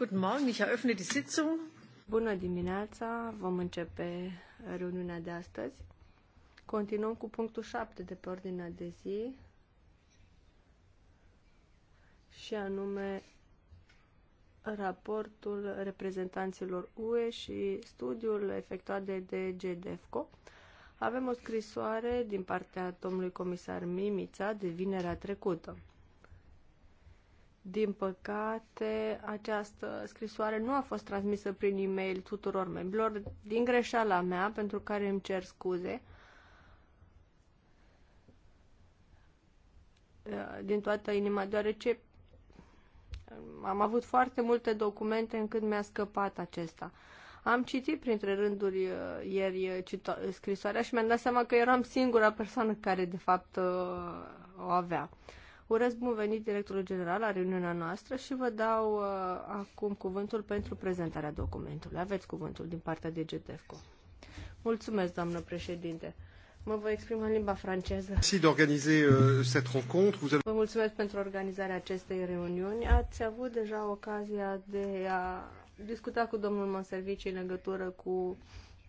Guten Morgen, ich eröffne die Sitzung. Bună dimineața, vom începe reuniunea de astăzi. Continuăm cu punctul 7 de pe ordinea de zi și anume raportul reprezentanților UE și studiul efectuat de DGDEFCO. Avem o scrisoare din partea domnului comisar Mimița de vinerea trecută. Din păcate, această scrisoare nu a fost transmisă prin e-mail tuturor membrilor, din greșeala mea, pentru care îmi cer scuze. Eh, din toată inima, deoarece am avut foarte multe documente încât mi-a scăpat acesta. Am citit printre rânduri eh, ieri eh, scrisoarea și mi-am dat seama că eram singura persoană care de fapt o avea. Urez bun venit directorul general la reuniunea noastră și vă dau uh, acum cuvântul pentru prezentarea documentului. Aveți cuvântul din partea de GTFCO. Mulțumesc, doamnă președinte. Mă voi exprima în limba franceză. Euh, vă mulțumesc pentru organizarea acestei reuniuni. Ați avut deja ocazia de a discuta cu domnul Monservici în legătură cu uh,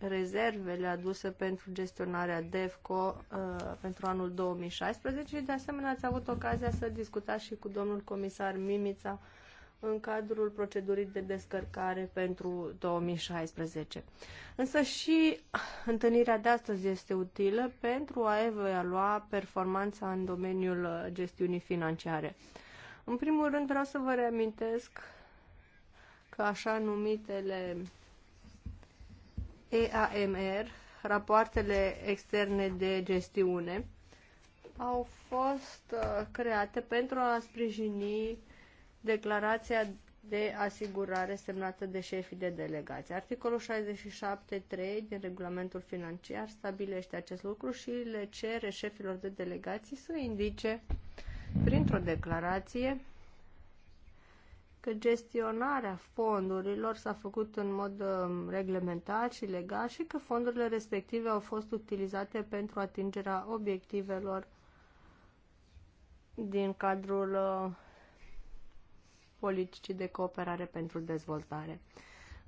rezervele aduse pentru gestionarea DEFCO uh, pentru anul 2016 și de asemenea ați avut ocazia să discutați și cu domnul comisar Mimița în cadrul procedurii de descărcare pentru 2016. Însă și întâlnirea de astăzi este utilă pentru a evalua performanța în domeniul gestiunii financiare. În primul rând vreau să vă reamintesc că așa numitele EAMR, rapoartele externe de gestiune, au fost uh, create pentru a sprijini declarația de asigurare semnată de șefii de delegație. Articolul 67.3 din regulamentul financiar stabilește acest lucru și le cere șefilor de delegații să indice printr-o declarație că gestionarea fondurilor s-a făcut în mod um, reglementat și legal și că fondurile respective au fost utilizate pentru atingerea obiectivelor din cadrul uh, politicii de cooperare pentru dezvoltare.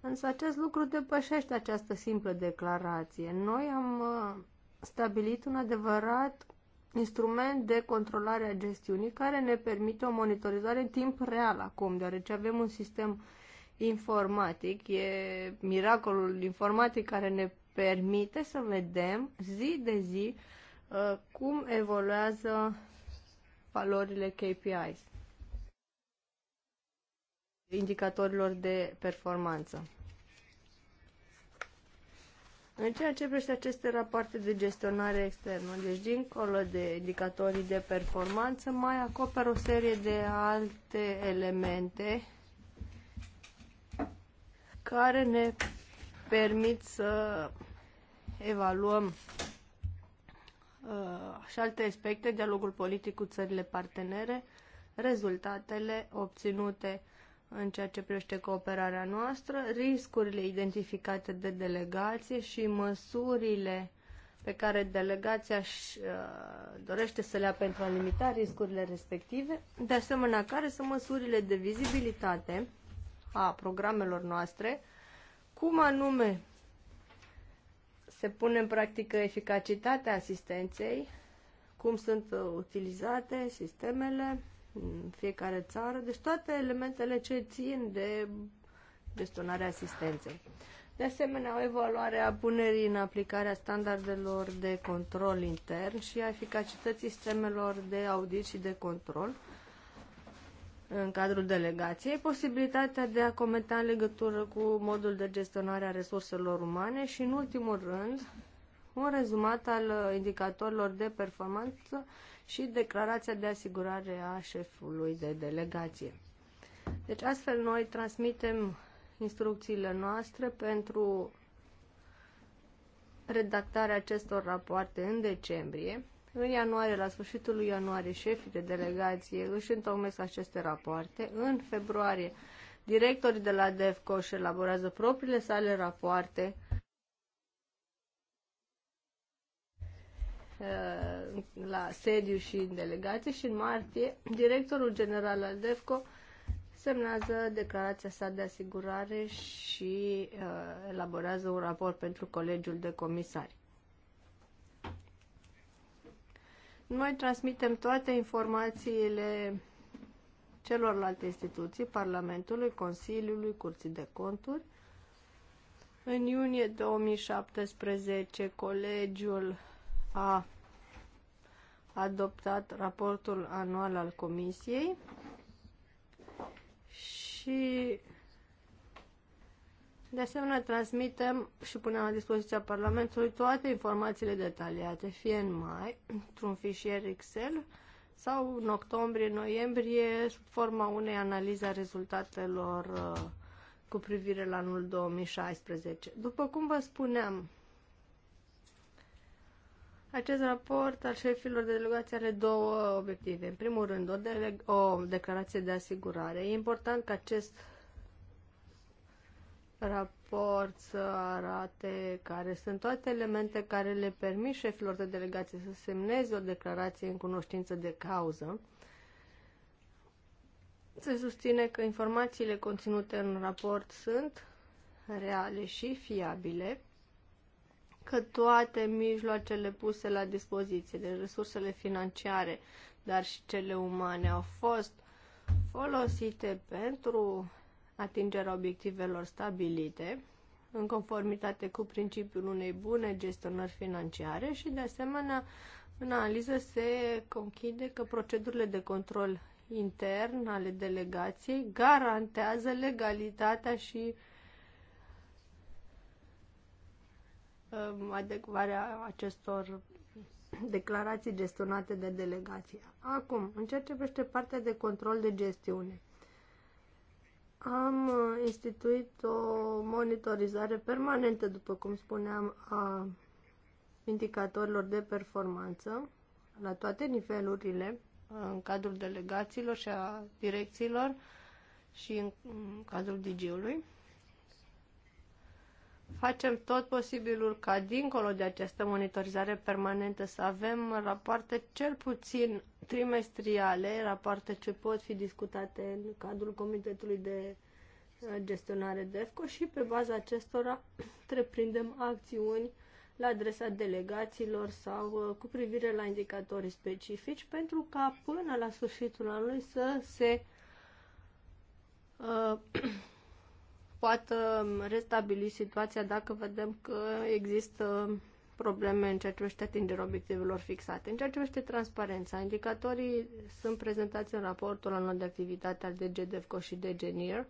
Însă acest lucru depășește această simplă declarație. Noi am uh, stabilit un adevărat instrument de controlare a gestiunii care ne permite o monitorizare în timp real acum, deoarece avem un sistem informatic, e miracolul informatic care ne permite să vedem zi de zi uh, cum evoluează valorile KPIs, indicatorilor de performanță. În ceea ce privește aceste rapoarte de gestionare externă, deci dincolo de indicatorii de performanță, mai acoperă o serie de alte elemente care ne permit să evaluăm uh, și alte aspecte, dialogul politic cu țările partenere, rezultatele obținute în ceea ce privește cooperarea noastră, riscurile identificate de delegație și măsurile pe care delegația își uh, dorește să le ia pentru a limita riscurile respective, de asemenea care sunt măsurile de vizibilitate a programelor noastre, cum anume se pune în practică eficacitatea asistenței, cum sunt utilizate sistemele, în fiecare țară, deci toate elementele ce țin de gestionarea asistenței. De asemenea, o evaluare a punerii în aplicarea standardelor de control intern și a eficacității sistemelor de audit și de control în cadrul delegației, posibilitatea de a comenta în legătură cu modul de gestionare a resurselor umane și, în ultimul rând, un rezumat al indicatorilor de performanță și declarația de asigurare a șefului de delegație. Deci astfel noi transmitem instrucțiile noastre pentru redactarea acestor rapoarte în decembrie. În ianuarie, la sfârșitul lui ianuarie, șefii de delegație își întocmesc aceste rapoarte. În februarie, directorii de la DEFCO își elaborează propriile sale rapoarte Uh, la sediu și în delegație și în martie directorul general al DEFCO semnează declarația sa de asigurare și uh, elaborează un raport pentru colegiul de comisari. Noi transmitem toate informațiile celorlalte instituții, Parlamentului, Consiliului, Curții de Conturi. În iunie 2017, colegiul a adoptat raportul anual al Comisiei și de asemenea transmitem și punem la dispoziția Parlamentului toate informațiile detaliate, fie în mai, într-un fișier Excel, sau în octombrie-noiembrie sub forma unei analize a rezultatelor uh, cu privire la anul 2016. După cum vă spuneam, acest raport al șefilor de delegație are două obiective. În primul rând, o, deleg- o declarație de asigurare. E important ca acest raport să arate care sunt toate elemente care le permit șefilor de delegație să semneze o declarație în cunoștință de cauză. Se susține că informațiile conținute în raport sunt reale și fiabile că toate mijloacele puse la dispoziție, de resursele financiare, dar și cele umane, au fost folosite pentru atingerea obiectivelor stabilite, în conformitate cu principiul unei bune gestionări financiare și, de asemenea, în analiză se conchide că procedurile de control intern ale delegației garantează legalitatea și Um, adecvarea acestor declarații gestionate de delegație. Acum, în ceea ce privește partea de control de gestiune, am uh, instituit o monitorizare permanentă, după cum spuneam, a indicatorilor de performanță la toate nivelurile, uh, în cadrul delegațiilor și a direcțiilor și în cadrul DG-ului facem tot posibilul ca, dincolo de această monitorizare permanentă, să avem rapoarte cel puțin trimestriale, rapoarte ce pot fi discutate în cadrul Comitetului de uh, gestionare DEFCO și pe baza acestora întreprindem acțiuni la adresa delegațiilor sau uh, cu privire la indicatorii specifici pentru ca până la sfârșitul anului să se uh, poată restabili situația dacă vedem că există probleme în ceea ce privește atingerea obiectivelor fixate. În ceea ce privește transparența, indicatorii sunt prezentați în raportul anual de activitate al DGDFCO și DGNIR.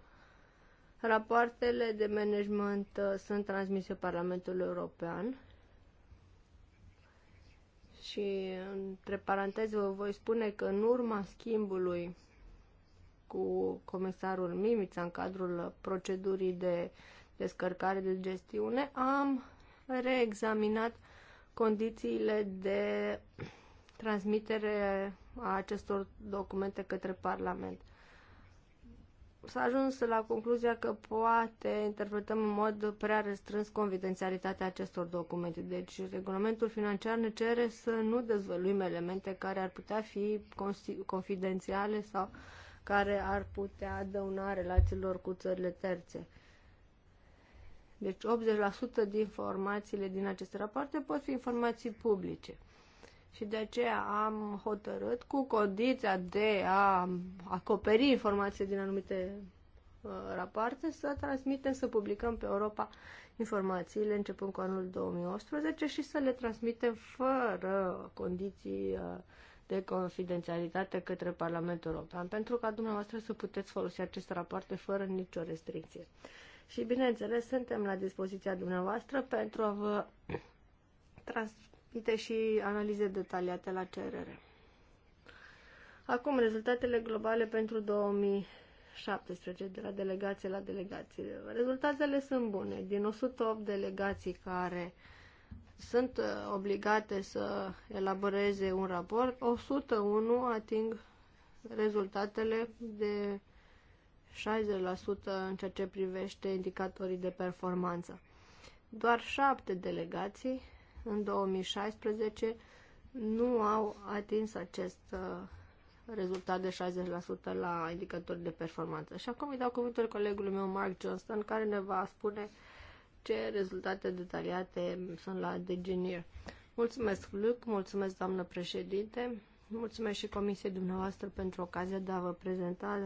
Rapoartele de management uh, sunt transmise Parlamentului European și, între paranteze, vă voi spune că în urma schimbului cu comisarul Mimița în cadrul procedurii de descărcare de gestiune, am reexaminat condițiile de transmitere a acestor documente către Parlament. S-a ajuns la concluzia că poate interpretăm în mod prea restrâns confidențialitatea acestor documente. Deci, regulamentul financiar ne cere să nu dezvăluim elemente care ar putea fi confidențiale sau uh, care ar putea dăuna relațiilor cu țările terțe. Deci 80% din informațiile din aceste rapoarte pot fi informații publice. Și de aceea am hotărât cu condiția de a acoperi informații din anumite uh, rapoarte să transmitem, să publicăm pe Europa informațiile începând cu anul 2018 și să le transmitem fără condiții uh, de confidențialitate către Parlamentul European, pentru ca dumneavoastră să puteți folosi aceste rapoarte fără nicio restricție. Și, bineînțeles, suntem la dispoziția dumneavoastră pentru a vă transmite și analize detaliate la cerere. Acum, rezultatele globale pentru 2017 de la delegație la delegație. Rezultatele sunt bune. Din 108 delegații care sunt uh, obligate să elaboreze un raport, 101 ating rezultatele de 60% în ceea ce privește indicatorii de performanță. Doar 7 delegații în 2016 nu au atins acest uh, rezultat de 60% la indicatori de performanță. Și acum îi dau cuvântul colegului meu, Mark Johnston, care ne va spune ce rezultate detaliate sunt la Degineer. Mulțumesc, Luc, mulțumesc, doamnă președinte, mulțumesc și comisiei dumneavoastră pentru ocazia de a vă prezenta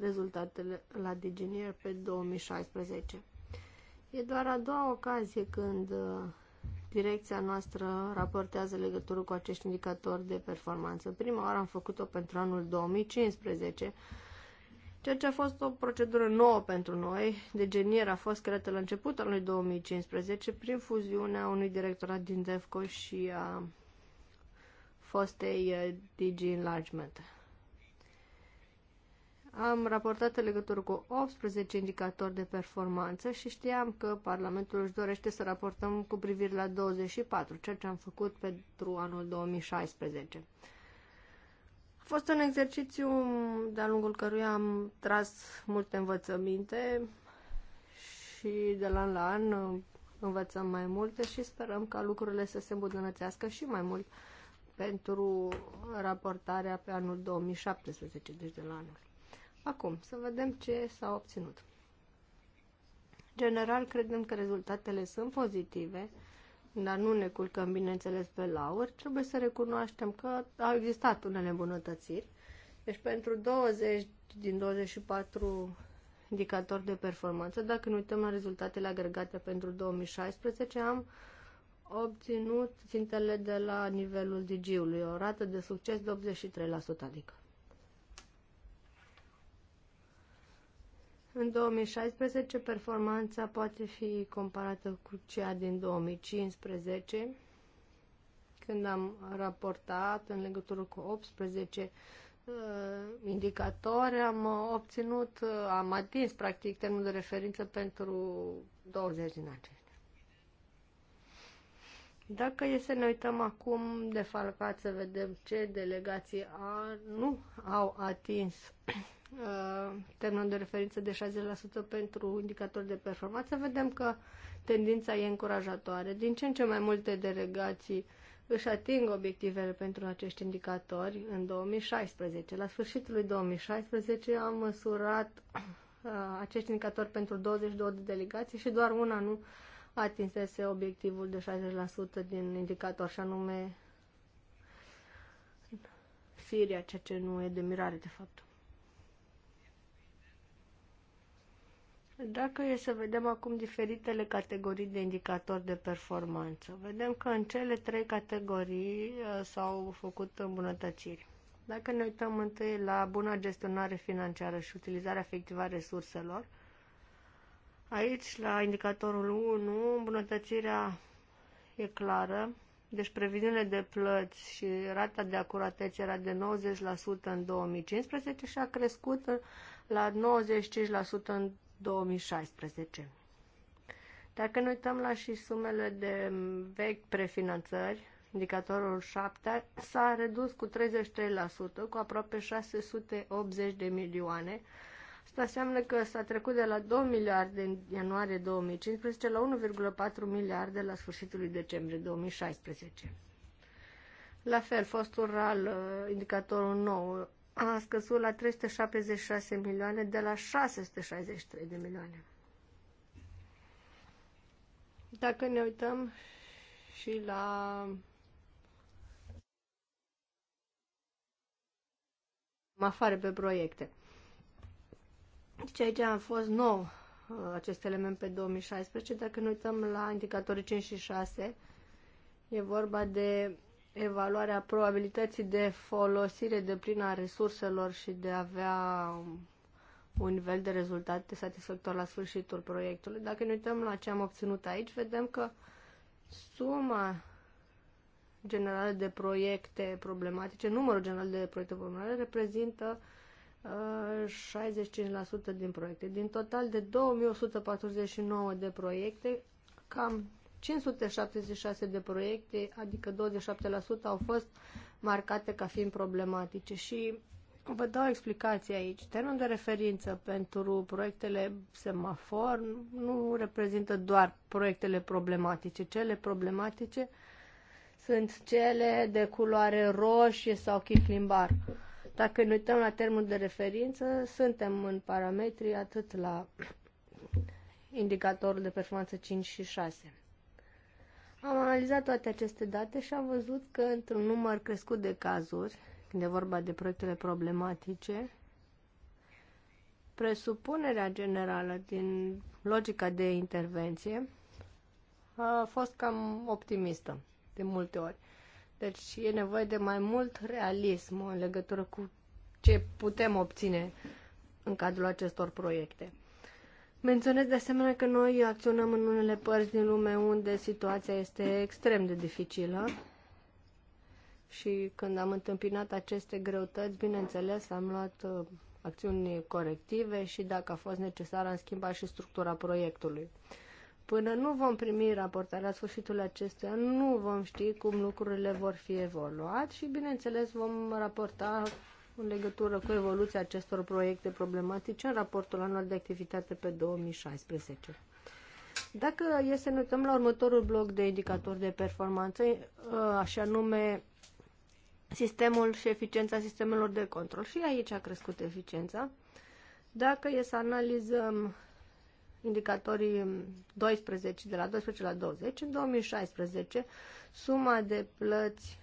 rezultatele la Degineer pe 2016. E doar a doua ocazie când uh, direcția noastră raportează legătură cu acești indicatori de performanță. Prima oară am făcut-o pentru anul 2015, ceea ce a fost o procedură nouă pentru noi. Degenier a fost creată la începutul anului 2015 prin fuziunea unui directorat din DEFCO și a fostei eh, DG Enlargement. Am raportat în legătură cu 18 indicatori de performanță și știam că Parlamentul își dorește să raportăm cu privire la 24, ceea ce am făcut pentru anul 2016. A fost un exercițiu de-a lungul căruia am tras multe învățăminte și de la an la an învățăm mai multe și sperăm ca lucrurile să se îmbunătățească și mai mult pentru raportarea pe anul 2017, deci de la anul. Acum, să vedem ce s-a obținut. General, credem că rezultatele sunt pozitive dar nu ne culcăm, bineînțeles, pe lauri, trebuie să recunoaștem că au existat unele îmbunătățiri. Deci pentru 20 din 24 indicatori de performanță, dacă nu uităm la rezultatele agregate pentru 2016, am obținut țintele de la nivelul DG-ului, o rată de succes de 83%, adică. În 2016 performanța poate fi comparată cu cea din 2015, când am raportat în legătură cu 18 uh, indicatori, am obținut, uh, am atins practic termenul de referință pentru 20 din aceștia. Dacă e să ne uităm acum de falcat să vedem ce delegații a, nu au atins Uh, termenul de referință de 60% pentru indicatori de performanță, vedem că tendința e încurajatoare. Din ce în ce mai multe delegații își ating obiectivele pentru acești indicatori în 2016. La sfârșitul lui 2016 am măsurat uh, acești indicatori pentru 22 de delegații și doar una nu atinsese obiectivul de 60% din indicator, și anume Siria, ceea ce nu e de mirare, de fapt. Dacă e să vedem acum diferitele categorii de indicatori de performanță, vedem că în cele trei categorii uh, s-au făcut îmbunătățiri. Dacă ne uităm întâi la buna gestionare financiară și utilizarea efectivă a resurselor, aici, la indicatorul 1, îmbunătățirea e clară, deci previziunile de plăți și rata de acuratețe era de 90% în 2015 și a crescut la 95% în 2016. Dacă ne uităm la și sumele de vechi prefinanțări, indicatorul 7 s-a redus cu 33%, cu aproape 680 de milioane. Asta înseamnă că s-a trecut de la 2 miliarde în ianuarie 2015 la 1,4 miliarde la sfârșitul lui decembrie 2016. La fel, fostul RAL, uh, indicatorul 9, a scăzut la 376 milioane de la 663 de milioane. Dacă ne uităm și la afară pe proiecte. Deci aici am fost nou uh, acest element pe 2016. Dacă ne uităm la indicatorii 5 și 6, e vorba de evaluarea probabilității de folosire de plină a resurselor și de a avea un nivel de rezultate satisfăcător la sfârșitul proiectului. Dacă ne uităm la ce am obținut aici, vedem că suma generală de proiecte problematice, numărul general de proiecte problematice, reprezintă uh, 65% din proiecte. Din total de 2149 de proiecte, cam 576 de proiecte, adică 27% au fost marcate ca fiind problematice și vă dau explicații aici. Termenul de referință pentru proiectele semafor nu reprezintă doar proiectele problematice. Cele problematice sunt cele de culoare roșie sau chiclimbar. Dacă ne uităm la termenul de referință, suntem în parametri atât la indicatorul de performanță 5 și 6. Am analizat toate aceste date și am văzut că într-un număr crescut de cazuri, când e vorba de proiectele problematice, presupunerea generală din logica de intervenție a fost cam optimistă de multe ori. Deci e nevoie de mai mult realism în legătură cu ce putem obține în cadrul acestor proiecte. Menționez de asemenea că noi acționăm în unele părți din lume unde situația este extrem de dificilă și când am întâmpinat aceste greutăți, bineînțeles, am luat uh, acțiuni corective și dacă a fost necesar, am schimbat și structura proiectului. Până nu vom primi raportarea sfârșitului an, nu vom ști cum lucrurile vor fi evoluat și, bineînțeles, vom raporta în legătură cu evoluția acestor proiecte problematice în raportul anual de activitate pe 2016. Dacă e să ne uităm la următorul bloc de indicatori de performanță, așa nume sistemul și eficiența sistemelor de control, și aici a crescut eficiența. Dacă e să analizăm indicatorii 12, de la 12 la 20, în 2016 suma de plăți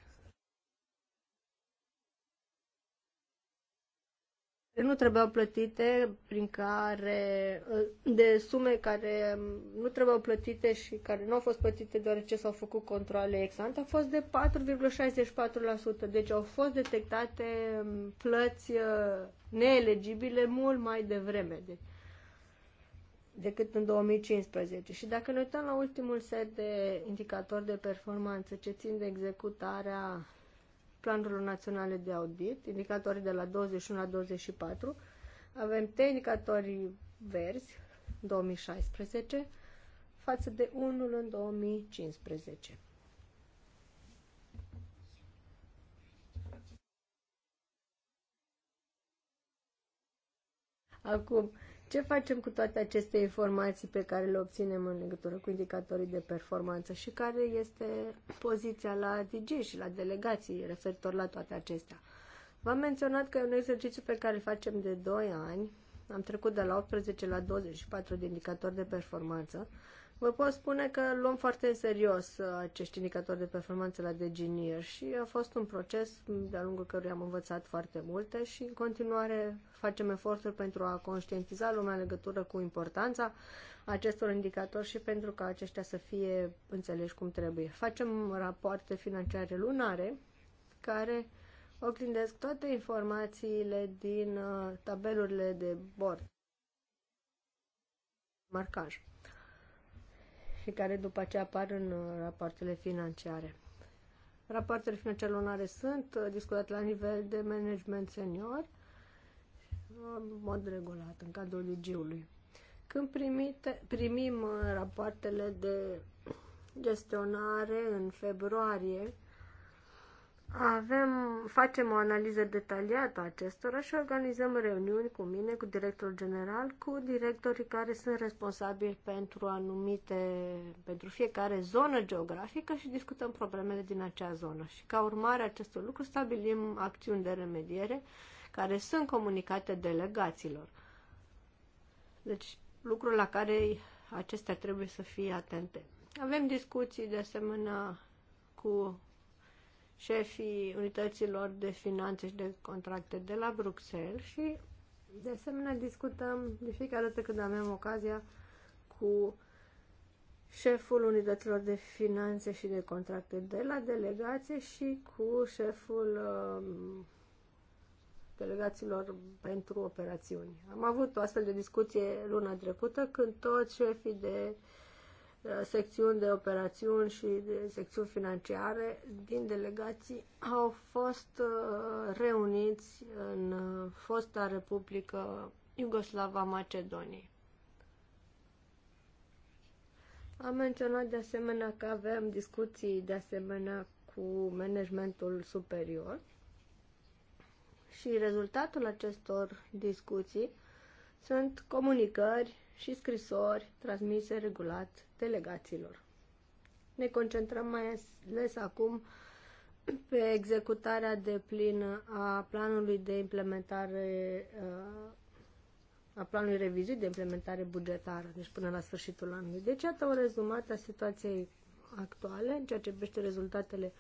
nu trebuiau plătite prin care de sume care nu trebuiau plătite și care nu au fost plătite deoarece s-au făcut controle ex ante a fost de 4,64%. Deci au fost detectate plăți uh, neelegibile mult mai devreme de, decât în 2015. Și dacă ne uităm la ultimul set de indicatori de performanță ce țin de executarea planurilor naționale de audit, indicatorii de la 21 la 24, avem 3 indicatori verzi, 2016, față de unul în 2015. Acum, ce facem cu toate aceste informații pe care le obținem în legătură cu indicatorii de performanță și care este poziția la DG și la delegații referitor la toate acestea? V-am menționat că e un exercițiu pe care îl facem de 2 ani. Am trecut de la 18 la 24 de indicatori de performanță Vă pot spune că luăm foarte în serios uh, acești indicatori de performanță la Deginier și a fost un proces de-a lungul căruia am învățat foarte multe și în continuare facem eforturi pentru a conștientiza lumea în legătură cu importanța acestor indicatori și pentru ca aceștia să fie înțeleși cum trebuie. Facem rapoarte financiare lunare care oglindesc toate informațiile din uh, tabelurile de bord. Marcaj și care după aceea apar în uh, rapoartele financiare. Rapoartele financiare lunare sunt uh, discutate la nivel de management senior, uh, în mod regulat, în cadrul UG-ului. Când primite, primim rapoartele de gestionare în februarie, avem, facem o analiză detaliată a acestora și organizăm reuniuni cu mine, cu directorul general, cu directorii care sunt responsabili pentru anumite, pentru fiecare zonă geografică și discutăm problemele din acea zonă. Și ca urmare a acestor lucru stabilim acțiuni de remediere care sunt comunicate delegaților. Deci lucrul la care acestea trebuie să fie atente. Avem discuții de asemenea cu șefii unităților de finanțe și de contracte de la Bruxelles și de asemenea discutăm de fiecare dată când avem ocazia cu șeful unităților de finanțe și de contracte de la delegație și cu șeful uh, delegaților pentru operațiuni. Am avut o astfel de discuție luna trecută când toți șefii de uh, Uh, secțiuni de operațiuni și de secțiuni financiare din delegații au fost uh, reuniți în uh, fosta Republică Iugoslava Macedoniei. Am menționat de asemenea că avem discuții de asemenea cu managementul superior și rezultatul acestor discuții sunt comunicări și scrisori transmise regulat delegaților. Ne concentrăm mai ales acum pe executarea de plin a planului de implementare a planului revizuit de implementare bugetară, deci până la sfârșitul anului. Deci, iată o rezumată a situației actuale în ceea ce privește rezultatele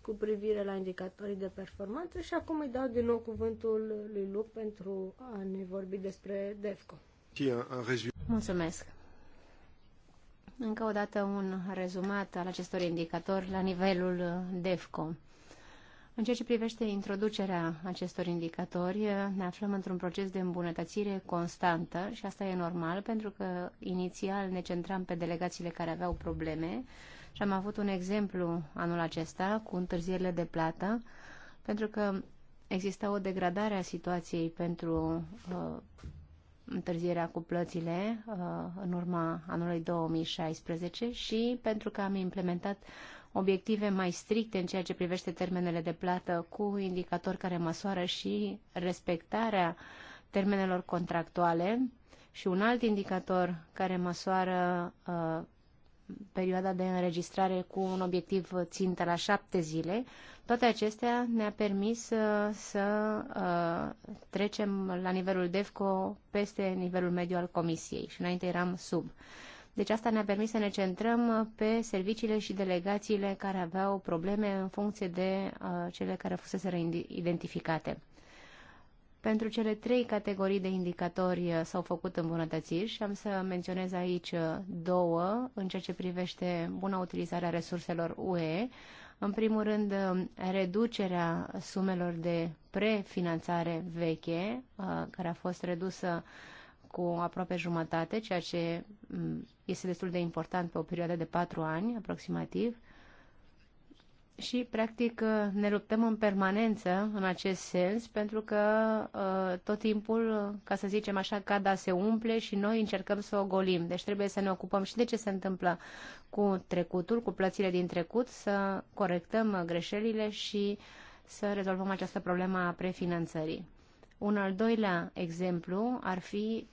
cu privire la indicatorii de performanță și acum îi dau din nou cuvântul lui Luc pentru a ne vorbi despre DEFCO. Mulțumesc! Încă o dată un rezumat al acestor indicatori la nivelul DEFCO. În ceea ce privește introducerea acestor indicatori, ne aflăm într-un proces de îmbunătățire constantă și asta e normal pentru că inițial ne centram pe delegațiile care aveau probleme și am avut un exemplu anul acesta cu întârzierile de plată pentru că exista o degradare a situației pentru uh, întârzierea cu plățile uh, în urma anului 2016 și pentru că am implementat obiective mai stricte în ceea ce privește termenele de plată cu indicatori care măsoară și respectarea termenelor contractuale și un alt indicator care măsoară uh, perioada de înregistrare cu un obiectiv țintă la șapte zile, toate acestea ne-a permis să, uh, să uh, trecem la nivelul DEFCO peste nivelul mediu al Comisiei și înainte eram sub. Deci asta ne-a permis să ne centrăm pe serviciile și delegațiile care aveau probleme în funcție de uh, cele care fusese identificate. Pentru cele trei categorii de indicatori uh, s-au făcut îmbunătățiri și am să menționez aici uh, două în ceea ce privește buna utilizare a resurselor UE. În primul rând, uh, reducerea sumelor de prefinanțare veche, care a fost redusă cu aproape jumătate, ceea ce mm, este destul de important pe o perioadă de patru ani aproximativ și, practic, uh, ne luptăm în permanență în acest sens, pentru că uh, tot timpul, uh, ca să zicem așa, cada se umple și noi încercăm să o golim. Deci trebuie să ne ocupăm și de ce se întâmplă cu trecutul, cu plățile din trecut, să corectăm greșelile și să rezolvăm această problemă a prefinanțării. Un al doilea exemplu ar fi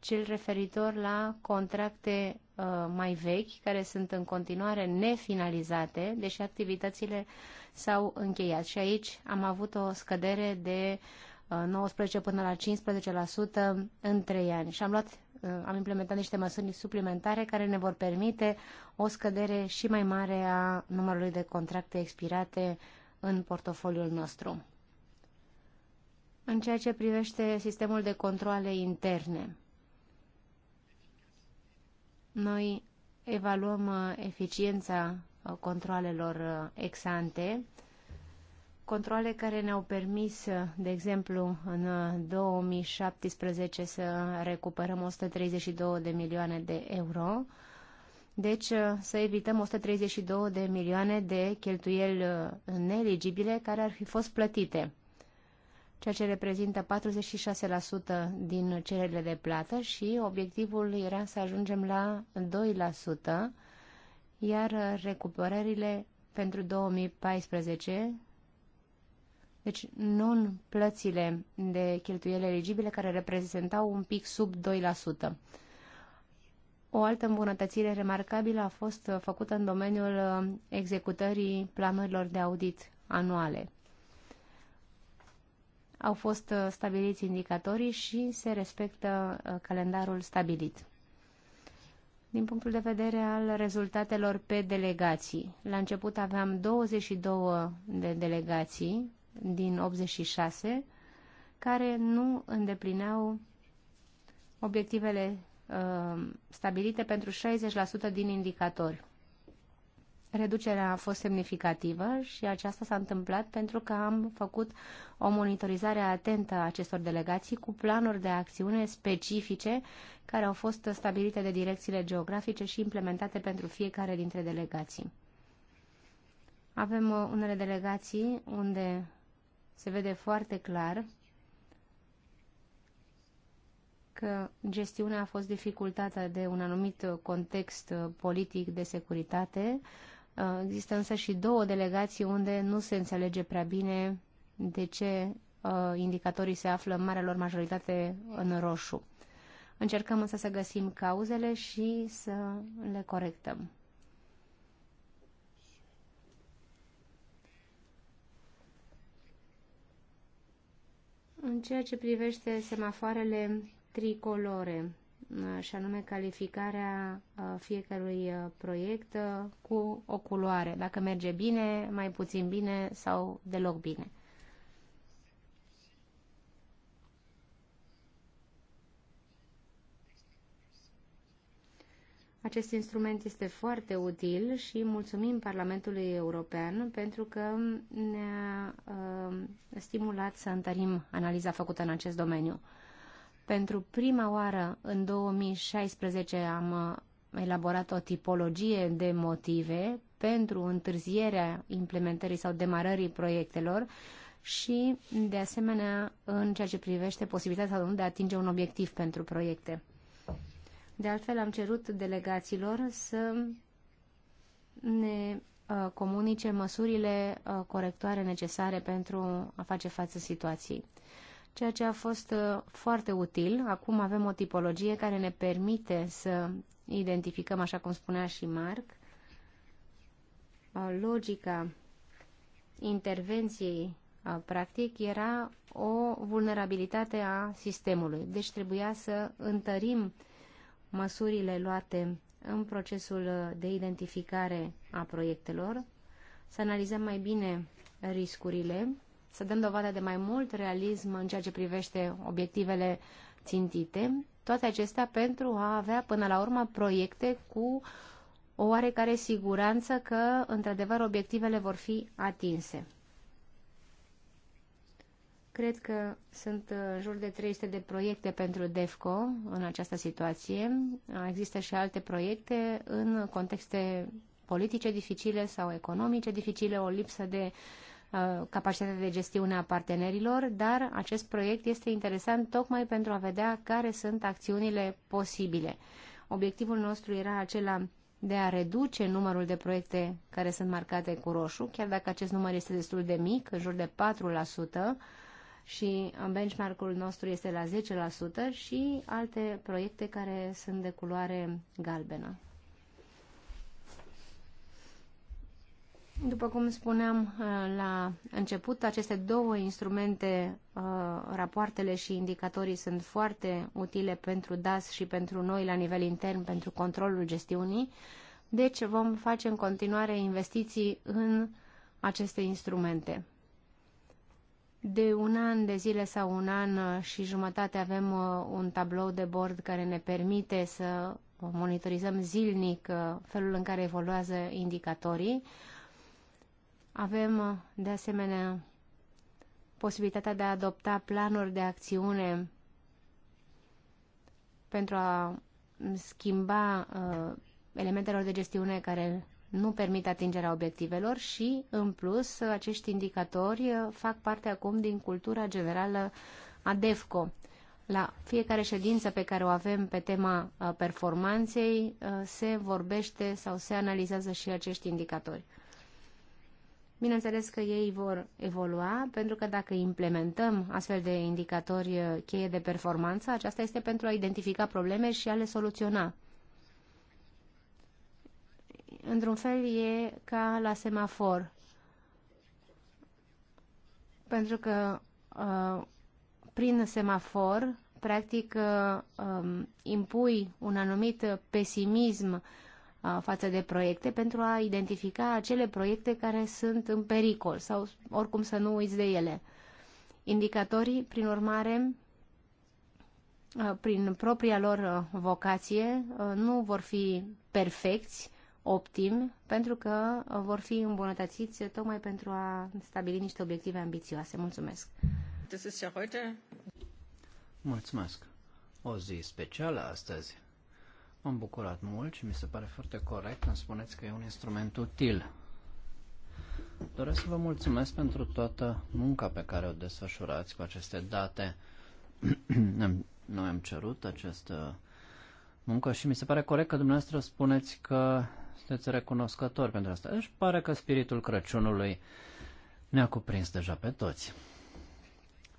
cel referitor la contracte Uh, mai vechi, care sunt în continuare nefinalizate, deși activitățile s-au încheiat. Și aici am avut o scădere de 19 uh, până la 15% în 3 ani. Și am luat uh, am implementat niște măsuri suplimentare care ne vor permite o scădere și mai mare a numărului de contracte expirate în portofoliul nostru. În ceea ce privește sistemul de controle interne, noi evaluăm uh, eficiența uh, controlelor uh, ex-ante, controle care ne-au permis, de exemplu, în 2017 să recuperăm 132 de milioane de euro, deci să evităm 132 de milioane de cheltuieli neeligibile care ar fi fost plătite ceea ce reprezintă 46% din cererile de plată și obiectivul era să ajungem la 2%, iar recuperările pentru 2014, deci non-plățile de cheltuieli eligibile care reprezentau un pic sub 2%. O altă îmbunătățire remarcabilă a fost făcută în domeniul executării planurilor de audit anuale au fost uh, stabiliți indicatorii și se respectă uh, calendarul stabilit. Din punctul de vedere al rezultatelor pe delegații, la început aveam 22 de delegații din 86 care nu îndeplineau obiectivele uh, stabilite pentru 60% din indicatori. Reducerea a fost semnificativă și aceasta s-a întâmplat pentru că am făcut o monitorizare atentă a acestor delegații cu planuri de acțiune specifice care au fost stabilite de direcțiile geografice și implementate pentru fiecare dintre delegații. Avem uh, unele delegații unde se vede foarte clar că gestiunea a fost dificultată de un anumit context uh, politic de securitate, Uh, există însă și două delegații unde nu se înțelege prea bine de ce uh, indicatorii se află în marea lor majoritate în roșu. Încercăm însă să găsim cauzele și să le corectăm. În ceea ce privește semafoarele tricolore, și anume calificarea uh, fiecărui uh, proiect uh, cu o culoare, dacă merge bine, mai puțin bine sau deloc bine. Acest instrument este foarte util și mulțumim Parlamentului European pentru că ne-a uh, stimulat să întărim analiza făcută în acest domeniu. Pentru prima oară, în 2016, am uh, elaborat o tipologie de motive pentru întârzierea implementării sau demarării proiectelor și, de asemenea, în ceea ce privește posibilitatea sau nu de a atinge un obiectiv pentru proiecte. De altfel, am cerut delegaților să ne uh, comunice măsurile uh, corectoare necesare pentru a face față situației ceea ce a fost uh, foarte util. Acum avem o tipologie care ne permite să identificăm, așa cum spunea și Marc, uh, logica intervenției uh, practic era o vulnerabilitate a sistemului. Deci trebuia să întărim măsurile luate în procesul de identificare a proiectelor, să analizăm mai bine riscurile să dăm dovadă de mai mult realism în ceea ce privește obiectivele țintite, toate acestea pentru a avea până la urmă proiecte cu o oarecare siguranță că, într-adevăr, obiectivele vor fi atinse. Cred că sunt în jur de 300 de proiecte pentru DEFCO în această situație. Există și alte proiecte în contexte politice dificile sau economice dificile, o lipsă de Uh, capacitatea de gestiune a partenerilor, dar acest proiect este interesant tocmai pentru a vedea care sunt acțiunile posibile. Obiectivul nostru era acela de a reduce numărul de proiecte care sunt marcate cu roșu, chiar dacă acest număr este destul de mic, în jur de 4%, și benchmark-ul nostru este la 10% și alte proiecte care sunt de culoare galbenă. După cum spuneam uh, la început, aceste două instrumente, uh, rapoartele și indicatorii, sunt foarte utile pentru DAS și pentru noi la nivel intern, pentru controlul gestiunii. Deci vom face în continuare investiții în aceste instrumente. De un an de zile sau un an și jumătate avem uh, un tablou de bord care ne permite să monitorizăm zilnic felul în care evoluează indicatorii. Avem, uh, de asemenea, posibilitatea de a adopta planuri de acțiune pentru a schimba uh, elementelor de gestiune care nu permit atingerea obiectivelor și, în plus, uh, acești indicatori uh, fac parte acum din cultura generală a DEFCO. La fiecare ședință pe care o avem pe tema performanței se vorbește sau se analizează și acești indicatori. Bineînțeles că ei vor evolua, pentru că dacă implementăm astfel de indicatori cheie de performanță, aceasta este pentru a identifica probleme și a le soluționa. Într-un fel e ca la semafor, pentru că uh, prin semafor, practic, uh, um, impui un anumit pesimism uh, față de proiecte pentru a identifica acele proiecte care sunt în pericol sau oricum să nu uiți de ele. Indicatorii, prin urmare, prin propria lor vocație, nu vor fi perfecți, optimi, pentru că vor fi îmbunătățiți tocmai pentru a stabili niște obiective ambițioase. Mulțumesc! Mulțumesc! O zi specială astăzi. M-am bucurat mult și mi se pare foarte corect când spuneți că e un instrument util. Doresc să vă mulțumesc pentru toată munca pe care o desfășurați cu aceste date. Noi am cerut această muncă și mi se pare corect că dumneavoastră spuneți că sunteți recunoscători pentru asta. Își pare că spiritul Crăciunului ne-a cuprins deja pe toți.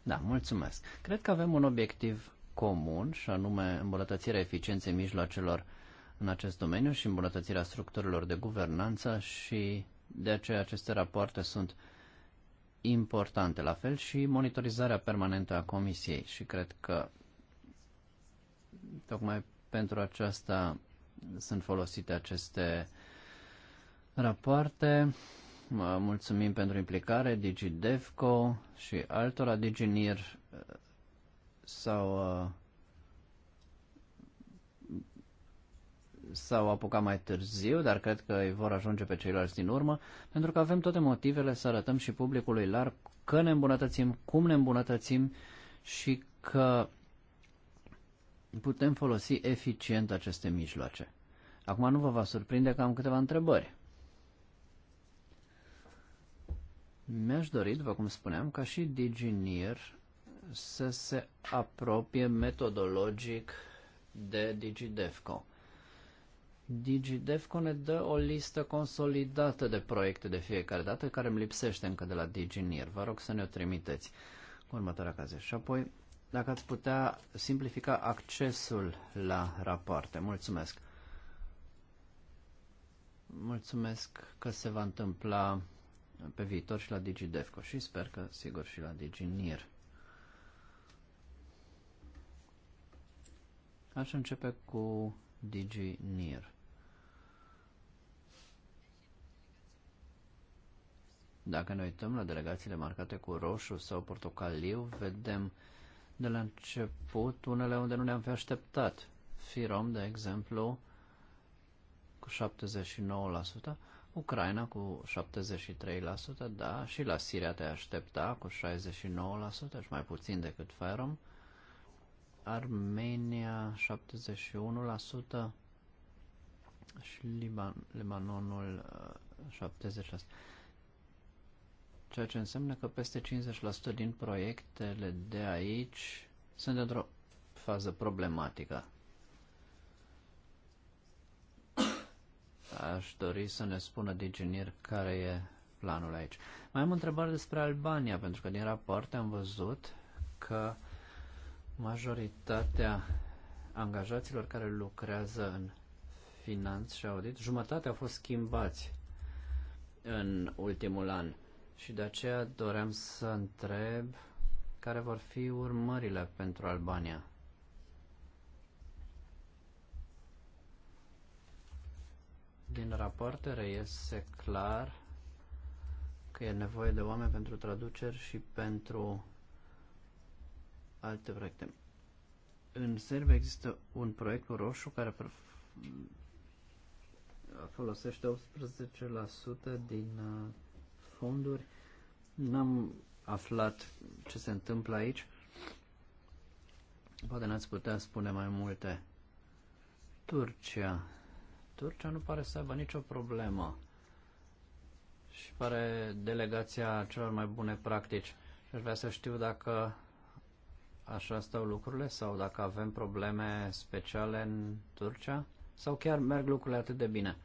Da, mulțumesc. Cred că avem un obiectiv comun și anume îmbunătățirea eficienței mijloacelor în acest domeniu și îmbunătățirea structurilor de guvernanță și de aceea aceste rapoarte sunt importante. La fel și monitorizarea permanentă a Comisiei și cred că tocmai pentru aceasta sunt folosite aceste rapoarte. mulțumim pentru implicare DigiDevco și altora DigiNIR s-au uh, s-au apucat mai târziu, dar cred că îi vor ajunge pe ceilalți din urmă, pentru că avem toate motivele să arătăm și publicului larg că ne îmbunătățim, cum ne îmbunătățim și că putem folosi eficient aceste mijloace. Acum nu vă va surprinde că am câteva întrebări. Mi-aș dori, după cum spuneam, ca și Diginier, să se apropie metodologic de digidevco. Digidevco ne dă o listă consolidată de proiecte de fiecare dată care îmi lipsește încă de la DigiNIR. Vă rog să ne o trimiteți cu următoarea cază. Și apoi, dacă ați putea simplifica accesul la rapoarte. Mulțumesc! Mulțumesc că se va întâmpla pe viitor și la DigiDevCo și sper că sigur și la DigiNIR. Aș începe cu Digi NIR. Dacă ne uităm la delegațiile marcate cu roșu sau portocaliu, vedem de la început unele unde nu ne-am fi așteptat. Firom, de exemplu, cu 79%, Ucraina cu 73%, da, și la Siria te aștepta cu 69%, și mai puțin decât Firom. Armenia 71% și Liban, Libanonul 76%. Uh, Ceea ce înseamnă că peste 50% din proiectele de aici sunt într-o fază problematică. Aș dori să ne spună diginir care e planul aici. Mai am o întrebare despre Albania, pentru că din rapoarte am văzut că Majoritatea angajaților care lucrează în finanț și audit, jumătate au fost schimbați în ultimul an. Și de aceea doream să întreb care vor fi urmările pentru Albania. Din rapoarte reiese clar că e nevoie de oameni pentru traduceri și pentru alte proiecte. În Serbia există un proiect cu roșu care folosește 18% din uh, fonduri. N-am aflat ce se întâmplă aici. Poate n-ați putea spune mai multe. Turcia. Turcia nu pare să aibă nicio problemă. Și pare delegația celor mai bune practici. Și aș vrea să știu dacă așa stau lucrurile sau dacă avem probleme speciale în Turcia sau chiar merg lucrurile atât de bine?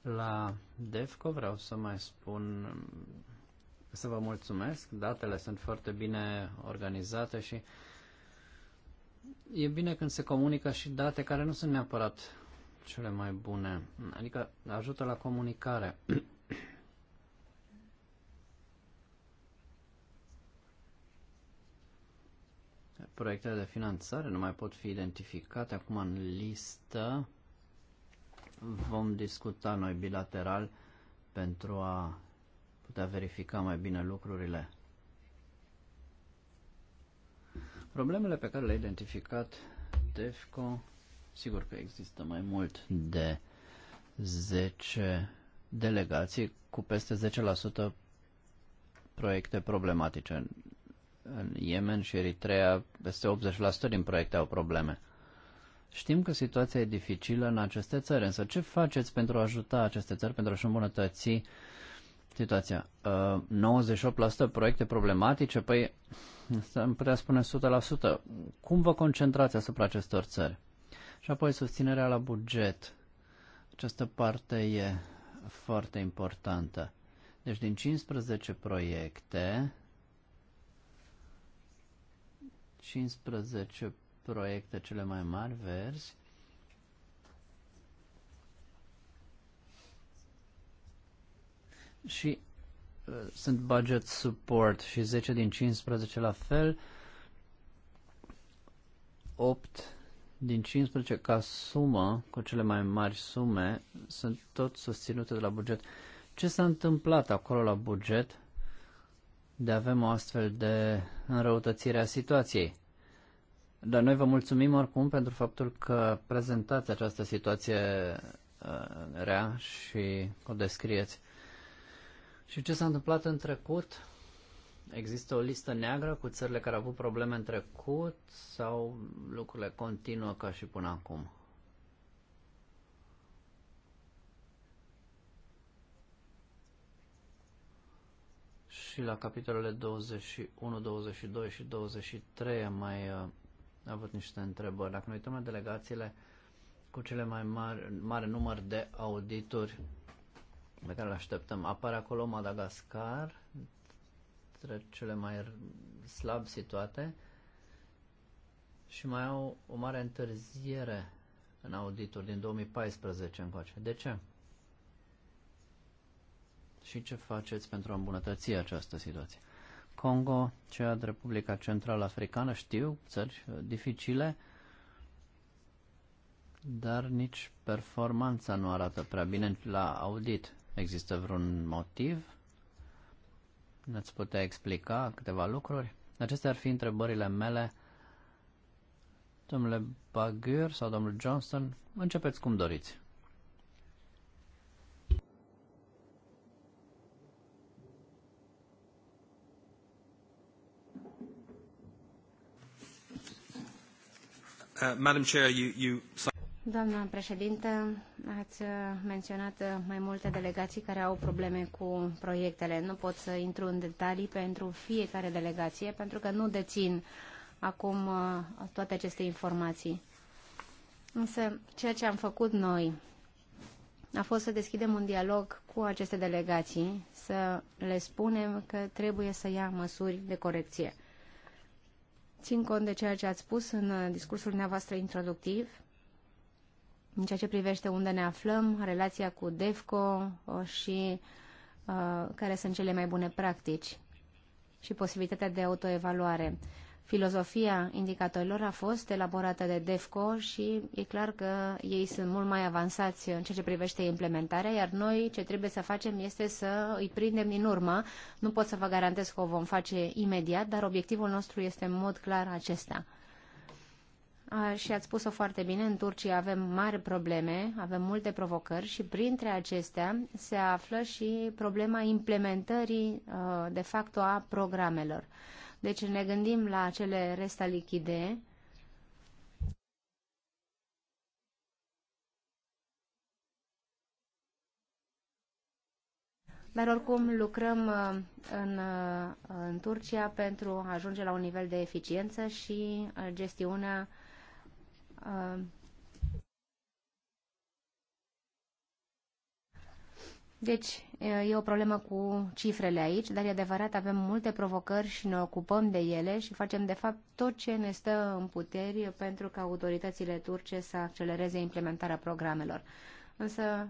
La DEFCO vreau să mai spun să vă mulțumesc, datele sunt foarte bine organizate și e bine când se comunică și date care nu sunt neapărat cele mai bune, adică ajută la comunicare. proiectele de finanțare nu mai pot fi identificate acum în listă. Vom discuta noi bilateral pentru a putea verifica mai bine lucrurile. Problemele pe care le-a identificat DEFCO, sigur că există mai mult de 10 delegații cu peste 10% proiecte problematice în Yemen și Eritrea, peste 80% din proiecte au probleme. Știm că situația e dificilă în aceste țări, însă ce faceți pentru a ajuta aceste țări, pentru a-și îmbunătăți situația? Uh, 98% proiecte problematice? Păi, am putea spune 100%. Cum vă concentrați asupra acestor țări? Și apoi susținerea la buget. Această parte e foarte importantă. Deci din 15 proiecte, 15 proiecte cele mai mari verzi și uh, sunt budget support și 10 din 15 la fel, 8 din 15 ca sumă, cu cele mai mari sume, sunt tot susținute de la buget. Ce s-a întâmplat acolo la buget? de a avem o astfel de înrăutățire a situației. Dar noi vă mulțumim oricum pentru faptul că prezentați această situație uh, rea și o descrieți. Și ce s-a întâmplat în trecut? Există o listă neagră cu țările care au avut probleme în trecut sau lucrurile continuă ca și până acum? și la capitolele 21, 22 și 23 am mai uh, avut niște întrebări. Dacă ne uităm la delegațiile cu cele mai mari, mare număr de audituri pe care le așteptăm, apare acolo Madagascar, între cele mai slab situate și mai au o mare întârziere în auditor din 2014 încoace. De ce? și ce faceți pentru a îmbunătăți această situație? Congo, cea de Republica Central Africană, știu, țări uh, dificile, dar nici performanța nu arată prea bine la audit. Există vreun motiv? Ne-ați putea explica câteva lucruri? Acestea ar fi întrebările mele. Domnule Bagur sau domnul Johnston, începeți cum doriți. Uh, Doamnă președintă, ați menționat mai multe delegații care au probleme cu proiectele. Nu pot să intru în detalii pentru fiecare delegație, pentru că nu dețin acum uh, toate aceste informații. Însă, ceea ce am făcut noi a fost să deschidem un dialog cu aceste delegații, să le spunem că trebuie să ia măsuri de corecție țin cont de ceea ce ați spus în uh, discursul dumneavoastră introductiv, în ceea ce privește unde ne aflăm, relația cu DEFCO uh, și uh, care sunt cele mai bune practici și posibilitatea de autoevaluare. Filozofia indicatorilor a fost elaborată de DEFCO și e clar că ei sunt mult mai avansați în ceea ce privește implementarea, iar noi ce trebuie să facem este să îi prindem din urmă. Nu pot să vă garantez că o vom face imediat, dar obiectivul nostru este în mod clar acesta. A, și ați spus-o foarte bine, în Turcia avem mari probleme, avem multe provocări și printre acestea se află și problema implementării uh, de facto a programelor. Deci ne gândim la acele resta lichide, Dar oricum lucrăm uh, în, uh, în Turcia pentru a ajunge la un nivel de eficiență și uh, gestiunea Deci, e o problemă cu cifrele aici, dar e adevărat, avem multe provocări și ne ocupăm de ele și facem, de fapt, tot ce ne stă în puteri pentru ca autoritățile turce să accelereze implementarea programelor. Însă,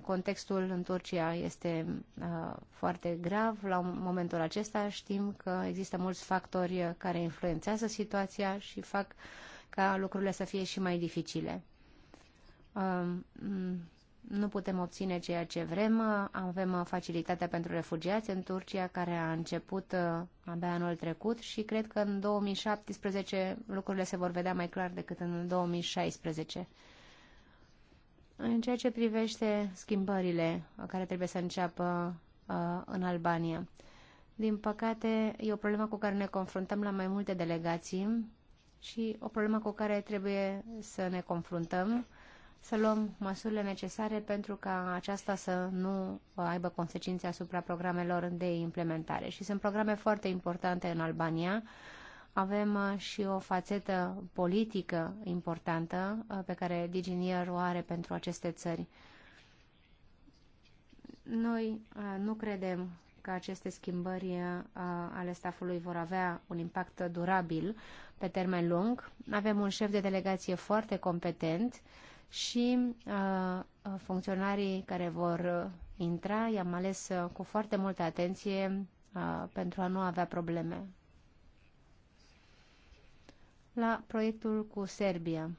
contextul în Turcia este foarte grav. La momentul acesta știm că există mulți factori care influențează situația și fac ca lucrurile să fie și mai dificile nu putem obține ceea ce vrem. Avem facilitatea pentru refugiați în Turcia, care a început uh, abia anul trecut și cred că în 2017 lucrurile se vor vedea mai clar decât în 2016. În ceea ce privește schimbările care trebuie să înceapă uh, în Albania. Din păcate, e o problemă cu care ne confruntăm la mai multe delegații și o problemă cu care trebuie să ne confruntăm să luăm măsurile necesare pentru ca aceasta să nu aibă consecințe asupra programelor de implementare. Și sunt programe foarte importante în Albania. Avem uh, și o fațetă politică importantă uh, pe care Diginier o are pentru aceste țări. Noi uh, nu credem că aceste schimbări ale stafului vor avea un impact durabil pe termen lung. Avem un șef de delegație foarte competent și uh, uh, funcționarii care vor uh, intra i-am ales uh, cu foarte multă atenție uh, pentru a nu avea probleme. La proiectul cu Serbia.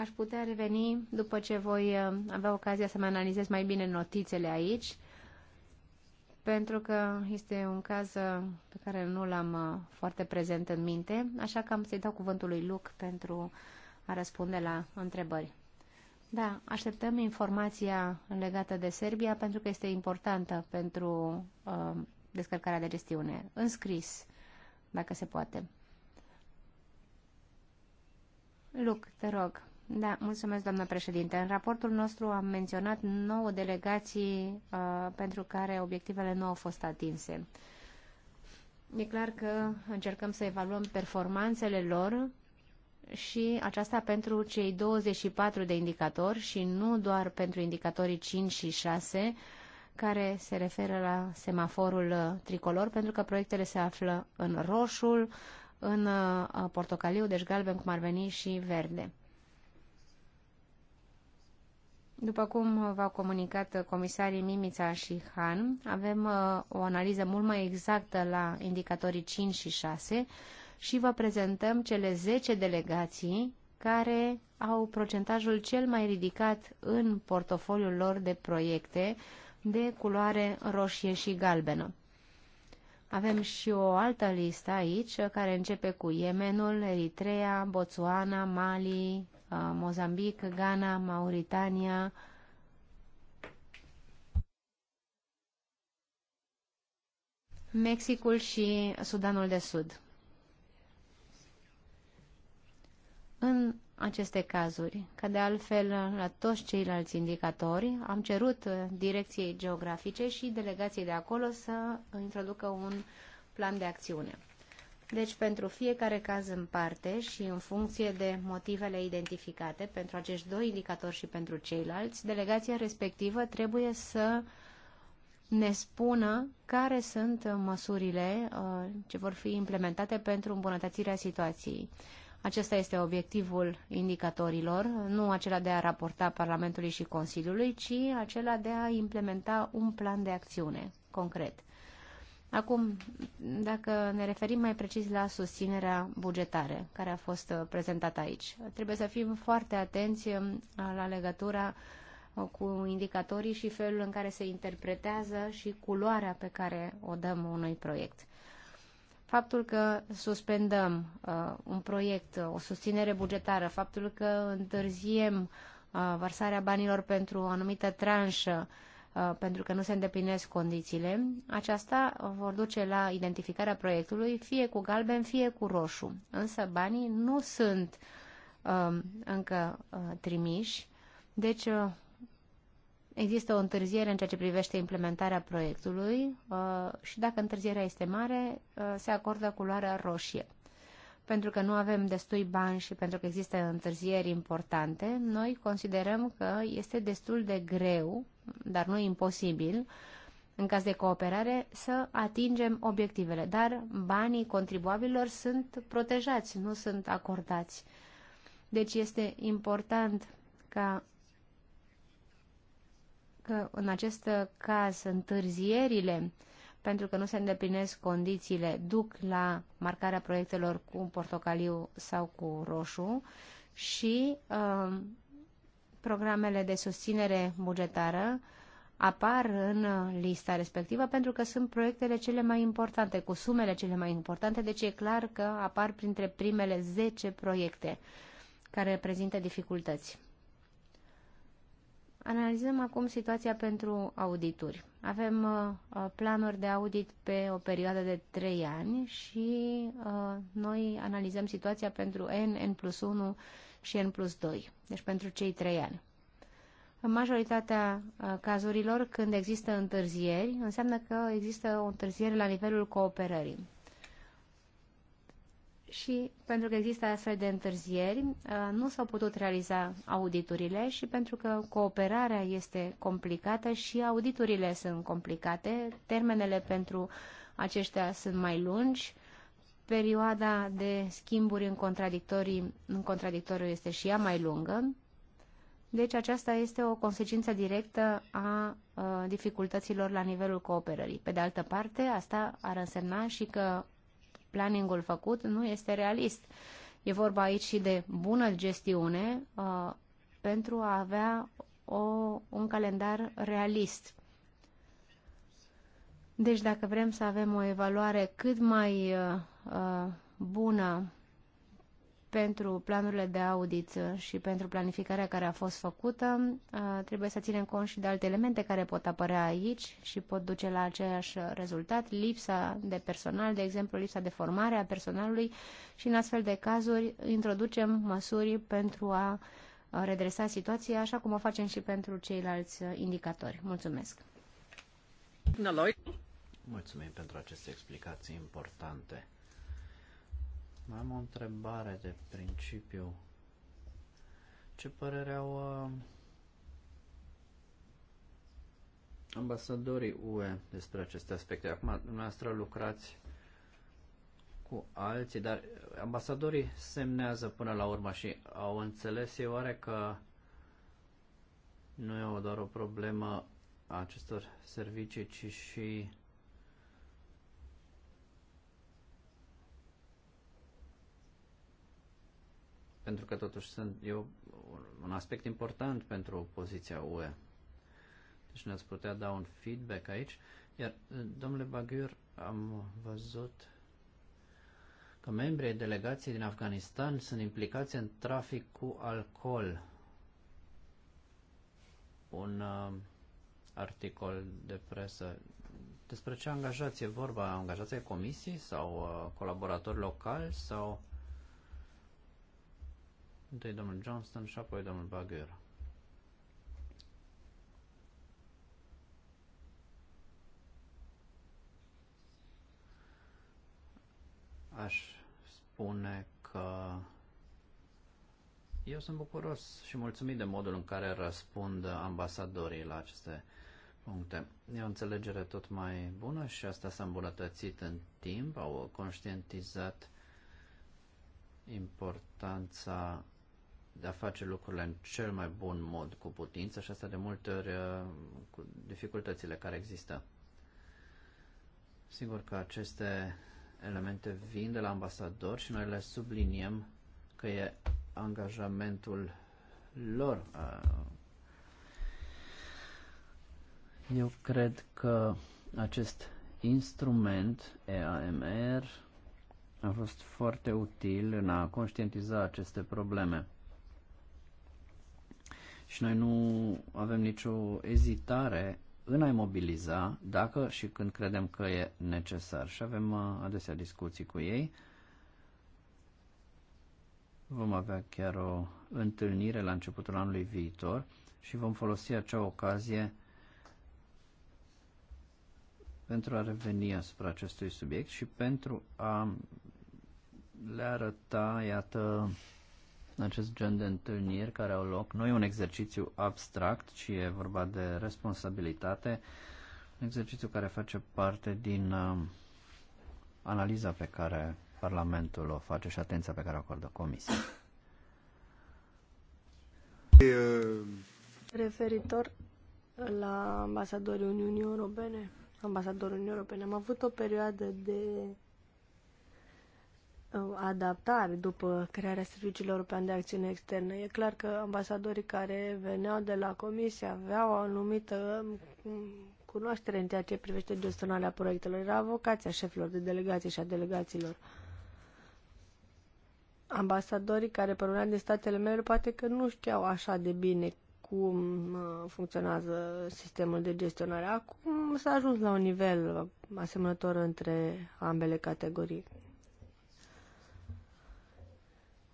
Aș putea reveni după ce voi uh, avea ocazia să mă analizez mai bine notițele aici, pentru că este un caz uh, pe care nu l-am uh, foarte prezent în minte, așa că am să-i dau cuvântul lui Luc pentru a răspunde la întrebări. Da, așteptăm informația legată de Serbia pentru că este importantă pentru uh, descărcarea de gestiune. scris, dacă se poate. Luc, te rog. Da, mulțumesc, doamnă președinte. În raportul nostru am menționat nouă delegații uh, pentru care obiectivele nu au fost atinse. E clar că încercăm să evaluăm performanțele lor și aceasta pentru cei 24 de indicatori și nu doar pentru indicatorii 5 și 6 care se referă la semaforul uh, tricolor pentru că proiectele se află în roșul, în uh, portocaliu, deci galben cum ar veni și verde. După cum v-au comunicat comisarii Mimița și Han, avem uh, o analiză mult mai exactă la indicatorii 5 și 6 și vă prezentăm cele 10 delegații care au procentajul cel mai ridicat în portofoliul lor de proiecte de culoare roșie și galbenă. Avem și o altă listă aici, care începe cu Yemenul, Eritrea, Botswana, Mali, Mozambic, Ghana, Mauritania, Mexicul și Sudanul de Sud. În aceste cazuri, ca de altfel la toți ceilalți indicatori, am cerut direcției geografice și delegației de acolo să introducă un plan de acțiune. Deci, pentru fiecare caz în parte și în funcție de motivele identificate pentru acești doi indicatori și pentru ceilalți, delegația respectivă trebuie să ne spună care sunt măsurile uh, ce vor fi implementate pentru îmbunătățirea situației. Acesta este obiectivul indicatorilor, nu acela de a raporta Parlamentului și Consiliului, ci acela de a implementa un plan de acțiune concret. Acum, dacă ne referim mai precis la susținerea bugetare care a fost uh, prezentată aici, trebuie să fim foarte atenți um, la legătura uh, cu indicatorii și felul în care se interpretează și culoarea pe care o dăm unui proiect. Faptul că suspendăm uh, un proiect, uh, o susținere bugetară, faptul că întârziem uh, vărsarea banilor pentru o anumită tranșă, uh, Uh, pentru că nu se îndeplinesc condițiile, aceasta vor duce la identificarea proiectului fie cu galben, fie cu roșu. Însă banii nu sunt um, încă uh, trimiși, deci uh, există o întârziere în ceea ce privește implementarea proiectului și dacă întârzierea este mare, se acordă culoarea roșie pentru că nu avem destui bani și pentru că există întârzieri importante, noi considerăm că este destul de greu, dar nu imposibil, în caz de cooperare, să atingem obiectivele. Dar banii contribuabililor sunt protejați, nu sunt acordați. Deci este important ca că în acest caz întârzierile pentru că nu se îndeplinesc condițiile, duc la marcarea proiectelor cu portocaliu sau cu roșu și uh, programele de susținere bugetară apar în lista respectivă pentru că sunt proiectele cele mai importante, cu sumele cele mai importante, deci e clar că apar printre primele 10 proiecte care reprezintă dificultăți. Analizăm acum situația pentru audituri. Avem uh, uh, planuri de audit pe o perioadă de 3 ani și uh, noi analizăm situația pentru N, N plus 1 și N plus 2, deci pentru cei 3 ani. În majoritatea cazurilor, când există întârzieri, înseamnă că există o întârziere la nivelul cooperării și pentru că există astfel de întârzieri, uh, nu s-au putut realiza auditurile și pentru că cooperarea este complicată și auditurile sunt complicate, termenele pentru aceștia sunt mai lungi, perioada de schimburi în, contradictorii, în contradictoriu este și ea mai lungă, deci aceasta este o consecință directă a, a uh, dificultăților la nivelul cooperării. Pe de altă parte, asta ar însemna și că planningul făcut nu este realist. E vorba aici și de bună gestiune uh, pentru a avea o, un calendar realist. Deci dacă vrem să avem o evaluare cât mai uh, uh bună pentru planurile de audit și pentru planificarea care a fost făcută, uh, trebuie să ținem cont și de alte elemente care pot apărea aici și pot duce la aceeași rezultat, lipsa de personal, de exemplu, lipsa de formare a personalului și în astfel de cazuri introducem măsuri pentru a uh, redresa situația, așa cum o facem și pentru ceilalți uh, indicatori. Mulțumesc! Mulțumim pentru aceste explicații importante. Mai am o întrebare de principiu. Ce părere au uh, ambasadorii UE despre aceste aspecte? Acum, dumneavoastră lucrați cu alții, dar ambasadorii semnează până la urmă și au înțeles ei oare că nu e doar o problemă a acestor servicii, ci și pentru că totuși sunt, eu un aspect important pentru poziția UE. Deci ne-ați putea da un feedback aici. Iar, domnule Bagur, am văzut că membrii delegației din Afganistan sunt implicați în trafic cu alcool. Un uh, articol de presă. Despre ce angajați e vorba? Angajați ai comisiei sau uh, colaboratori locali sau Întâi domnul Johnston și apoi domnul Bagheera. Aș spune că eu sunt bucuros și mulțumit de modul în care răspund ambasadorii la aceste puncte. E o înțelegere tot mai bună și asta s-a îmbunătățit în timp, au conștientizat importanța de a face lucrurile în cel mai bun mod cu putință și asta de multe ori uh, cu dificultățile care există. Sigur că aceste elemente vin de la ambasador și noi le subliniem că e angajamentul lor. Uh. Eu cred că acest instrument EAMR a fost foarte util în a conștientiza aceste probleme și noi nu avem nicio ezitare în a mobiliza dacă și când credem că e necesar. Și avem uh, adesea discuții cu ei. Vom avea chiar o întâlnire la începutul anului viitor și vom folosi acea ocazie pentru a reveni asupra acestui subiect și pentru a le arăta, iată, acest gen de întâlniri care au loc. Nu e un exercițiu abstract, ci e vorba de responsabilitate, un exercițiu care face parte din uh, analiza pe care Parlamentul o face și atenția pe care o acordă Comisia. Referitor la ambasadorii Uniunii Europene, ambasadorul Uniunii Europene, am avut o perioadă de Uh, adaptare după crearea Serviciului European de Acțiune Externă. E clar că ambasadorii care veneau de la Comisie aveau o anumită um, cunoaștere în ceea ce privește gestionarea proiectelor. Era vocația șefilor de delegații și a delegațiilor. Ambasadorii care proveneau din statele mele poate că nu știau așa de bine cum uh, funcționează sistemul de gestionare. Acum s-a ajuns la un nivel asemănător între ambele categorii.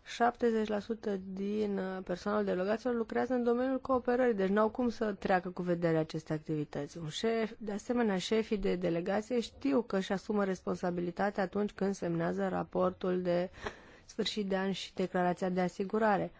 70% din uh, personalul delegaților lucrează în domeniul cooperării, deci n-au cum să treacă cu vederea aceste activități. Un șef, de asemenea, șefii de delegație știu că își asumă responsabilitatea atunci când semnează raportul de sfârșit de an și declarația de asigurare.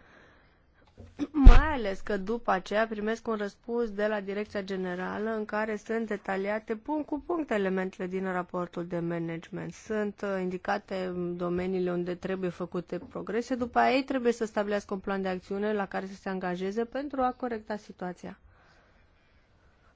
Mai ales că după aceea primesc un răspuns de la Direcția Generală în care sunt detaliate punct cu punct elementele din raportul de management. Sunt uh, indicate domeniile unde trebuie făcute progrese, după aia ei trebuie să stabilească un plan de acțiune la care să se angajeze pentru a corecta situația.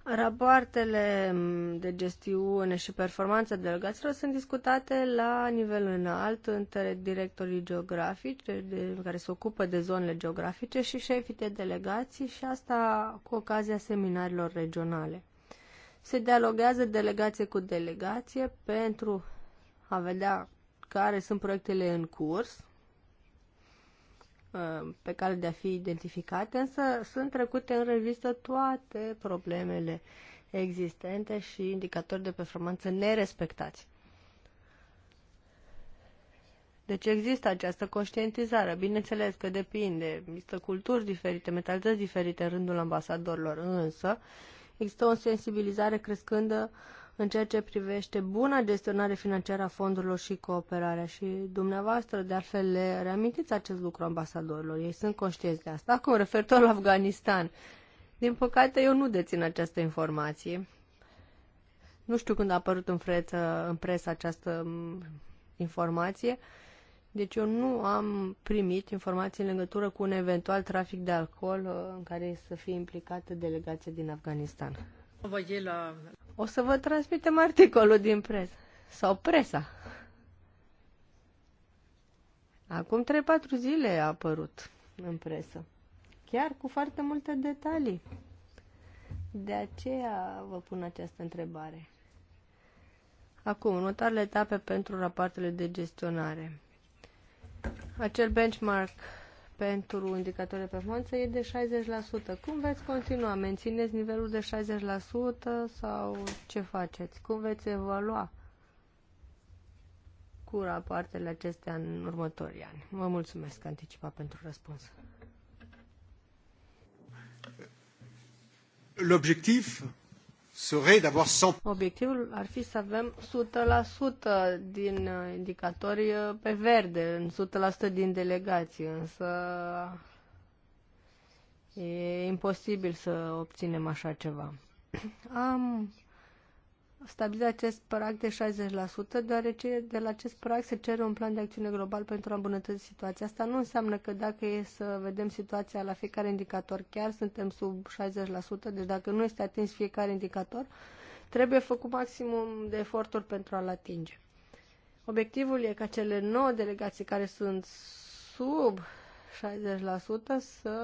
Rapoartele mm, de gestiune și performanța delegaților sunt discutate la nivel înalt între directorii geografici de, care se ocupă de zonele geografice și șefii de delegații și asta cu ocazia seminarilor regionale. Se dialoguează delegație cu delegație pentru a vedea care sunt proiectele în curs, Uh, pe care de a fi identificate, însă sunt trecute în revistă toate problemele existente și indicatori de performanță nerespectați. Deci există această conștientizare. Bineînțeles că depinde, există culturi diferite, mentalități diferite în rândul ambasadorilor, însă există o sensibilizare crescândă uh, în ceea ce privește buna gestionare financiară a fondurilor și cooperarea și dumneavoastră de altfel le reamintiți acest lucru ambasadorilor, ei sunt conștienți de asta. Acum, referitor la Afganistan, din păcate eu nu dețin această informație. Nu știu când a apărut în, freță, în presă această informație, deci eu nu am primit informații în legătură cu un eventual trafic de alcool uh, în care să fie implicată delegația din Afganistan. O să vă transmitem articolul din presă. Sau presa. Acum 3-4 zile a apărut în presă. Chiar cu foarte multe detalii. De aceea vă pun această întrebare. Acum, următoarele etape pentru rapoartele de gestionare. Acel benchmark pentru indicatorii de performanță e de 60%. Cum veți continua? Mențineți nivelul de 60% sau ce faceți? Cum veți evalua cu rapoartele acestea în următorii ani? Vă mulțumesc anticipat pentru răspuns. L'objectif Obiectivul ar fi să avem 100% din uh, indicatori uh, pe verde, în 100% din delegații, însă e imposibil să obținem așa ceva. Am stabilit acest prag de 60%, deoarece de la acest prag se cere un plan de acțiune global pentru a îmbunătăți situația. Asta nu înseamnă că dacă e să vedem situația la fiecare indicator, chiar suntem sub 60%, deci dacă nu este atins fiecare indicator, trebuie făcut maximum de eforturi pentru a-l atinge. Obiectivul e ca cele 9 delegații care sunt sub 60% să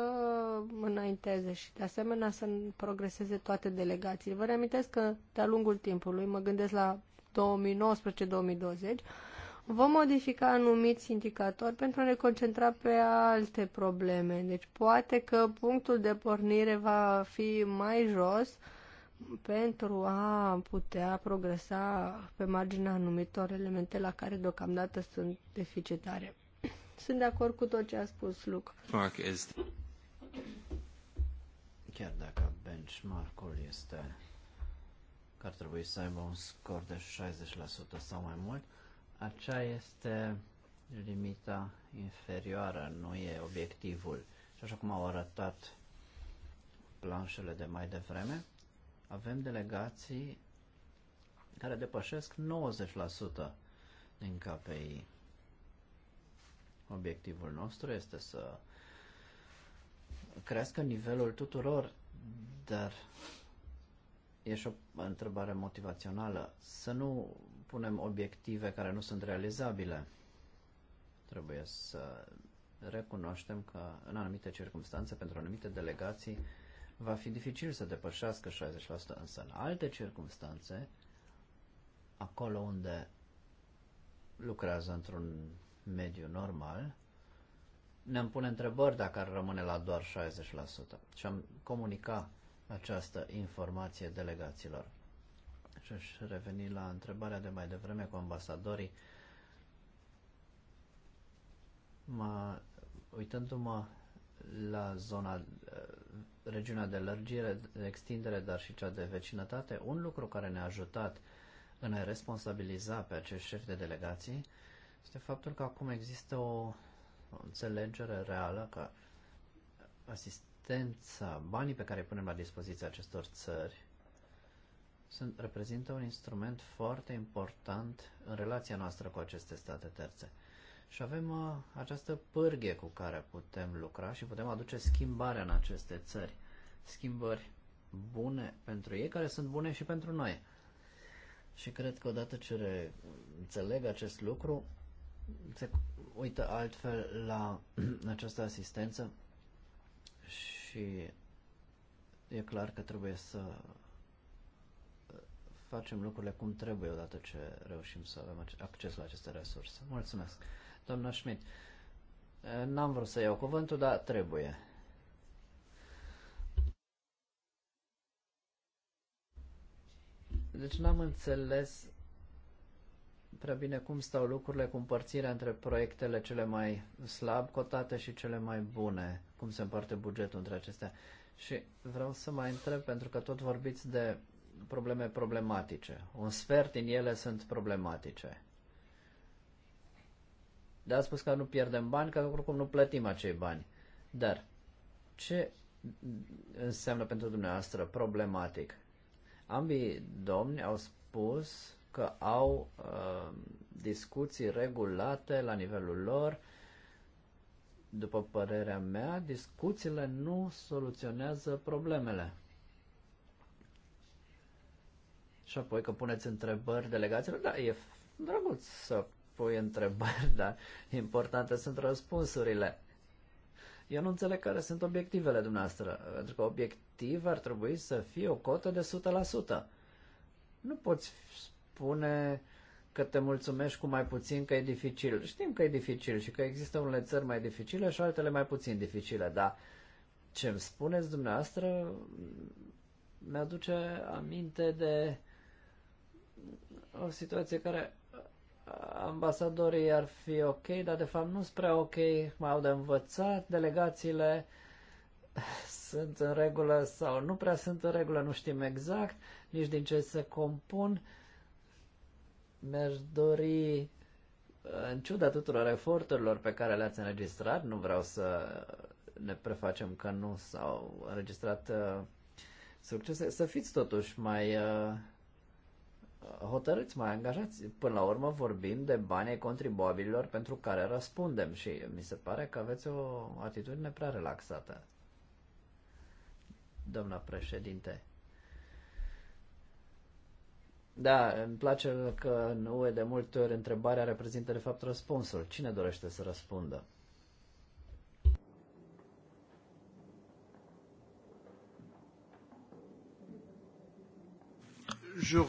înainteze și de asemenea să progreseze toate delegațiile. Vă reamintesc că de-a lungul timpului, mă gândesc la 2019-2020, vom modifica anumiți indicatori pentru a ne concentra pe alte probleme. Deci poate că punctul de pornire va fi mai jos pentru a putea progresa pe marginea anumitor elemente la care deocamdată sunt deficitare. Sunt de acord cu tot ce a spus Luc. Mark Chiar dacă benchmark-ul este că ar trebui să aibă un scor de 60% sau mai mult, acea este limita inferioară, nu e obiectivul. Și așa cum au arătat planșele de mai devreme, avem delegații care depășesc 90% din KPI. Obiectivul nostru este să crească nivelul tuturor, dar e și o întrebare motivațională. Să nu punem obiective care nu sunt realizabile. Trebuie să recunoaștem că în anumite circunstanțe, pentru anumite delegații, va fi dificil să depășească 60%, însă în alte circunstanțe, acolo unde lucrează într-un mediu normal, ne-am pune întrebări dacă ar rămâne la doar 60% și am comunica această informație delegaților. Și aș reveni la întrebarea de mai devreme cu ambasadorii. Mă, uitându-mă la zona, eh, regiunea de lărgire, de extindere, dar și cea de vecinătate, un lucru care ne-a ajutat în a responsabiliza pe acești șefi de delegații este faptul că acum există o, o înțelegere reală că asistența, banii pe care îi punem la dispoziția acestor țări sunt, reprezintă un instrument foarte important în relația noastră cu aceste state terțe. Și avem a, uh, această pârghie cu care putem lucra și putem aduce schimbarea în aceste țări. Schimbări bune pentru ei, care sunt bune și pentru noi. Și cred că odată ce înțeleg acest lucru, se uită altfel la această asistență și e clar că trebuie să facem lucrurile cum trebuie odată ce reușim să avem acces la aceste resurse. Mulțumesc. Doamna Schmidt, n-am vrut să iau cuvântul, dar trebuie. Deci n-am înțeles prea bine cum stau lucrurile cu împărțirea între proiectele cele mai slab cotate și cele mai bune, cum se împarte bugetul între acestea. Și vreau să mai întreb, pentru că tot vorbiți de probleme problematice. Un sfert din ele sunt problematice. De a spus că nu pierdem bani, că oricum nu plătim acei bani. Dar ce înseamnă pentru dumneavoastră problematic? Ambii domni au spus că au uh, discuții regulate la nivelul lor. După părerea mea, discuțiile nu soluționează problemele. Și apoi că puneți întrebări delegațiilor, da, e drăguț să pui întrebări, dar importante sunt răspunsurile. Eu nu înțeleg care sunt obiectivele dumneavoastră, pentru că obiectiv ar trebui să fie o cotă de 100%. Nu poți spune că te mulțumești cu mai puțin, că e dificil. Știm că e dificil și că există unele țări mai dificile și altele mai puțin dificile, dar ce îmi spuneți dumneavoastră mi-aduce aminte de o situație care ambasadorii ar fi ok, dar de fapt nu spre ok, mai au de învățat, delegațiile sunt în regulă sau nu prea sunt în regulă, nu știm exact nici din ce se compun mi-aș dori, în ciuda tuturor eforturilor pe care le-ați înregistrat, nu vreau să ne prefacem că nu s-au înregistrat uh, succese, să fiți totuși mai uh, hotărâți, mai angajați. Până la urmă vorbim de banii contribuabililor pentru care răspundem și mi se pare că aveți o atitudine prea relaxată. Domnul președinte, da, îmi place că în UE de multe ori întrebarea reprezintă de fapt răspunsul. Cine dorește să răspundă? Je, re,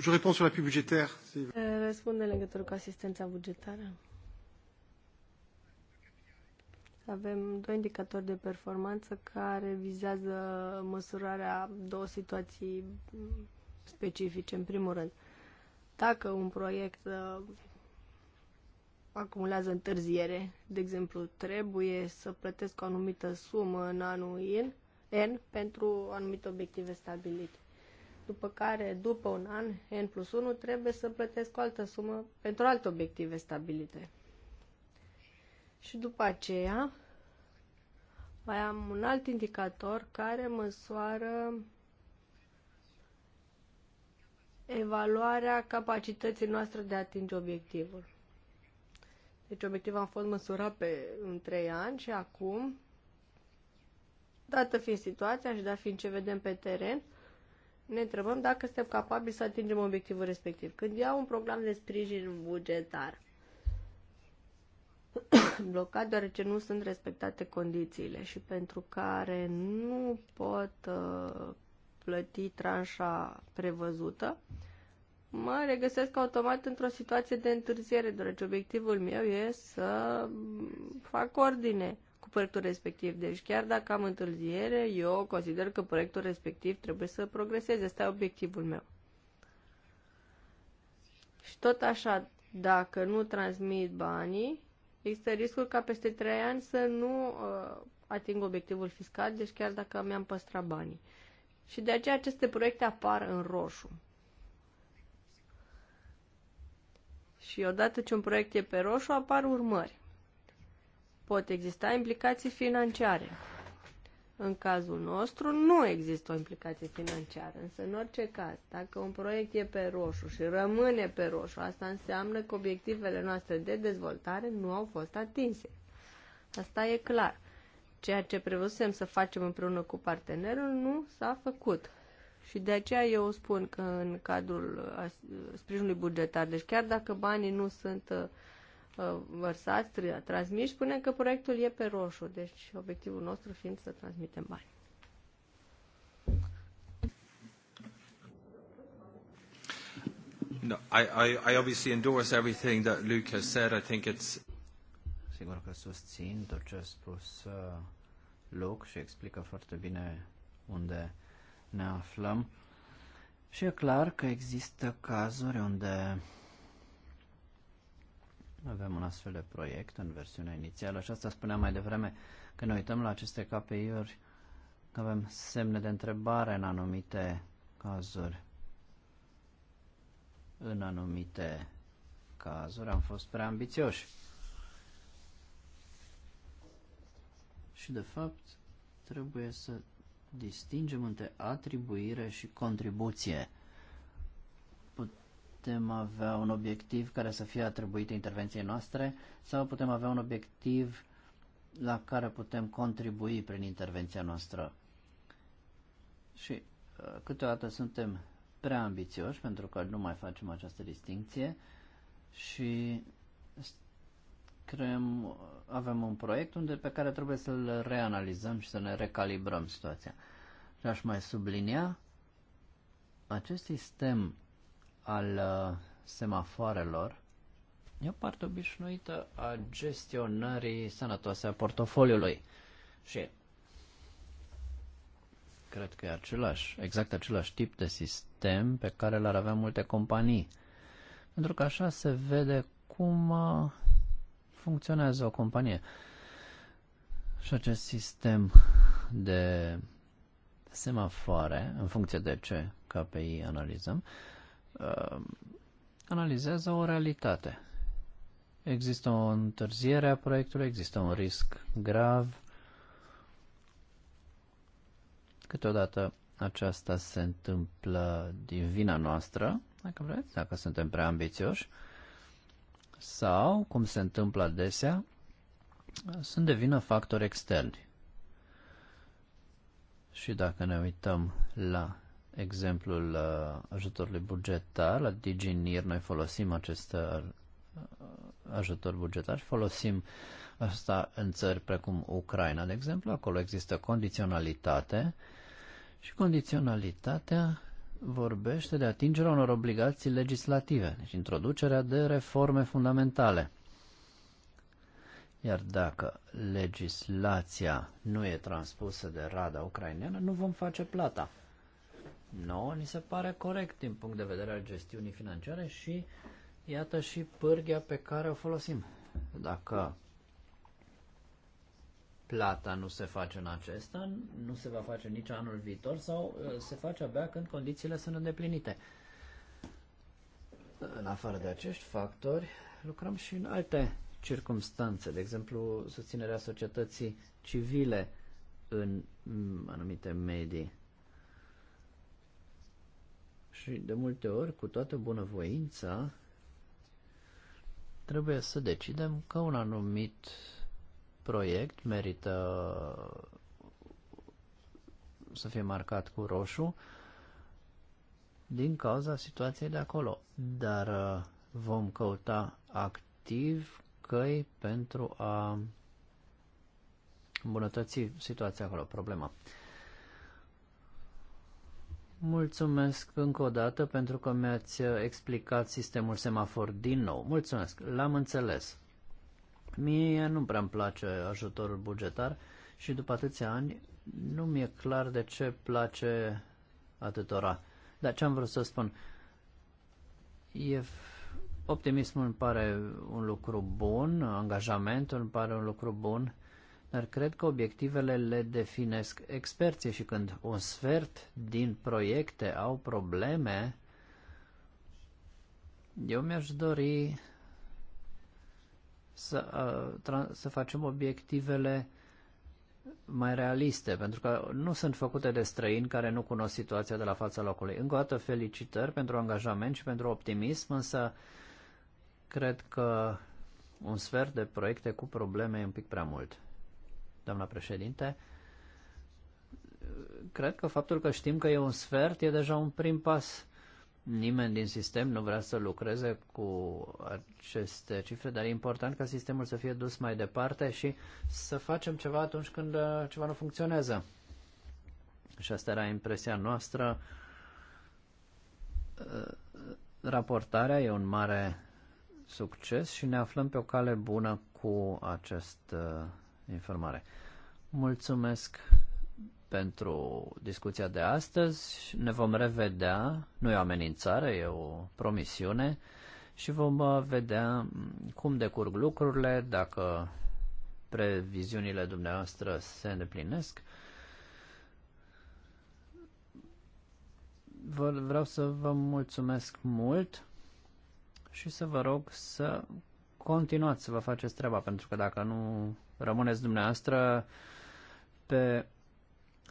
je réponds sur l'appui budgétaire. Eh, Răspund în legătură cu asistența bugetară. Avem doi indicatori de performanță care vizează măsurarea două situații specifice, în primul rând. Dacă un proiect uh, acumulează întârziere, de exemplu, trebuie să plătesc o anumită sumă în anul IN, N pentru anumite obiective stabilite. După care, după un an, N plus 1, trebuie să plătesc o altă sumă pentru alte obiective stabilite. Și după aceea, mai am un alt indicator care măsoară evaluarea capacității noastre de a atinge obiectivul. Deci obiectivul a fost măsurat pe în 3 ani și acum, dată fiind situația și dat fiind ce vedem pe teren, ne întrebăm dacă suntem capabili să atingem obiectivul respectiv. Când iau un program de sprijin bugetar, blocat deoarece nu sunt respectate condițiile și pentru care nu pot uh, plăti tranșa prevăzută, mă regăsesc automat într-o situație de întârziere, deoarece obiectivul meu e să fac ordine cu proiectul respectiv. Deci chiar dacă am întârziere, eu consider că proiectul respectiv trebuie să progreseze. Asta e obiectivul meu. Și tot așa, dacă nu transmit banii, există riscul ca peste 3 ani să nu uh, ating obiectivul fiscal, deci chiar dacă mi-am păstrat banii. Și de aceea aceste proiecte apar în roșu. Și odată ce un proiect e pe roșu, apar urmări. Pot exista implicații financiare. În cazul nostru nu există o implicație financiară, însă în orice caz, dacă un proiect e pe roșu și rămâne pe roșu, asta înseamnă că obiectivele noastre de dezvoltare nu au fost atinse. Asta e clar ceea ce prevăzusem să facem împreună cu partenerul nu s-a făcut. Și de aceea eu spun că în cadrul uh, sprijinului bugetar, deci chiar dacă banii nu sunt uh, uh, vărsați, transmiși, spunem că proiectul e pe roșu, deci obiectivul nostru fiind să transmitem bani. No, I, I, I obviously endorse everything that Luke has said. I think it's Sigur că susțin tot ce a spus uh, Luc și explică foarte bine unde ne aflăm. Și e clar că există cazuri unde avem un astfel de proiect în versiunea inițială și asta spuneam mai devreme, când ne uităm la aceste KPI-uri, că avem semne de întrebare în anumite cazuri. În anumite cazuri am fost prea ambițioși. Și de fapt trebuie să distingem între atribuire și contribuție. Putem avea un obiectiv care să fie atribuit intervenției noastre sau putem avea un obiectiv la care putem contribui prin intervenția noastră. Și uh, câteodată suntem prea ambițioși pentru că nu mai facem această distinție și creăm, avem un proiect unde, pe care trebuie să-l reanalizăm și să ne recalibrăm situația. Și aș mai sublinia, acest sistem al uh, semafoarelor e o parte obișnuită a gestionării sănătoase a portofoliului. Și cred că e același, exact același tip de sistem pe care l-ar avea multe companii. Pentru că așa se vede cum uh, funcționează o companie. Și acest sistem de semafoare, în funcție de ce KPI analizăm, uh, analizează o realitate. Există o întârziere a proiectului, există un risc grav. Câteodată aceasta se întâmplă din vina noastră, dacă vreți, dacă suntem prea ambițioși, sau, cum se întâmplă adesea, sunt de vină factori externi. Și dacă ne uităm la exemplul uh, ajutorului bugetar, la DigiNIR noi folosim acest uh, ajutor bugetar și folosim asta în țări precum Ucraina, de exemplu, acolo există condiționalitate și condiționalitatea vorbește de atingerea unor obligații legislative, deci introducerea de reforme fundamentale. Iar dacă legislația nu e transpusă de Rada Ucraineană, nu vom face plata. Nouă ni se pare corect din punct de vedere al gestiunii financiare și iată și pârghia pe care o folosim. Dacă plata nu se face în acest an, nu se va face nici anul viitor sau uh, se face abia când condițiile sunt îndeplinite. În afară de acești factori, lucrăm și în alte circumstanțe, de exemplu, susținerea societății civile în mm, anumite medii. Și de multe ori, cu toată bunăvoința, trebuie să decidem că un anumit proiect merită să fie marcat cu roșu din cauza situației de acolo. Dar uh, vom căuta activ căi pentru a îmbunătăți situația acolo, problema. Mulțumesc încă o dată pentru că mi-ați explicat sistemul semafor din nou. Mulțumesc, l-am înțeles. Mie nu prea îmi place ajutorul bugetar și după atâția ani nu mi-e clar de ce place atâtora. Dar ce am vrut să spun? E optimismul îmi pare un lucru bun, angajamentul îmi pare un lucru bun, dar cred că obiectivele le definesc experții și când un sfert din proiecte au probleme, eu mi-aș dori să, să facem obiectivele mai realiste, pentru că nu sunt făcute de străini care nu cunosc situația de la fața locului. Încă o dată felicitări pentru angajament și pentru optimism, însă cred că un sfert de proiecte cu probleme e un pic prea mult. Doamna președinte, cred că faptul că știm că e un sfert e deja un prim pas Nimeni din sistem nu vrea să lucreze cu aceste cifre, dar e important ca sistemul să fie dus mai departe și să facem ceva atunci când uh, ceva nu funcționează. Și asta era impresia noastră. Uh, raportarea e un mare succes și ne aflăm pe o cale bună cu această uh, informare. Mulțumesc pentru discuția de astăzi. Ne vom revedea, nu e o amenințare, e o promisiune și vom uh, vedea mm, cum decurg lucrurile, dacă previziunile dumneavoastră se îndeplinesc. vreau să vă mulțumesc mult și să vă rog să continuați să vă faceți treaba, pentru că dacă nu rămâneți dumneavoastră pe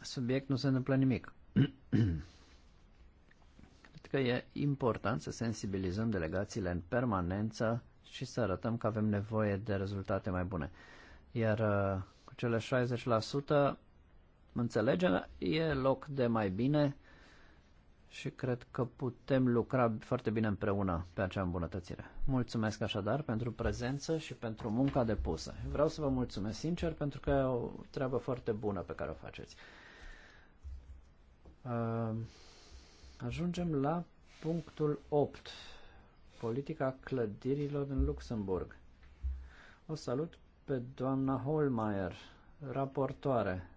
subiect nu se întâmplă nimic. Cred că e important să sensibilizăm delegațiile în permanență și să arătăm că avem nevoie de rezultate mai bune. Iar uh, cu cele 60% înțelegem, e loc de mai bine și cred că putem lucra foarte bine împreună pe acea îmbunătățire. Mulțumesc așadar pentru prezență și pentru munca depusă. Vreau să vă mulțumesc sincer pentru că e o treabă foarte bună pe care o faceți. Ehm, ajungem la punctul 8. Politica clădirilor în Luxemburg. O salut pe doamna Holmeier, raportoare.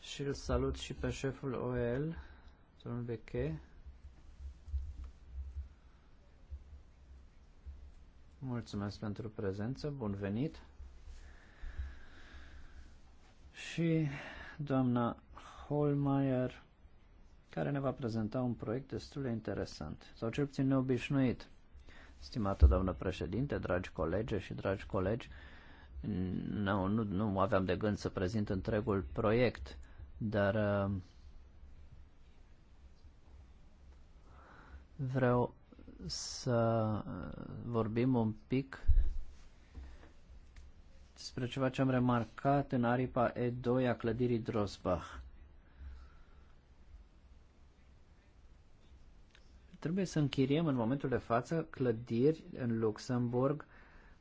Și îl salut și pe șeful OEL, domnul Beche. Mulțumesc pentru prezență, bun venit! și doamna Holmeier, care ne va prezenta un proiect destul de interesant, sau cel puțin neobișnuit. Stimată doamnă președinte, dragi colegi și dragi colegi, nu, nu, nu aveam de gând să prezint întregul proiect, dar uh, vreau să vorbim un pic despre ceva ce am remarcat în aripa E2 a clădirii Drosbach. Trebuie să închiriem în momentul de față clădiri în Luxemburg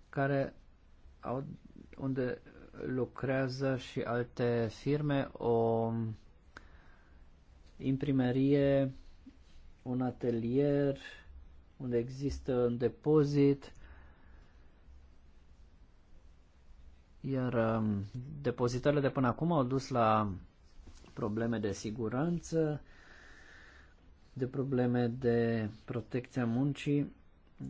care au, unde lucrează și alte firme, o imprimerie, un atelier, unde există un depozit, Iar um, depozitările de până acum au dus la probleme de siguranță, de probleme de protecția muncii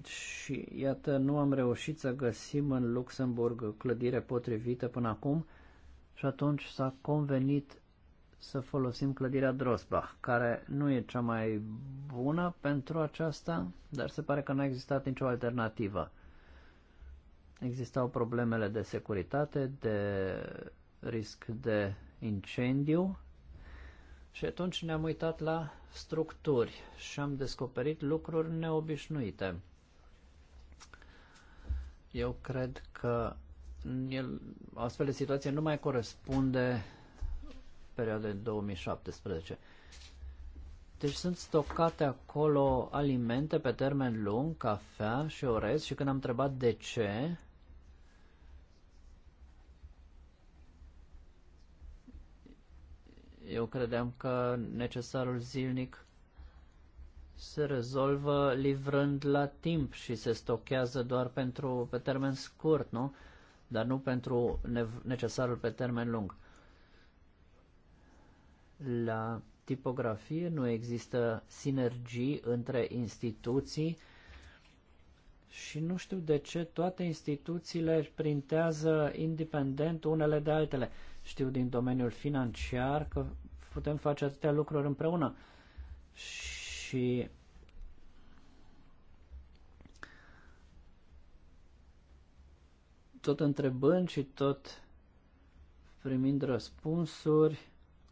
și iată nu am reușit să găsim în Luxemburg clădire potrivită până acum și atunci s-a convenit să folosim clădirea Drosbach, care nu e cea mai bună pentru aceasta, dar se pare că n-a existat nicio alternativă existau problemele de securitate, de risc de incendiu și atunci ne-am uitat la structuri și am descoperit lucruri neobișnuite. Eu cred că el, astfel de situație nu mai corespunde perioadei 2017. Deci sunt stocate acolo alimente pe termen lung, cafea și orez și când am întrebat de ce, Eu credeam că necesarul zilnic se rezolvă livrând la timp și se stochează doar pentru, pe termen scurt, nu? Dar nu pentru necesarul pe termen lung. La tipografie nu există sinergii între instituții și nu știu de ce toate instituțiile printează independent unele de altele. Știu din domeniul financiar că putem face atâtea lucruri împreună. Și tot întrebând și tot primind răspunsuri,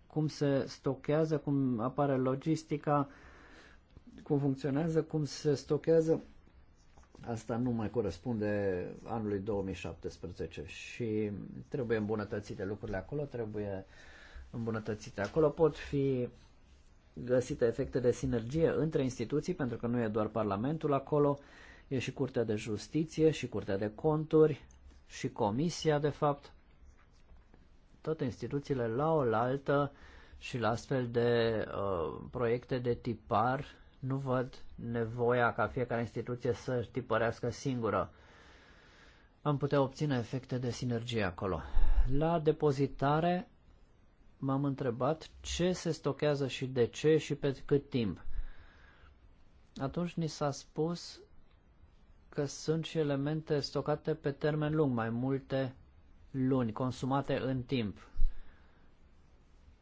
cum se stochează, cum apare logistica, cum funcționează, cum se stochează. Asta nu mai corespunde anului 2017 și trebuie îmbunătățite lucrurile acolo, trebuie îmbunătățite. Acolo pot fi găsite efecte de sinergie între instituții, pentru că nu e doar Parlamentul acolo, e și Curtea de Justiție, și Curtea de Conturi, și Comisia, de fapt, toate instituțiile la oaltă și la astfel de uh, proiecte de tipar nu văd nevoia ca fiecare instituție să tipărească singură. Am putea obține efecte de sinergie acolo. La depozitare m-am întrebat ce se stochează și de ce și pe cât timp. Atunci ni s-a spus că sunt și elemente stocate pe termen lung, mai multe luni, consumate în timp.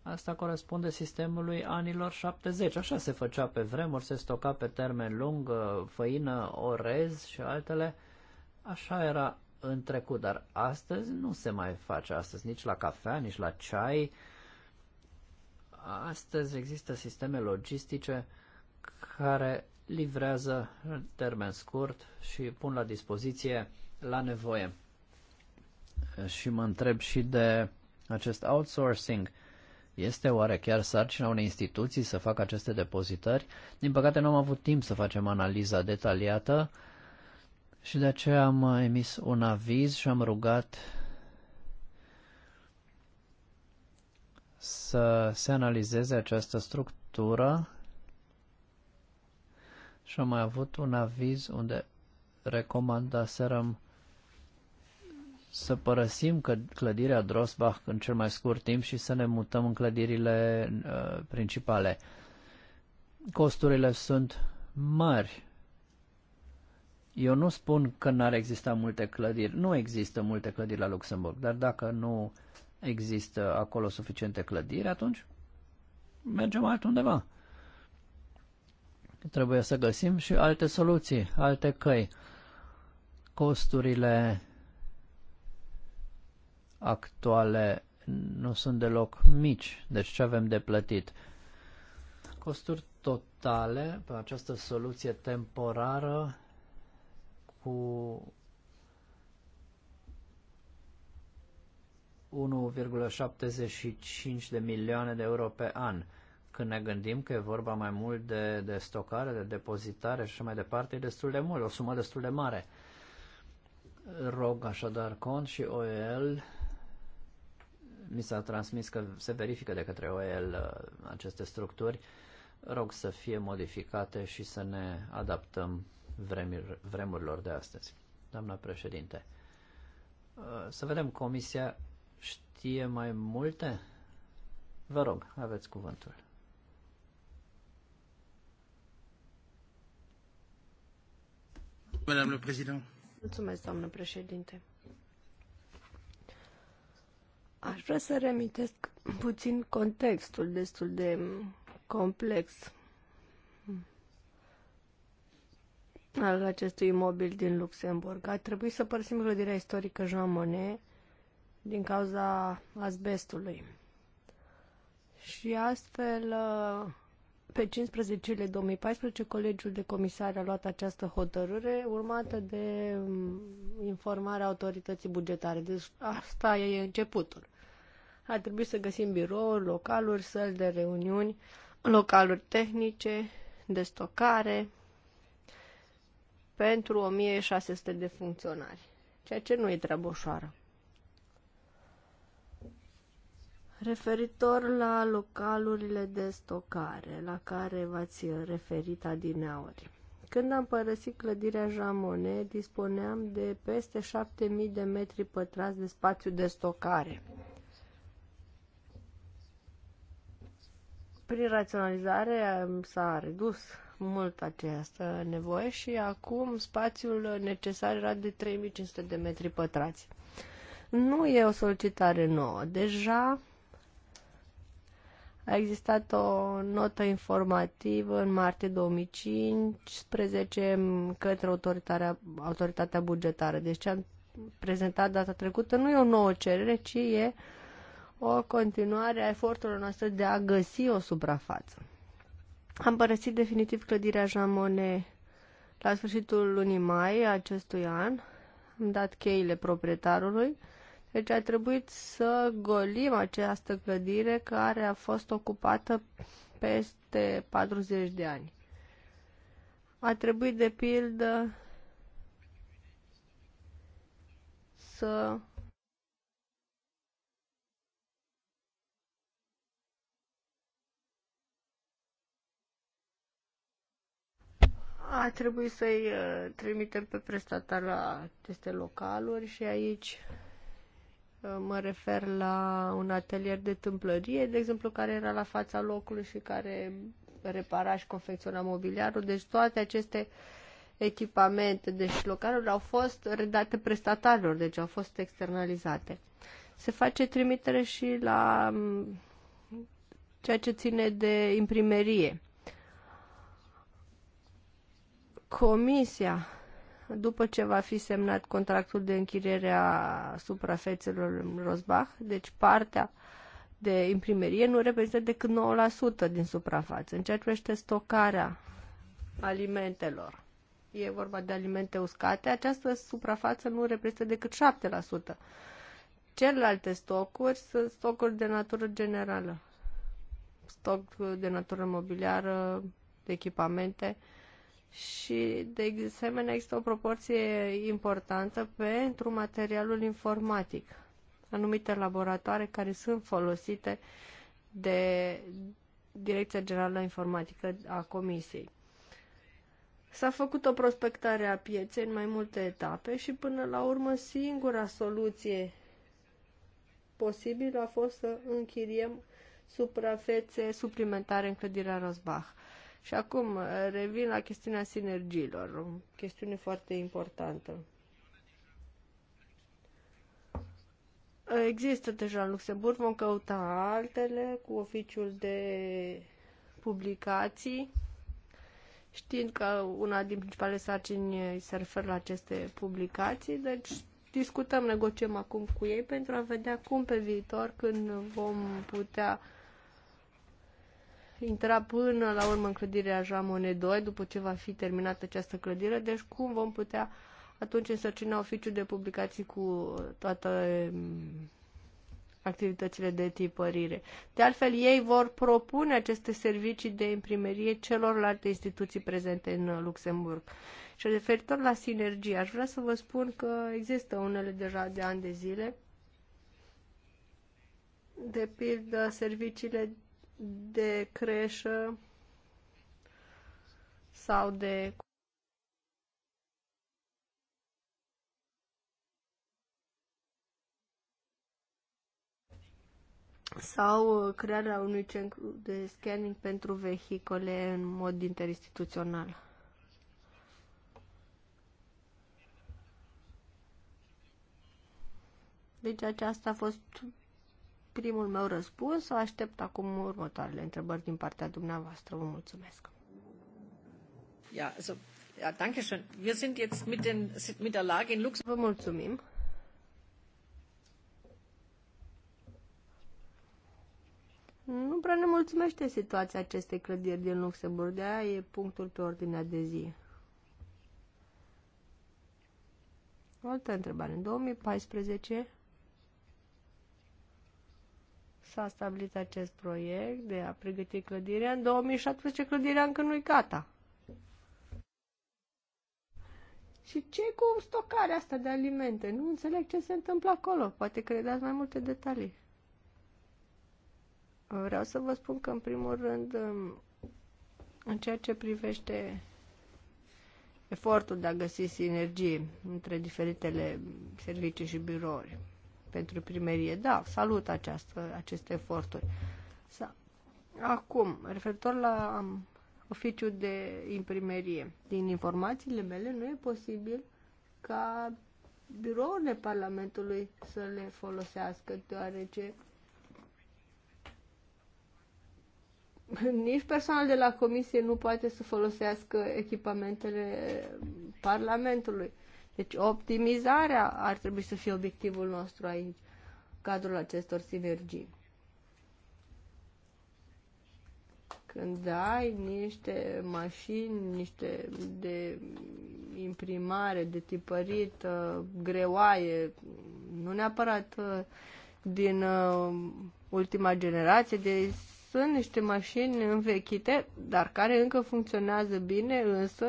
Asta corespunde sistemului anilor 70. Așa se făcea pe vremuri, se stoca pe termen lung uh, făină, orez și altele. Așa era în trecut, dar astăzi nu se mai face astăzi nici la cafea, nici la ceai. Uh, Astăzi există sisteme logistice care livrează în termen scurt și pun la dispoziție la nevoie. Și mă întreb și de acest outsourcing. Este oare chiar sarcina unei instituții să facă aceste depozitări? Din păcate nu am avut timp să facem analiza detaliată și de aceea am emis un aviz și am rugat să se analizeze această structură și am mai avut un aviz unde recomandaserăm să părăsim clădirea Drosbach în cel mai scurt timp și să ne mutăm în clădirile uh, principale. Costurile sunt mari. Eu nu spun că n-ar exista multe clădiri. Nu există multe clădiri la Luxemburg, dar dacă nu există acolo suficiente clădiri, atunci mergem altundeva. Trebuie să găsim și alte soluții, alte căi. Costurile actuale nu sunt deloc mici, deci ce avem de plătit? Costuri totale pe această soluție temporară cu 1,75 de milioane de euro pe an. Când ne gândim că e vorba mai mult de, de stocare, de depozitare și așa mai departe, e destul de mult, o sumă destul de mare. Rog așadar cont și OEL. Mi s-a transmis că se verifică de către OEL uh, aceste structuri. Rog să fie modificate și să ne adaptăm vremir, vremurilor de astăzi. Doamna președinte, uh, să vedem comisia știe mai multe? Vă rog, aveți cuvântul. Madame le Président. Mulțumesc, doamnă președinte. Aș vrea să reamintesc puțin contextul destul de complex al acestui imobil din Luxemburg. A trebuit să părăsim clădirea istorică Jean Monnet din cauza asbestului. Și astfel, uh, pe 15 iulie 2014, Colegiul de Comisari a luat această hotărâre urmată de um, informarea autorității bugetare. Deci asta e începutul. A trebuit să găsim birouri, localuri, săli de reuniuni, localuri tehnice, de stocare, pentru 1600 de funcționari, ceea ce nu e treabă ușoară. Referitor la localurile de stocare la care v-ați referit adineori. Când am părăsit clădirea Jamone, Monnet, disponeam de peste 7000 de metri pătrați de spațiu de stocare. Prin raționalizare s-a redus mult această nevoie și acum spațiul necesar era de 3500 de metri pătrați. Nu e o solicitare nouă. Deja a existat o notă informativă în martie 2015 către autoritatea, autoritatea bugetară. Deci ce am prezentat data trecută nu e o nouă cerere, ci e o continuare a eforturilor noastre de a găsi o suprafață. Am părăsit definitiv clădirea Jamone la sfârșitul lunii mai acestui an. Am dat cheile proprietarului deci a trebuit să golim această clădire care a fost ocupată peste 40 de ani. A trebuit, de pildă, să a trebuit să-i uh, trimitem pe prestatar la aceste localuri și aici Uh, mă refer la un atelier de tâmplărie, de exemplu, care era la fața locului și care repara și confecționa mobiliarul. Deci toate aceste echipamente, deci localuri, au fost redate prestatarilor, deci au fost externalizate. Se face trimitere și la mm, ceea ce ține de imprimerie. Comisia după ce va fi semnat contractul de închiriere a suprafețelor în Rosbach, deci partea de imprimerie nu reprezintă decât 9% din suprafață. În ceea ce privește stocarea alimentelor, e vorba de alimente uscate, această suprafață nu reprezintă decât 7%. Celelalte stocuri sunt stocuri de natură generală, stoc de natură mobiliară, de echipamente, și, de asemenea, există o proporție importantă pentru materialul informatic, anumite laboratoare care sunt folosite de Direcția Generală Informatică a Comisiei. S-a făcut o prospectare a pieței în mai multe etape și până la urmă singura soluție posibilă a fost să închiriem suprafețe suplimentare în clădirea Rosbach. Și acum uh, revin la chestiunea sinergiilor, o chestiune foarte importantă. Există deja în Luxemburg, vom căuta altele cu oficiul de publicații, știind că una din principalele sarcini se referă la aceste publicații, deci discutăm, negociem acum cu ei pentru a vedea cum pe viitor, când vom putea uh, intra până la urmă în clădirea Jamone 2, după ce va fi terminată această clădire, deci cum vom putea atunci însărcina oficiul de publicații cu toate mm, activitățile de tipărire. De altfel, ei vor propune aceste servicii de imprimerie celorlalte instituții prezente în Luxemburg. Și referitor la sinergie, aș vrea să vă spun că există unele deja de ani de zile, de pildă serviciile de creșă sau de sau crearea unui centru de scanning pentru vehicole în mod interinstituțional. Deci aceasta a fost primul meu răspuns. Aștept acum următoarele întrebări din partea dumneavoastră. Vă mulțumesc. Ja, also, ja, danke schön. Wir sind jetzt mit, den, mit der Lage in Luxemburg. Vă mulțumim. Nu prea ne mulțumește situația acestei clădiri din Luxemburg, de aia e punctul pe ordinea de zi. O altă întrebare. În 2014 s-a stabilit acest proiect de a pregăti clădirea. În 2017 clădirea încă nu i gata. Și ce cu stocarea asta de alimente? Nu înțeleg ce se întâmplă acolo. Poate că dați mai multe detalii. Vreau să vă spun că, în primul rând, um, în ceea ce privește efortul de a găsi sinergie între diferitele servicii și birouri, pentru primerie. Da, salut această, aceste eforturi. Acum, referitor la oficiul de imprimerie, din informațiile mele nu e posibil ca birourile Parlamentului să le folosească, deoarece nici personal de la comisie nu poate să folosească echipamentele Parlamentului. Deci optimizarea ar trebui să fie obiectivul nostru aici, în cadrul acestor sinergii. Când ai niște mașini, niște de imprimare, de tipărit, greoaie, nu neapărat uh, din uh, ultima generație, de sunt niște mașini învechite, dar care încă funcționează bine, însă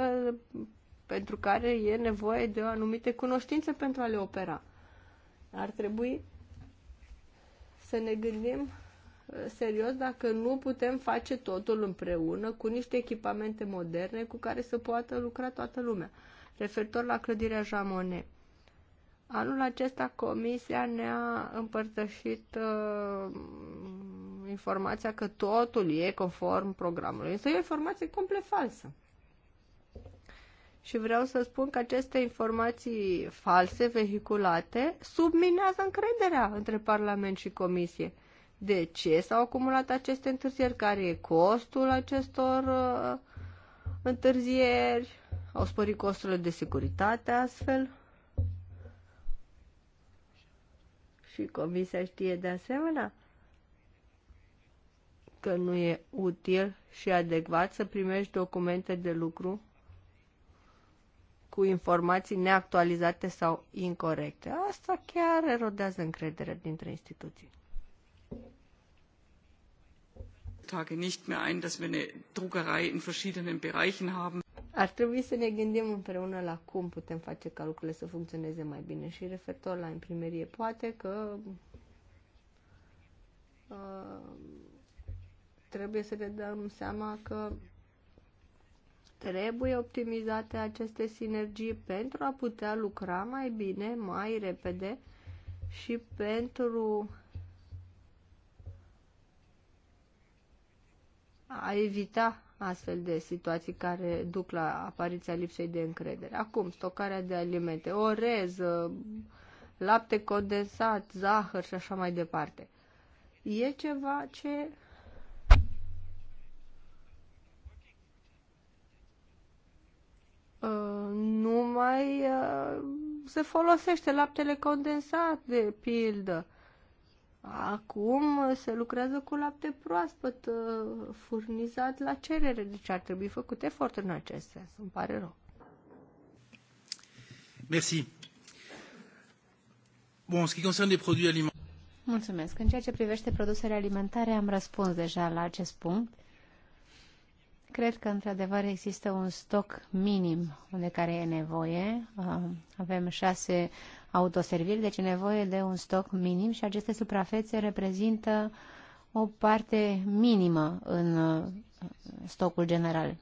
pentru care e nevoie de o anumite cunoștințe pentru a le opera. Ar trebui să ne gândim uh, serios dacă nu putem face totul împreună cu niște echipamente moderne cu care să poată lucra toată lumea. Referitor la clădirea Jamone. Anul acesta comisia ne-a împărtășit uh, informația că totul e conform programului, însă e o informație complet falsă. Și vreau să spun că aceste informații false, vehiculate, subminează încrederea între Parlament și Comisie. De ce s-au acumulat aceste întârzieri? Care e costul acestor uh, întârzieri? Au spărit costurile de securitate astfel? Și Comisia știe de asemenea că nu e util și adecvat să primești documente de lucru cu informații neactualizate sau incorrecte. Asta chiar erodează încrederea dintre instituții. Tage nicht mehr ein, dass wir eine Druckerei in verschiedenen Bereichen haben. Ar trebui să ne gândim împreună la cum putem face ca lucrurile să funcționeze mai bine și referitor la imprimerie. Poate că uh, trebuie să ne dăm seama că Trebuie optimizate aceste sinergii pentru a putea lucra mai bine, mai repede și pentru a evita astfel de situații care duc la apariția lipsei de încredere. Acum, stocarea de alimente, orez, lapte condensat, zahăr și așa mai departe. E ceva ce Uh, nu mai uh, se folosește laptele condensat, de pildă. Acum se lucrează cu lapte proaspăt uh, furnizat la cerere, deci ar trebui făcut efort în acest sens. Îmi pare rău. Merci. Bon, ce qui concerne les produits alimentaires. Mulțumesc. În ceea ce privește produsele alimentare, am răspuns deja la acest punct. Cred că, într-adevăr, există un stoc minim de care e nevoie. Uh, avem șase autoserviri, deci e nevoie de un stoc minim și aceste suprafețe reprezintă o parte minimă în uh, stocul general.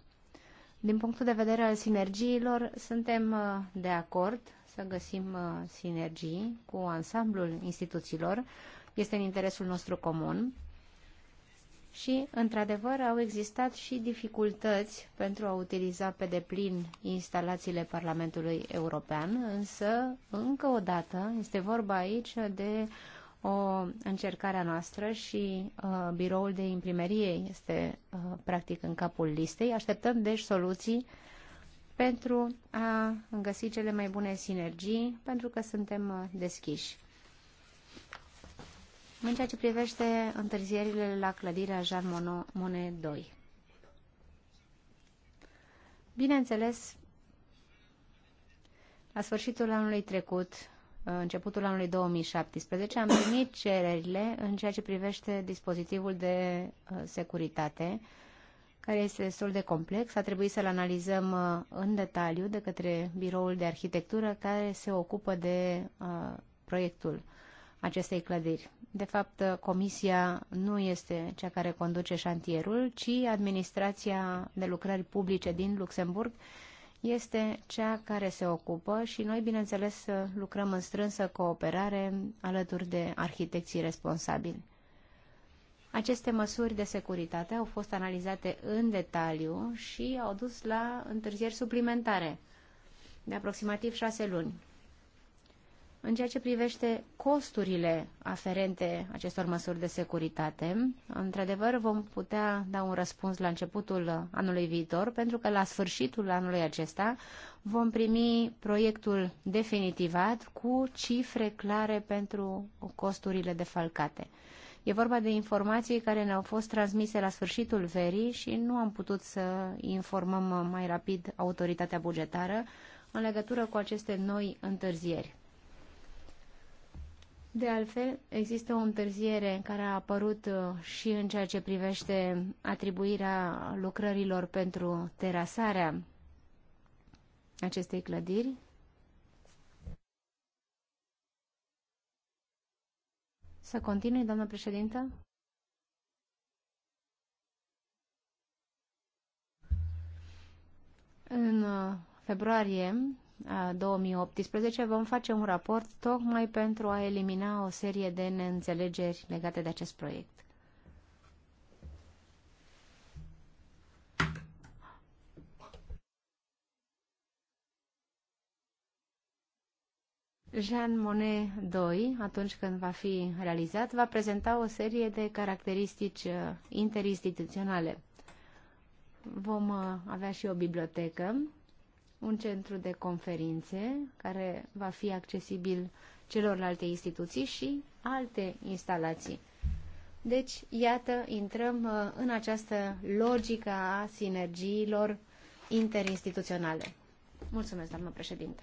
Din punctul de vedere al sinergiilor, suntem uh, de acord să găsim sinergii cu ansamblul instituțiilor. Este în interesul nostru comun și, într-adevăr, au existat și dificultăți pentru a utiliza pe deplin instalațiile Parlamentului European, însă, încă o dată, este vorba aici de o încercare a noastră și uh, biroul de imprimerie este uh, practic în capul listei. Așteptăm, deci, soluții pentru a găsi cele mai bune sinergii, pentru că suntem uh, deschiși în ceea ce privește întârzierile la clădirea Jean Monnet 2. Bineînțeles, la sfârșitul anului trecut, începutul anului 2017, am primit cererile în ceea ce privește dispozitivul de uh, securitate, care este destul de complex. A trebuit să-l analizăm uh, în detaliu de către biroul de arhitectură care se ocupă de uh, proiectul acestei clădiri. De fapt, comisia nu este cea care conduce șantierul, ci administrația de lucrări publice din Luxemburg este cea care se ocupă și noi, bineînțeles, lucrăm în strânsă cooperare alături de arhitecții responsabili. Aceste măsuri de securitate au fost analizate în detaliu și au dus la întârzieri suplimentare de aproximativ șase luni. În ceea ce privește costurile aferente acestor măsuri de securitate, într-adevăr vom putea da un răspuns la începutul anului viitor, pentru că la sfârșitul anului acesta vom primi proiectul definitivat cu cifre clare pentru costurile defalcate. E vorba de informații care ne-au fost transmise la sfârșitul verii și nu am putut să informăm mai rapid autoritatea bugetară în legătură cu aceste noi întârzieri. De altfel, există o întârziere care a apărut uh, și în ceea ce privește atribuirea lucrărilor pentru terasarea acestei clădiri. Să continui, doamnă președintă? În uh, februarie 2018 vom face un raport tocmai pentru a elimina o serie de neînțelegeri legate de acest proiect. Jean Monnet II, atunci când va fi realizat, va prezenta o serie de caracteristici interinstituționale. Vom avea și o bibliotecă un centru de conferințe care va fi accesibil celorlalte instituții și alte instalații. Deci, iată, intrăm uh, în această logică a sinergiilor interinstituționale. Mulțumesc, doamnă președinte.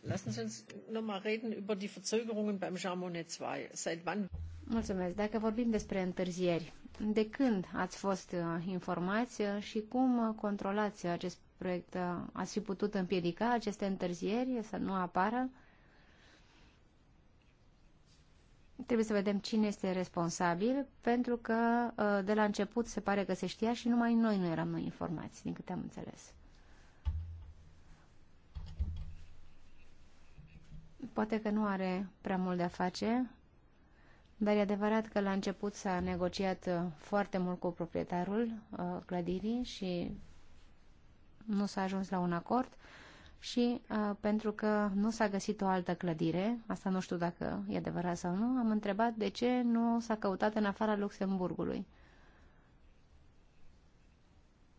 Lassen Sie uns noch mal reden über die Verzögerungen beim Jamonet 2. Seit wann? Mulțumesc. Dacă vorbim despre întârzieri, de când ați fost uh, informați uh, și cum controlați acest proiect? Uh, ați fi putut împiedica aceste întârzieri să nu apară? Trebuie să vedem cine este responsabil, pentru că de la început se pare că se știa și numai noi nu eram noi informați, din câte am înțeles. Poate că nu are prea mult de a face dar e adevărat că la început s-a negociat uh, foarte mult cu proprietarul uh, clădirii și nu s-a ajuns la un acord și uh, pentru că nu s-a găsit o altă clădire, asta nu știu dacă e adevărat sau nu, am întrebat de ce nu s-a căutat în afara Luxemburgului.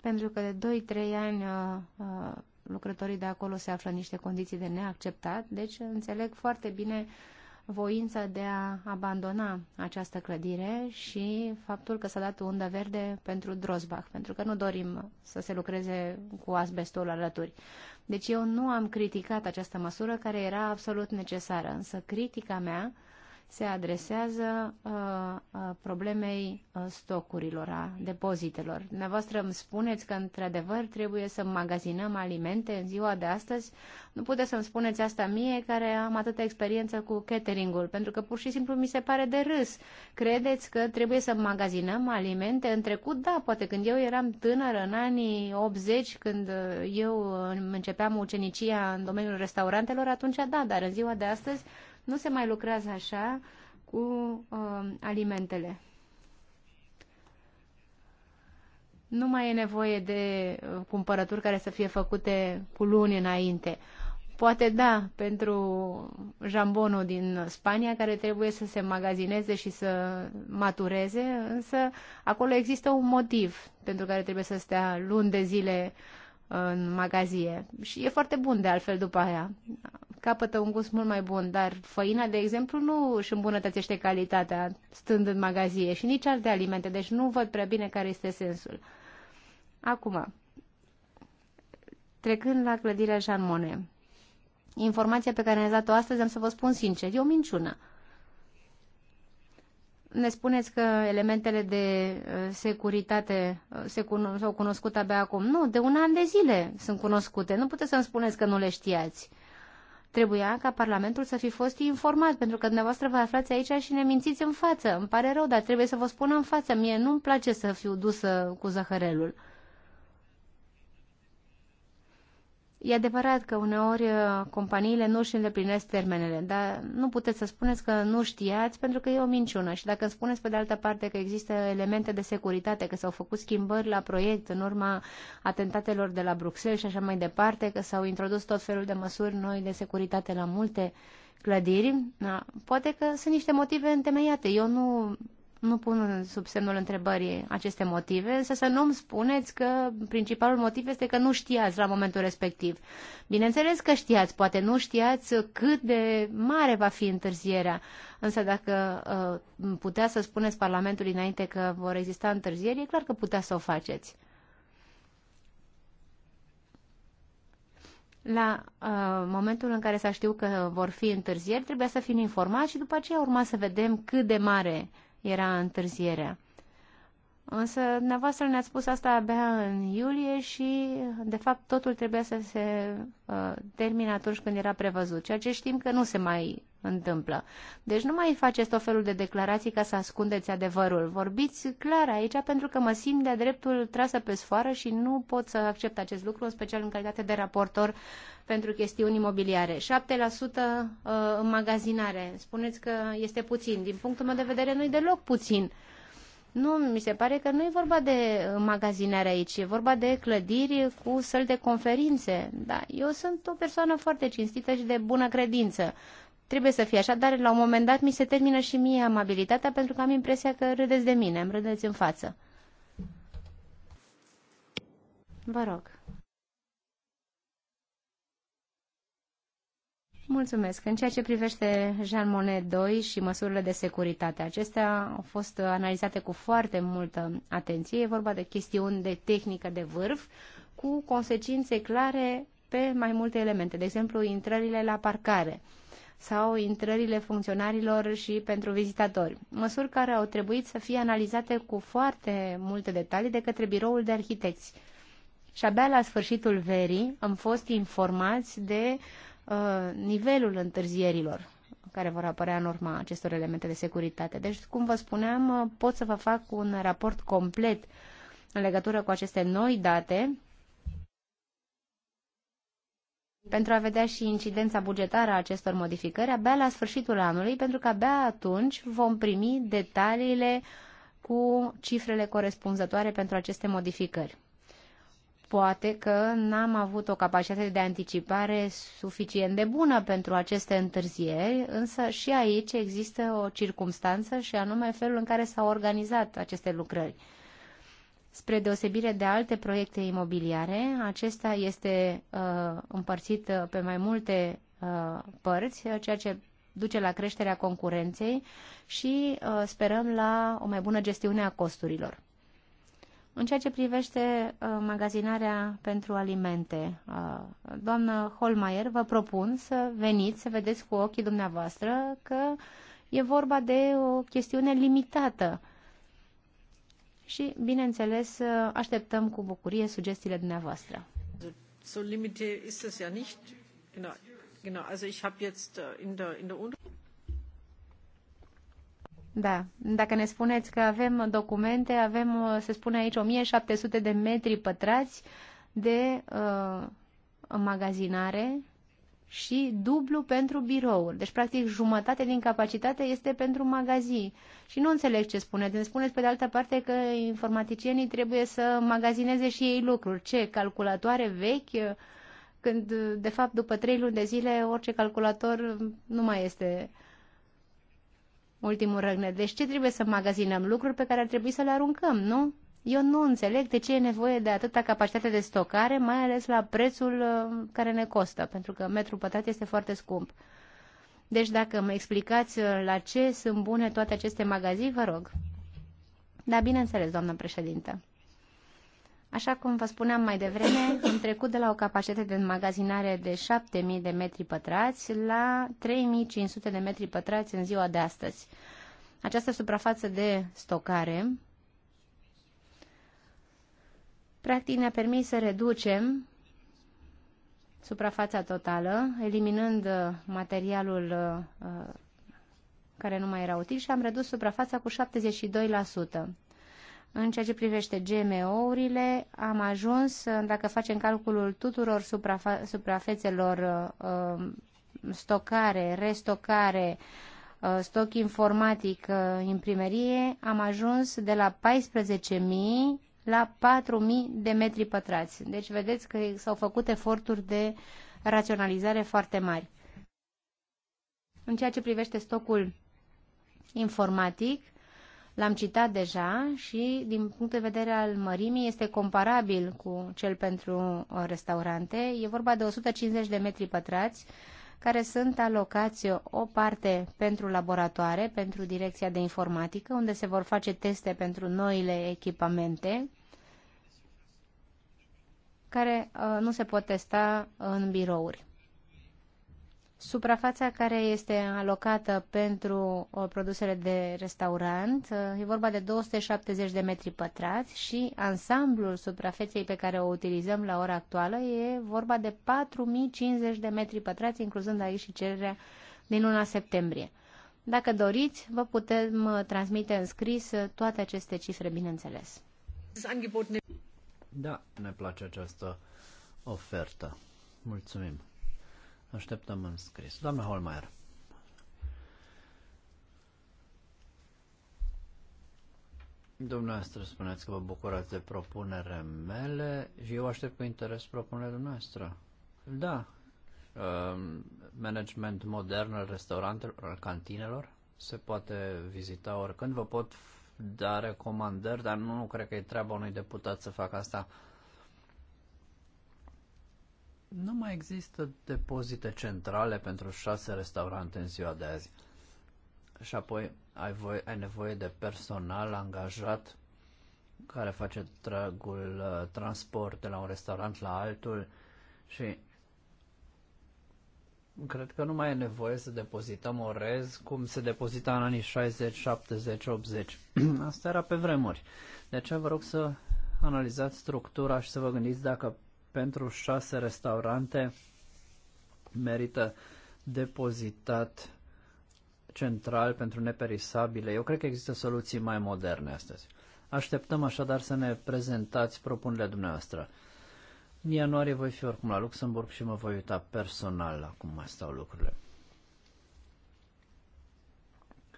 Pentru că de 2-3 ani uh, uh, lucrătorii de acolo se află în niște condiții de neacceptat, deci înțeleg foarte bine uh, voință de a abandona această clădire și faptul că s-a dat undă verde pentru Drozbach, pentru că nu dorim să se lucreze cu asbestul alături. Deci eu nu am criticat această măsură care era absolut necesară, însă critica mea se adresează uh, uh, problemei uh, stocurilor, a depozitelor. Dumneavoastră îmi spuneți că, într-adevăr, trebuie să magazinăm alimente în ziua de astăzi. Nu puteți să-mi spuneți asta mie, care am atâta experiență cu cateringul, pentru că pur și simplu mi se pare de râs. Credeți că trebuie să magazinăm alimente? În trecut, da, poate când eu eram tânără, în anii 80, când uh, eu uh, începeam ucenicia în domeniul restaurantelor, atunci da, dar în ziua de astăzi nu se mai lucrează așa cu uh, alimentele. Nu mai e nevoie de uh, cumpărături care să fie făcute cu luni înainte. Poate da, pentru jambonul din Spania, care trebuie să se magazineze și să matureze, însă acolo există un motiv pentru care trebuie să stea luni de zile uh, în magazie și e foarte bun de altfel după aia. Capătă un gust mult mai bun, dar făina, de exemplu, nu își îmbunătățește calitatea stând în magazie și nici alte alimente, deci nu văd prea bine care este sensul. Acum, trecând la clădirea Jean Monnet, informația pe care ne-a dat-o astăzi, am să vă spun sincer, e o minciună. Uh, ne spuneți că elementele de uh, securitate uh, se cuno- s-au cunoscut abia acum. Nu, de un an de zile sunt cunoscute. Nu puteți să-mi spuneți că nu le știați. Trebuia ca Parlamentul să fi fost informat, pentru că dumneavoastră vă aflați aici și ne mințiți în față. Îmi pare rău, dar trebuie să vă spun în față. Mie nu-mi place să fiu dusă cu zahărelul. E adevărat că uneori uh, companiile nu își îndeplinesc termenele, dar nu puteți să spuneți că nu știați pentru că e o minciună. Și dacă îmi spuneți pe de altă parte că există elemente de securitate, că s-au făcut schimbări la proiect în urma atentatelor de la Bruxelles și așa mai departe, că s-au introdus tot felul de măsuri noi de securitate la multe clădiri, da, poate că sunt niște motive întemeiate. Eu nu nu pun sub semnul întrebării aceste motive, însă să nu-mi spuneți că principalul motiv este că nu știați la momentul respectiv. Bineînțeles că știați, poate nu știați cât de mare va fi întârzierea, însă dacă uh, putea să spuneți Parlamentului înainte că vor exista întârzieri, e clar că putea să o faceți. la uh, momentul în care s-a știut că vor fi întârzieri, trebuia să fim informați și după aceea urma să vedem cât de mare era întârzierea. Însă, dumneavoastră ne-ați spus asta abia în iulie și, de fapt, totul trebuia să se uh, termine atunci când era prevăzut, ceea ce știm că nu se mai întâmplă. Deci nu mai faceți tot felul de declarații ca să ascundeți adevărul. Vorbiți clar aici pentru că mă simt de dreptul trasă pe sfoară și nu pot să accept acest lucru, în special în calitate de raportor pentru chestiuni imobiliare. 7% uh, în magazinare. Spuneți că este puțin. Din punctul meu de vedere, nu-i deloc puțin. Nu, mi se pare că nu e vorba de magazinare aici, e vorba de clădiri cu săl de conferințe. Da, eu sunt o persoană foarte cinstită și de bună credință. Trebuie să fie așa, dar la un moment dat mi se termină și mie amabilitatea pentru că am impresia că râdeți de mine, îmi râdeți în față. Vă rog. Mulțumesc. În ceea ce privește Jean Monnet 2 și măsurile de securitate, acestea au fost analizate cu foarte multă atenție. E vorba de chestiuni de tehnică de vârf cu consecințe clare pe mai multe elemente, de exemplu intrările la parcare sau intrările funcționarilor și pentru vizitatori. Măsuri care au trebuit să fie analizate cu foarte multe detalii de către biroul de arhitecți. Și abia la sfârșitul verii am fost informați de uh, Uh, nivelul întârzierilor care vor apărea în urma acestor elemente de securitate. Deci, cum vă spuneam, uh, pot să vă fac un raport complet în legătură cu aceste noi date pentru a vedea și incidența bugetară a acestor modificări abia la sfârșitul anului, pentru că abia atunci vom primi detaliile cu cifrele corespunzătoare pentru aceste modificări. Poate că n-am avut o capacitate de anticipare suficient de bună pentru aceste întârzieri, însă și aici există o circumstanță și anume felul în care s-au organizat aceste lucrări. Spre deosebire de alte proiecte imobiliare, acesta este uh, împărțit uh, pe mai multe uh, părți, uh, ceea ce duce la creșterea concurenței și uh, sperăm la o mai bună gestiune a costurilor. În ceea ce privește uh, magazinarea pentru alimente, uh, doamnă Holmeier, vă propun să veniți, să vedeți cu ochii dumneavoastră că e vorba de o chestiune limitată. Și, bineînțeles, uh, așteptăm cu bucurie sugestiile dumneavoastră. So limite ja nicht. Genau, also ich habe jetzt äh, in der, in der da, dacă ne spuneți că avem documente, avem, uh, se spune aici, 1700 de metri pătrați de uh, magazinare și dublu pentru birouri. Deci, practic, jumătate din capacitate este pentru magazii. Și nu înțeleg ce spuneți. Ne spuneți, pe de altă parte, că informaticienii trebuie să magazineze și ei lucruri. Ce, calculatoare vechi? Uh, când, de fapt, după trei luni de zile, orice calculator nu mai este uh, ultimul răgnet. Deci ce trebuie să magazinăm? Lucruri pe care ar trebui să le aruncăm, nu? Eu nu înțeleg de ce e nevoie de atâta capacitate de stocare, mai ales la prețul uh, care ne costă, pentru că metru pătrat este foarte scump. Deci dacă mă explicați uh, la ce sunt bune toate aceste magazii, vă rog. Da, bineînțeles, doamnă președintă. Așa cum vă spuneam mai devreme, am trecut de la o capacitate de înmagazinare de 7.000 de metri pătrați la 3.500 de metri pătrați în ziua de astăzi. Această suprafață de stocare practic ne-a permis să reducem suprafața totală, eliminând uh, materialul uh, uh, care nu mai era util și am redus suprafața cu 72%. În ceea ce privește GMO-urile, am ajuns, uh, dacă facem calculul tuturor suprafa- suprafețelor uh, um, stocare, restocare, uh, stoc informatic, uh, imprimerie, am ajuns de la 14.000 la 4.000 de metri pătrați. Deci vedeți că s-au făcut eforturi de raționalizare foarte mari. În ceea ce privește stocul informatic, L-am citat deja și, din punct de vedere al mărimii, este comparabil cu cel pentru uh, restaurante. E vorba de 150 de metri pătrați, care sunt alocați o parte pentru laboratoare, pentru direcția de informatică, unde se vor face teste pentru noile echipamente, care uh, nu se pot testa în birouri. Suprafața care este alocată pentru uh, produsele de restaurant uh, e vorba de 270 de metri pătrați și ansamblul suprafeței pe care o utilizăm la ora actuală e vorba de 4050 de metri pătrați, incluzând aici și cererea din luna septembrie. Dacă doriți, vă putem uh, transmite în scris toate aceste cifre, bineînțeles. Da, ne place această ofertă. Mulțumim! Așteptăm în scris. Doamna Holmeier. Dumneavoastră spuneți că vă bucurați de propunere mele și eu aștept cu interes propunerea dumneavoastră. Da. Um, management modern al restaurantelor, al cantinelor, se poate vizita oricând. Vă pot da recomandări, dar nu, nu cred că e treaba unui deputat să facă asta nu mai există depozite centrale pentru șase restaurante în ziua de azi. Și apoi ai, voie, ai nevoie de personal angajat care face tragul uh, transport de la un restaurant la altul și cred că nu mai e nevoie să depozităm orez cum se depozita în anii 60, 70, 80. Asta era pe vremuri. De aceea vă rog să analizați structura și să vă gândiți dacă pentru șase restaurante merită depozitat central pentru neperisabile. Eu cred că există soluții mai moderne astăzi. Așteptăm așadar să ne prezentați propunerile dumneavoastră. În ianuarie voi fi oricum la Luxemburg și mă voi uita personal la cum mai stau lucrurile.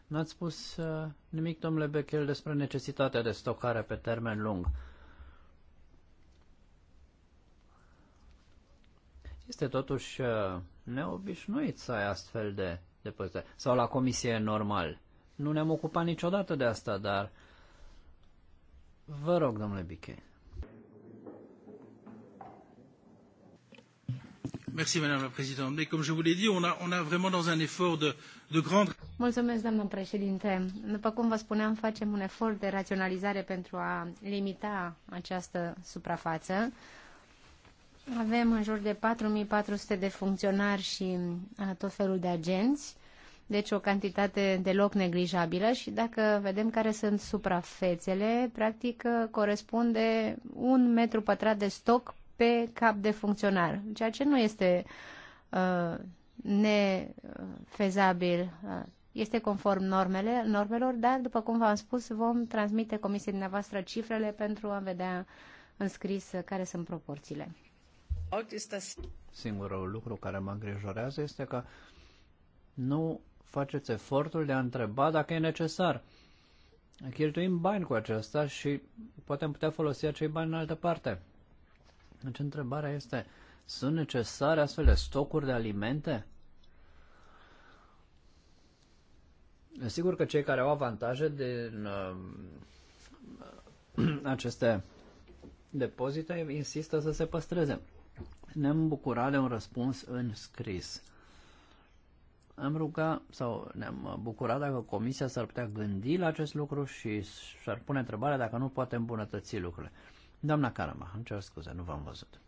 N-ați spus uh, nimic, domnule Bechel, despre necesitatea de stocare pe termen lung. Este totuși uh, neobișnuit să ai astfel de de depozite. Sau la comisie normal. Nu ne-am ocupat niciodată de asta, dar vă rog, domnule Biche. Merci, Madame la Présidente. Mais comme je vous l'ai dit, on a, on a vraiment dans un effort de, de grande... Mulțumesc, doamnă președinte. După cum vă spuneam, facem un efort de raționalizare pentru a limita această suprafață. Avem în jur de 4400 de funcționari și tot felul de agenți, deci o cantitate deloc neglijabilă și dacă vedem care sunt suprafețele, practic corespunde un metru pătrat de stoc pe cap de funcționar, ceea ce nu este uh, nefezabil. Este conform normele, normelor, dar, după cum v-am spus, vom transmite comisiei dumneavoastră cifrele pentru a vedea înscris care sunt proporțiile. Singurul lucru care mă îngrijorează este că nu faceți efortul de a întreba dacă e necesar. Cheltuim bani cu acesta și poate putea folosi acei bani în altă parte. Deci întrebarea este, sunt necesare astfel de stocuri de alimente? Sigur că cei care au avantaje din uh, aceste depozite insistă să se păstreze ne-am bucurat de un răspuns în scris. Am rugat sau ne-am bucurat dacă comisia s-ar putea gândi la acest lucru și s ar pune întrebarea dacă nu poate îmbunătăți lucrurile. Doamna Carama, îmi cer scuze, nu v-am văzut.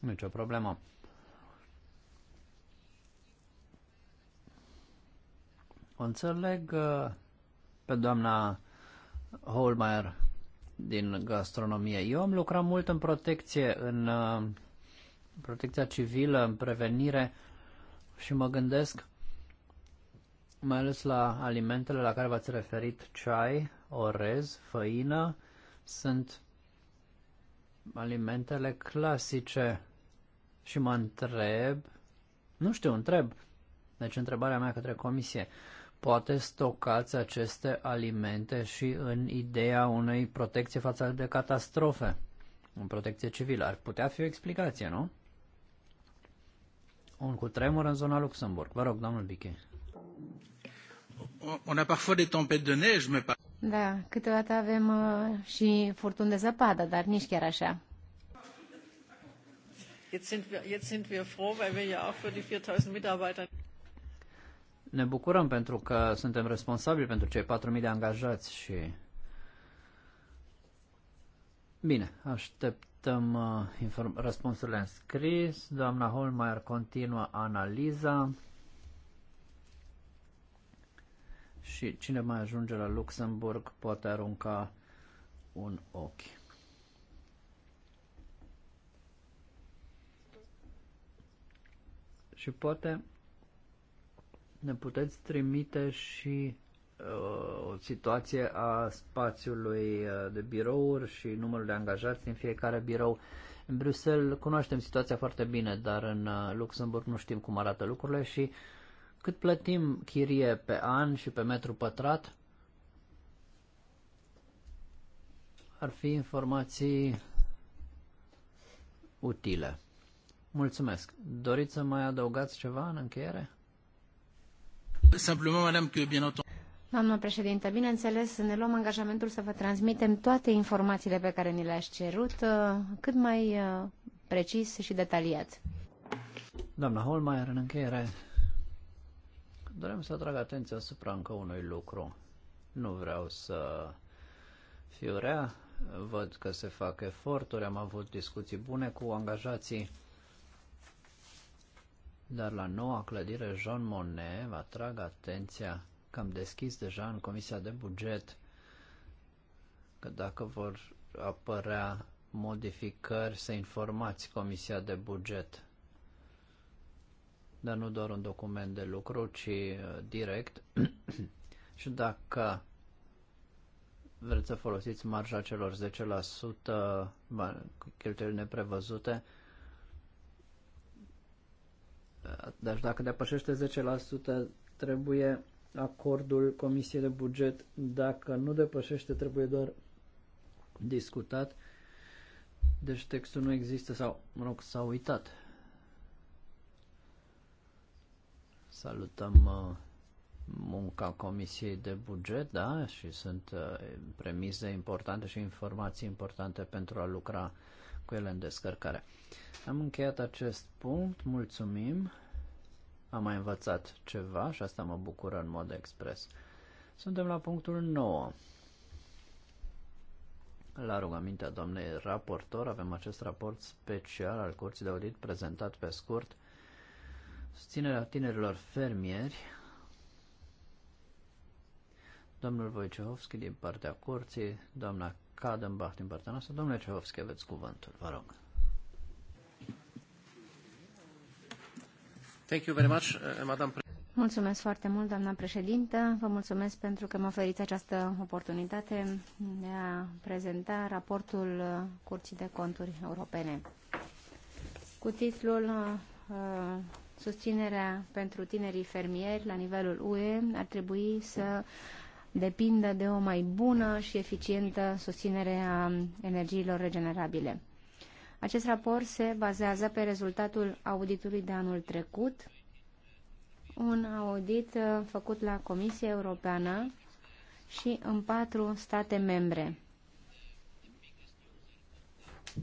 Nicio problemă. O înțeleg uh, pe doamna Holmeier din gastronomie. Eu am lucrat mult în protecție în uh, protecția civilă, în prevenire și mă gândesc mai ales la alimentele la care v-ați referit, ceai, orez, făină, sunt alimentele clasice și mă întreb, nu știu, întreb, deci întrebarea mea către comisie, poate stocați aceste alimente și în ideea unei protecții față de catastrofe, în protecție civilă. Ar putea fi o explicație, nu? un cutremur în zona Luxemburg. Vă rog, domnul Biche. On a parfois des tempêtes de neige, mais pas... Da, câteodată avem uh, și furtuni de zăpadă, dar nici chiar așa. Ne bucurăm pentru că suntem responsabili pentru cei 4.000 de angajați și... Bine, aștept așteptăm uh, răspunsurile în scris. Doamna Holmeier continuă analiza. Și cine mai ajunge la Luxemburg poate arunca un ochi. Și poate ne puteți trimite și o situație a spațiului uh, de birouri și numărul de angajați din fiecare birou. În Bruxelles cunoaștem situația foarte bine, dar în uh, Luxemburg nu știm cum arată lucrurile și cât plătim chirie pe an și pe metru pătrat, ar fi informații utile. Mulțumesc. Doriți să mai adăugați ceva în încheiere? Simplement, madame, că, bien entendu... Doamnă președinte, bineînțeles, ne luăm angajamentul să vă transmitem toate informațiile pe care ni le-ați cerut, uh, cât mai uh, precis și detaliat. Doamna Holmeier, în încheiere, dorem să atrag atenția asupra încă unui lucru. Nu vreau să fiu rea, văd că se fac eforturi, am avut discuții bune cu angajații, dar la noua clădire Jean Monnet vă atrag atenția că am deschis deja în Comisia de Buget că dacă vor apărea modificări, să informați Comisia de Buget. Dar nu doar un document de lucru, ci uh, direct. și dacă vreți să folosiți marja celor 10% cheltuieli neprevăzute, uh, dar deci dacă depășește 10%, trebuie acordul Comisiei de Buget, dacă nu depășește, trebuie doar discutat. Deci textul nu există sau, mă rog, s-a uitat. Salutăm uh, munca Comisiei de Buget, da, și sunt uh, premise importante și informații importante pentru a lucra cu ele în descărcare. Am încheiat acest punct, mulțumim am mai învățat ceva și asta mă bucură în mod expres. Suntem la punctul 9. La rugămintea doamnei raportor avem acest raport special al Curții de Audit prezentat pe scurt susținerea tinerilor fermieri. Domnul Wojciechowski din partea Curții, doamna Kadenbach din partea noastră. Domnule Cehovski, aveți cuvântul, vă rog. Uh, mulțumesc foarte mult, doamna președintă. Vă mulțumesc pentru că mă oferiți această oportunitate de a prezenta raportul Curții de Conturi Europene. Cu titlul uh, Susținerea pentru tinerii fermieri la nivelul UE ar trebui să depindă de o mai bună și eficientă susținere a energiilor regenerabile. Acest raport se bazează pe rezultatul auditului de anul trecut, un audit uh, făcut la Comisia Europeană și în patru state membre.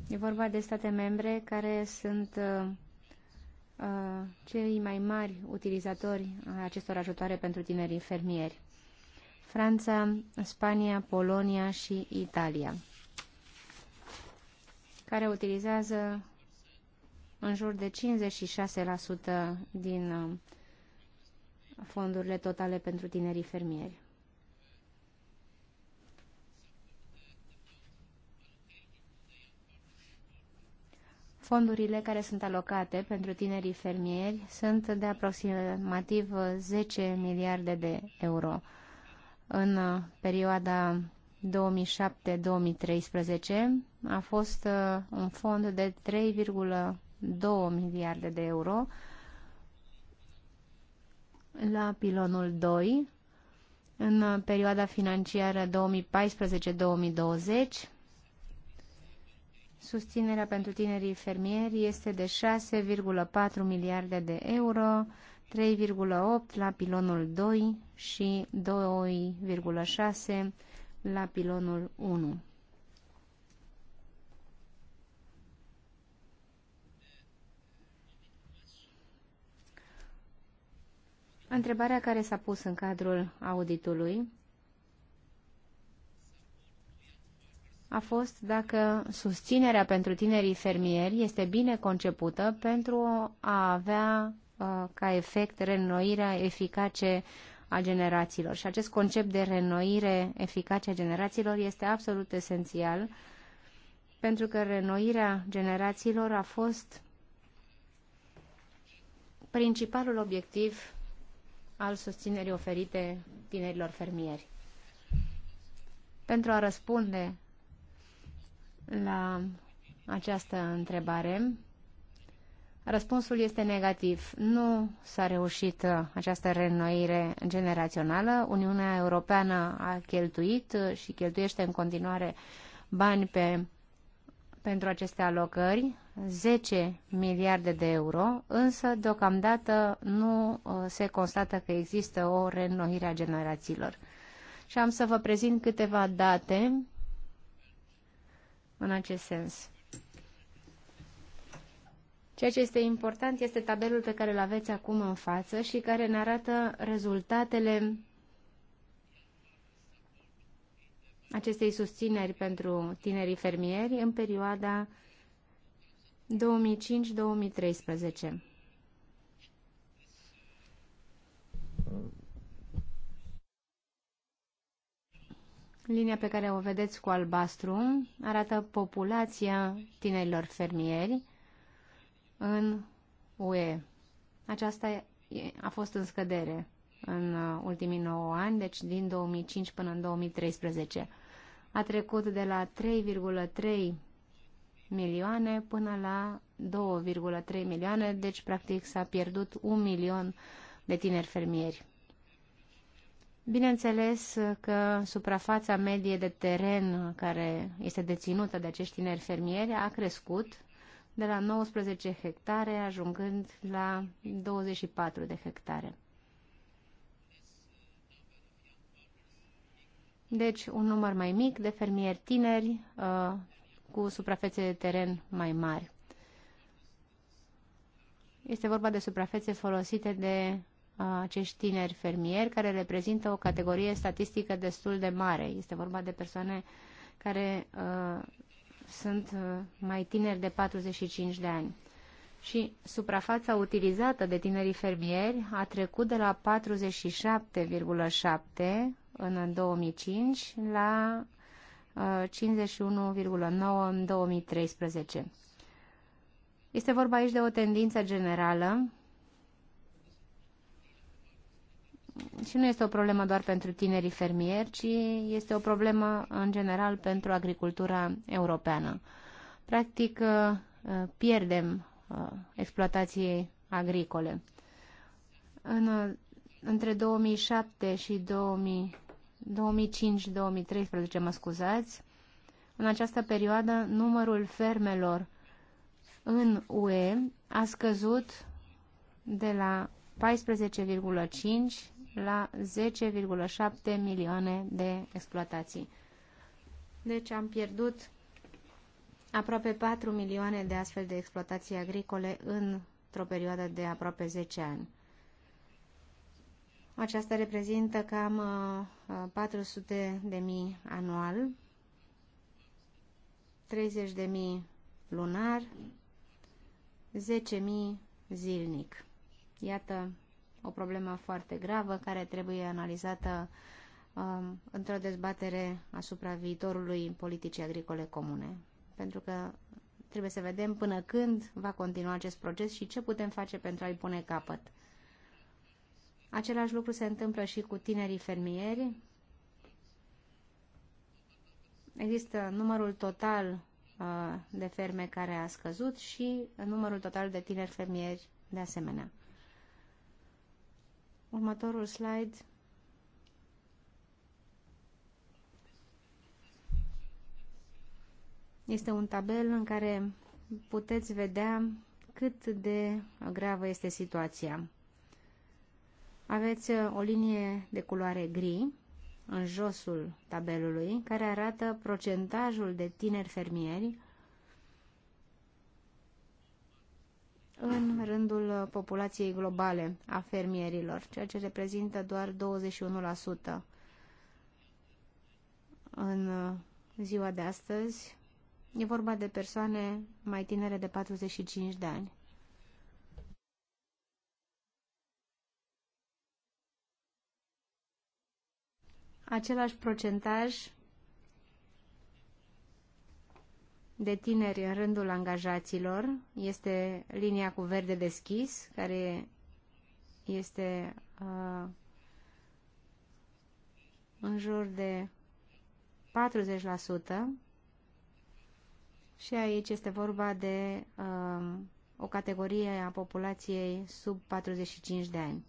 E vorba de state membre care sunt uh, uh cei mai mari utilizatori a acestor ajutoare pentru tinerii fermieri. Franța, Spania, Polonia și Italia care utilizează în jur de 56% din uh, fondurile totale pentru tinerii fermieri. Fondurile care sunt alocate pentru tinerii fermieri sunt de aproximativ 10 miliarde de euro în uh, perioada 2007-2013 a fost uh, un fond de 3,2 miliarde de euro la pilonul 2 în perioada financiară 2014-2020 Susținerea pentru tinerii fermieri este de 6,4 miliarde de euro, 3,8 la pilonul 2 și 2,6 la pilonul 1. Întrebarea care s-a pus în cadrul auditului a fost dacă susținerea pentru tinerii fermieri este bine concepută pentru a avea uh, ca efect reînnoirea eficace a generațiilor. Și acest concept de renoire eficace a generațiilor este absolut esențial, pentru că renoirea generațiilor a fost principalul obiectiv al susținerii oferite tinerilor fermieri. Pentru a răspunde la această întrebare, Răspunsul este negativ. Nu s-a reușit uh, această reînnoire generațională. Uniunea Europeană a cheltuit uh, și cheltuiește în continuare bani pe, pentru aceste alocări, 10 miliarde de euro, însă deocamdată nu uh, se constată că există o reînnoire a generațiilor. Și am să vă prezint câteva date în acest sens. Ceea ce este important este tabelul pe care îl aveți acum în față și care ne arată rezultatele acestei susțineri pentru tinerii fermieri în perioada 2005-2013. Linia pe care o vedeți cu albastru arată populația tinerilor fermieri în UE. Aceasta a fost în scădere în uh, ultimii 9 ani, deci din 2005 până în 2013. A trecut de la 3,3 milioane până la 2,3 milioane, deci practic s-a pierdut un milion de tineri fermieri. Bineînțeles că suprafața medie de teren care este deținută de acești tineri fermieri a crescut de la 19 hectare ajungând la 24 de hectare. Deci un număr mai mic de fermieri tineri uh, cu suprafețe de teren mai mari. Este vorba de suprafețe folosite de uh, acești tineri fermieri care reprezintă o categorie statistică destul de mare. Este vorba de persoane care uh, sunt uh, mai tineri de 45 de ani. Și suprafața utilizată de tinerii fermieri a trecut de la 47,7 în 2005 la 51,9 uh, în 2013. Este vorba aici de o tendință generală și nu este o problemă doar pentru tinerii fermieri, ci este o problemă în general pentru agricultura europeană. Practic, uh, pierdem uh, exploatației agricole. În, uh, între 2007 și 2005-2013, mă scuzați, în această perioadă numărul fermelor în UE a scăzut de la 14,5 la 10,7 milioane de exploatații. Deci am pierdut aproape 4 milioane de astfel de exploatații agricole într-o perioadă de aproape 10 ani. Aceasta reprezintă cam 400 uh, de mii anual, 30 de mii lunar, 10 mii zilnic. Iată o problemă foarte gravă care trebuie analizată um, într-o dezbatere asupra viitorului politicii agricole comune. Pentru că trebuie să vedem până când va continua acest proces și ce putem face pentru a-i pune capăt. Același lucru se întâmplă și cu tinerii fermieri. Există numărul total uh, de ferme care a scăzut și numărul total de tineri fermieri de asemenea. Următorul slide. Este un tabel în care puteți vedea cât de gravă este situația. Aveți uh, o linie de culoare gri în josul tabelului care arată procentajul de tineri fermieri în rândul populației globale a fermierilor, ceea ce reprezintă doar 21%. În uh, ziua de astăzi e vorba de persoane mai tinere de 45 de ani. Același procentaj de tineri în rândul angajaților este linia cu verde deschis, care este uh, în jur de 40% și aici este vorba de uh, o categorie a populației sub 45 de ani.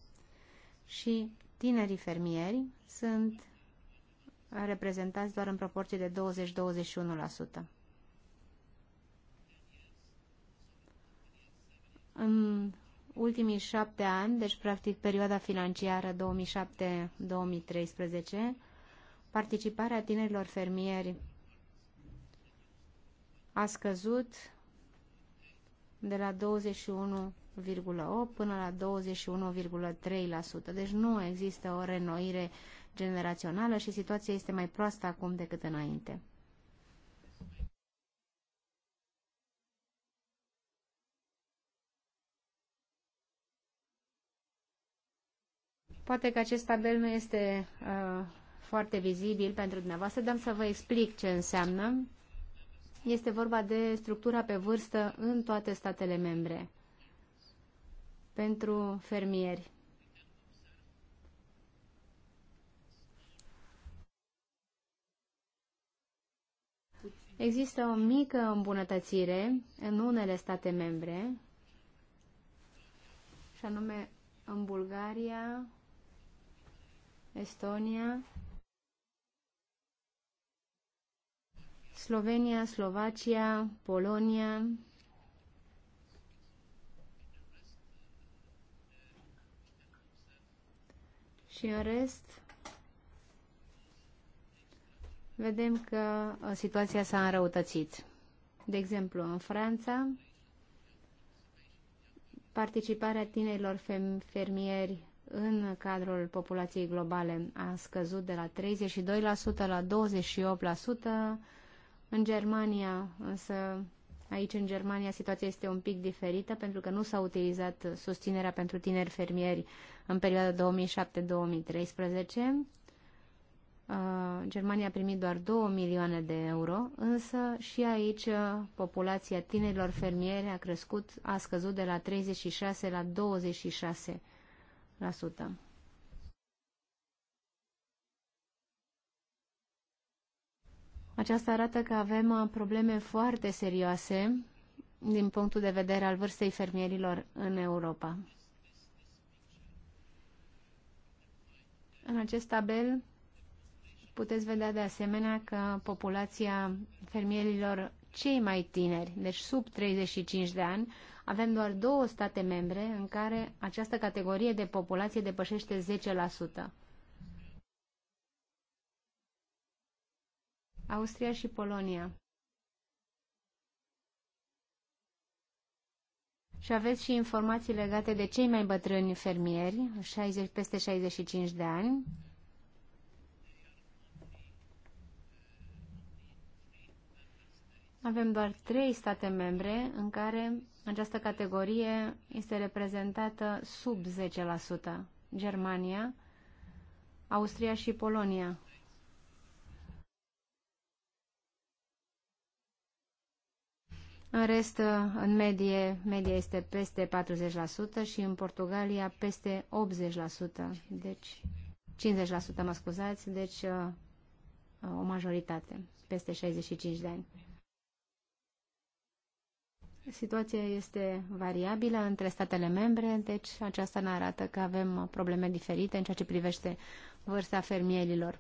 Și tinerii fermieri sunt reprezentați doar în proporție de 20-21%. În ultimii șapte ani, deci practic perioada financiară 2007-2013, participarea tinerilor fermieri a scăzut de la 21,8 până la 21,3%. Deci nu există o renoire generațională și situația este mai proastă acum decât înainte. Poate că acest tabel nu este uh, foarte vizibil pentru dumneavoastră, dar să vă explic ce înseamnă. Este vorba de structura pe vârstă în toate statele membre pentru fermieri. Există o mică îmbunătățire în unele state membre, și anume în Bulgaria, Estonia, Slovenia, Slovacia, Polonia, și în rest vedem că uh, situația s-a înrăutățit. De exemplu, în Franța, participarea tinerilor fermieri în cadrul populației globale a scăzut de la 32% la 28%. În Germania, însă, aici în Germania situația este un pic diferită pentru că nu s-a utilizat susținerea pentru tineri fermieri în perioada 2007-2013. Uh, Germania a primit doar 2 milioane de euro, însă și aici uh, populația tinerilor fermieri a crescut, a scăzut de la 36 la 26 aceasta arată că avem uh, probleme foarte serioase din punctul de vedere al vârstei fermierilor în Europa. În acest tabel puteți vedea de asemenea că populația fermierilor cei mai tineri, deci sub 35 de ani, avem doar două state membre în care această categorie de populație depășește 10%. Austria și Polonia. Și aveți și informații legate de cei mai bătrâni fermieri, 60, peste 65 de ani, avem doar trei state membre în care această categorie este reprezentată sub 10%. Germania, Austria și Polonia. În rest, în medie, media este peste 40% și în Portugalia peste 80%, deci 50%, mă scuzați, deci uh, o majoritate, peste 65 de ani. Situația este variabilă între statele membre, deci aceasta ne arată că avem probleme diferite în ceea ce privește vârsta fermierilor.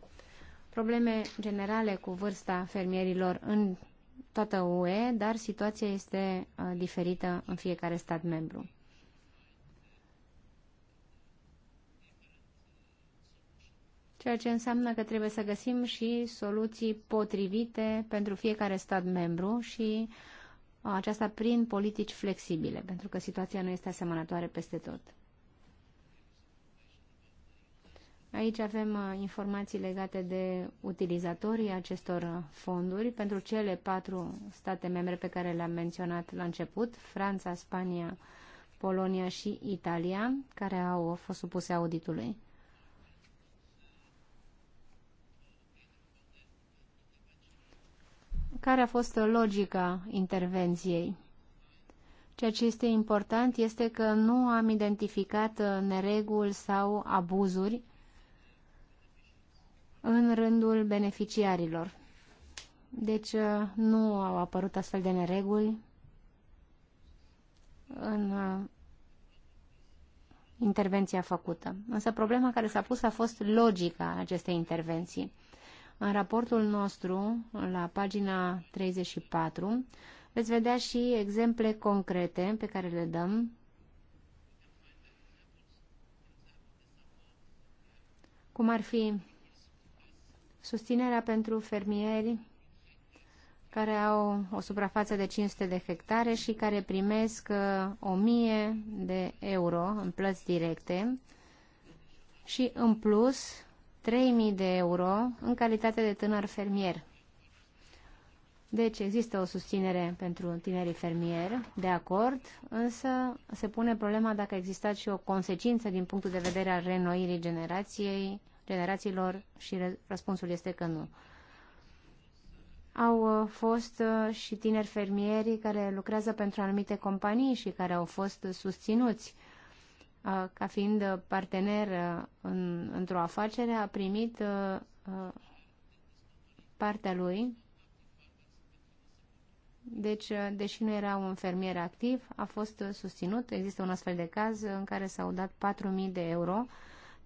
Probleme generale cu vârsta fermierilor în toată UE, dar situația este uh, diferită în fiecare stat membru. ceea ce înseamnă că trebuie să găsim și soluții potrivite pentru fiecare stat membru și uh, aceasta prin politici flexibile, pentru că situația nu este asemănătoare peste tot. Aici avem uh, informații legate de utilizatorii acestor uh, fonduri pentru cele patru state membre pe care le-am menționat la început, Franța, Spania, Polonia și Italia, care au fost supuse auditului. care a fost logica intervenției. Ceea ce este important este că nu am identificat uh, nereguli sau abuzuri în rândul beneficiarilor. Deci uh, nu au apărut astfel de nereguli în uh, intervenția făcută. Însă problema care s-a pus a fost logica acestei intervenții. În raportul nostru, la pagina 34, veți vedea și exemple concrete pe care le dăm cum ar fi susținerea pentru fermieri care au o suprafață de 500 de hectare și care primesc 1000 uh, de euro în plăți directe și în plus 3.000 de euro în calitate de tânăr fermier. Deci există o susținere pentru tinerii fermieri, de acord, însă se pune problema dacă exista și o consecință din punctul de vedere al renoirii generației, generațiilor și răspunsul este că nu. Au uh, fost uh, și tineri fermieri care lucrează pentru anumite companii și care au fost susținuți ca fiind uh, partener uh, în, într-o afacere, a primit uh, partea lui. Deci, deși nu era un fermier activ, a fost susținut. Există un astfel de caz în care s-au dat 4.000 de euro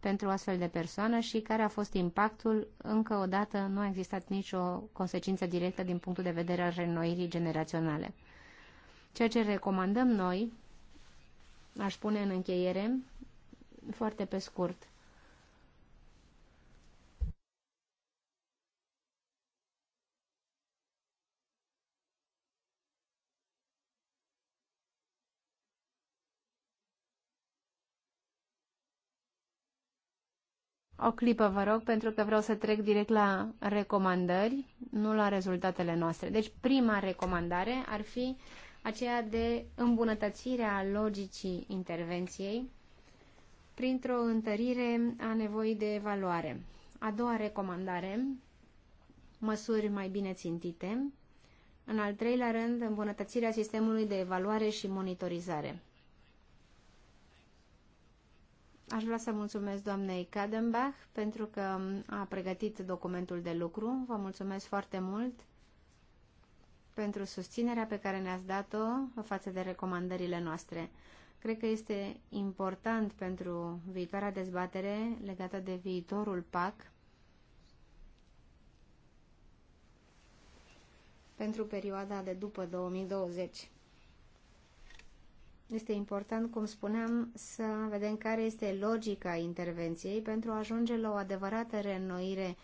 pentru o astfel de persoană și care a fost impactul. Încă o dată nu a existat nicio consecință directă din punctul de vedere al renoirii generaționale. Ceea ce recomandăm noi aș spune în încheiere, foarte pe scurt. O clipă, vă rog, pentru că vreau să trec direct la recomandări, nu la rezultatele noastre. Deci, prima recomandare ar fi uh, aceea de îmbunătățirea logicii intervenției printr-o întărire a nevoii de evaluare. A doua recomandare, măsuri mai bine țintite. În al treilea rând, îmbunătățirea sistemului de evaluare și monitorizare. Aș vrea să mulțumesc doamnei Kadenbach pentru că a pregătit documentul de lucru. Vă mulțumesc foarte mult pentru susținerea pe care ne-ați dat-o față de recomandările noastre. Cred că este important pentru viitoarea dezbatere legată de viitorul PAC, pentru perioada de după 2020. Este important, cum spuneam, să vedem care este logica intervenției pentru a ajunge la o adevărată reînnoire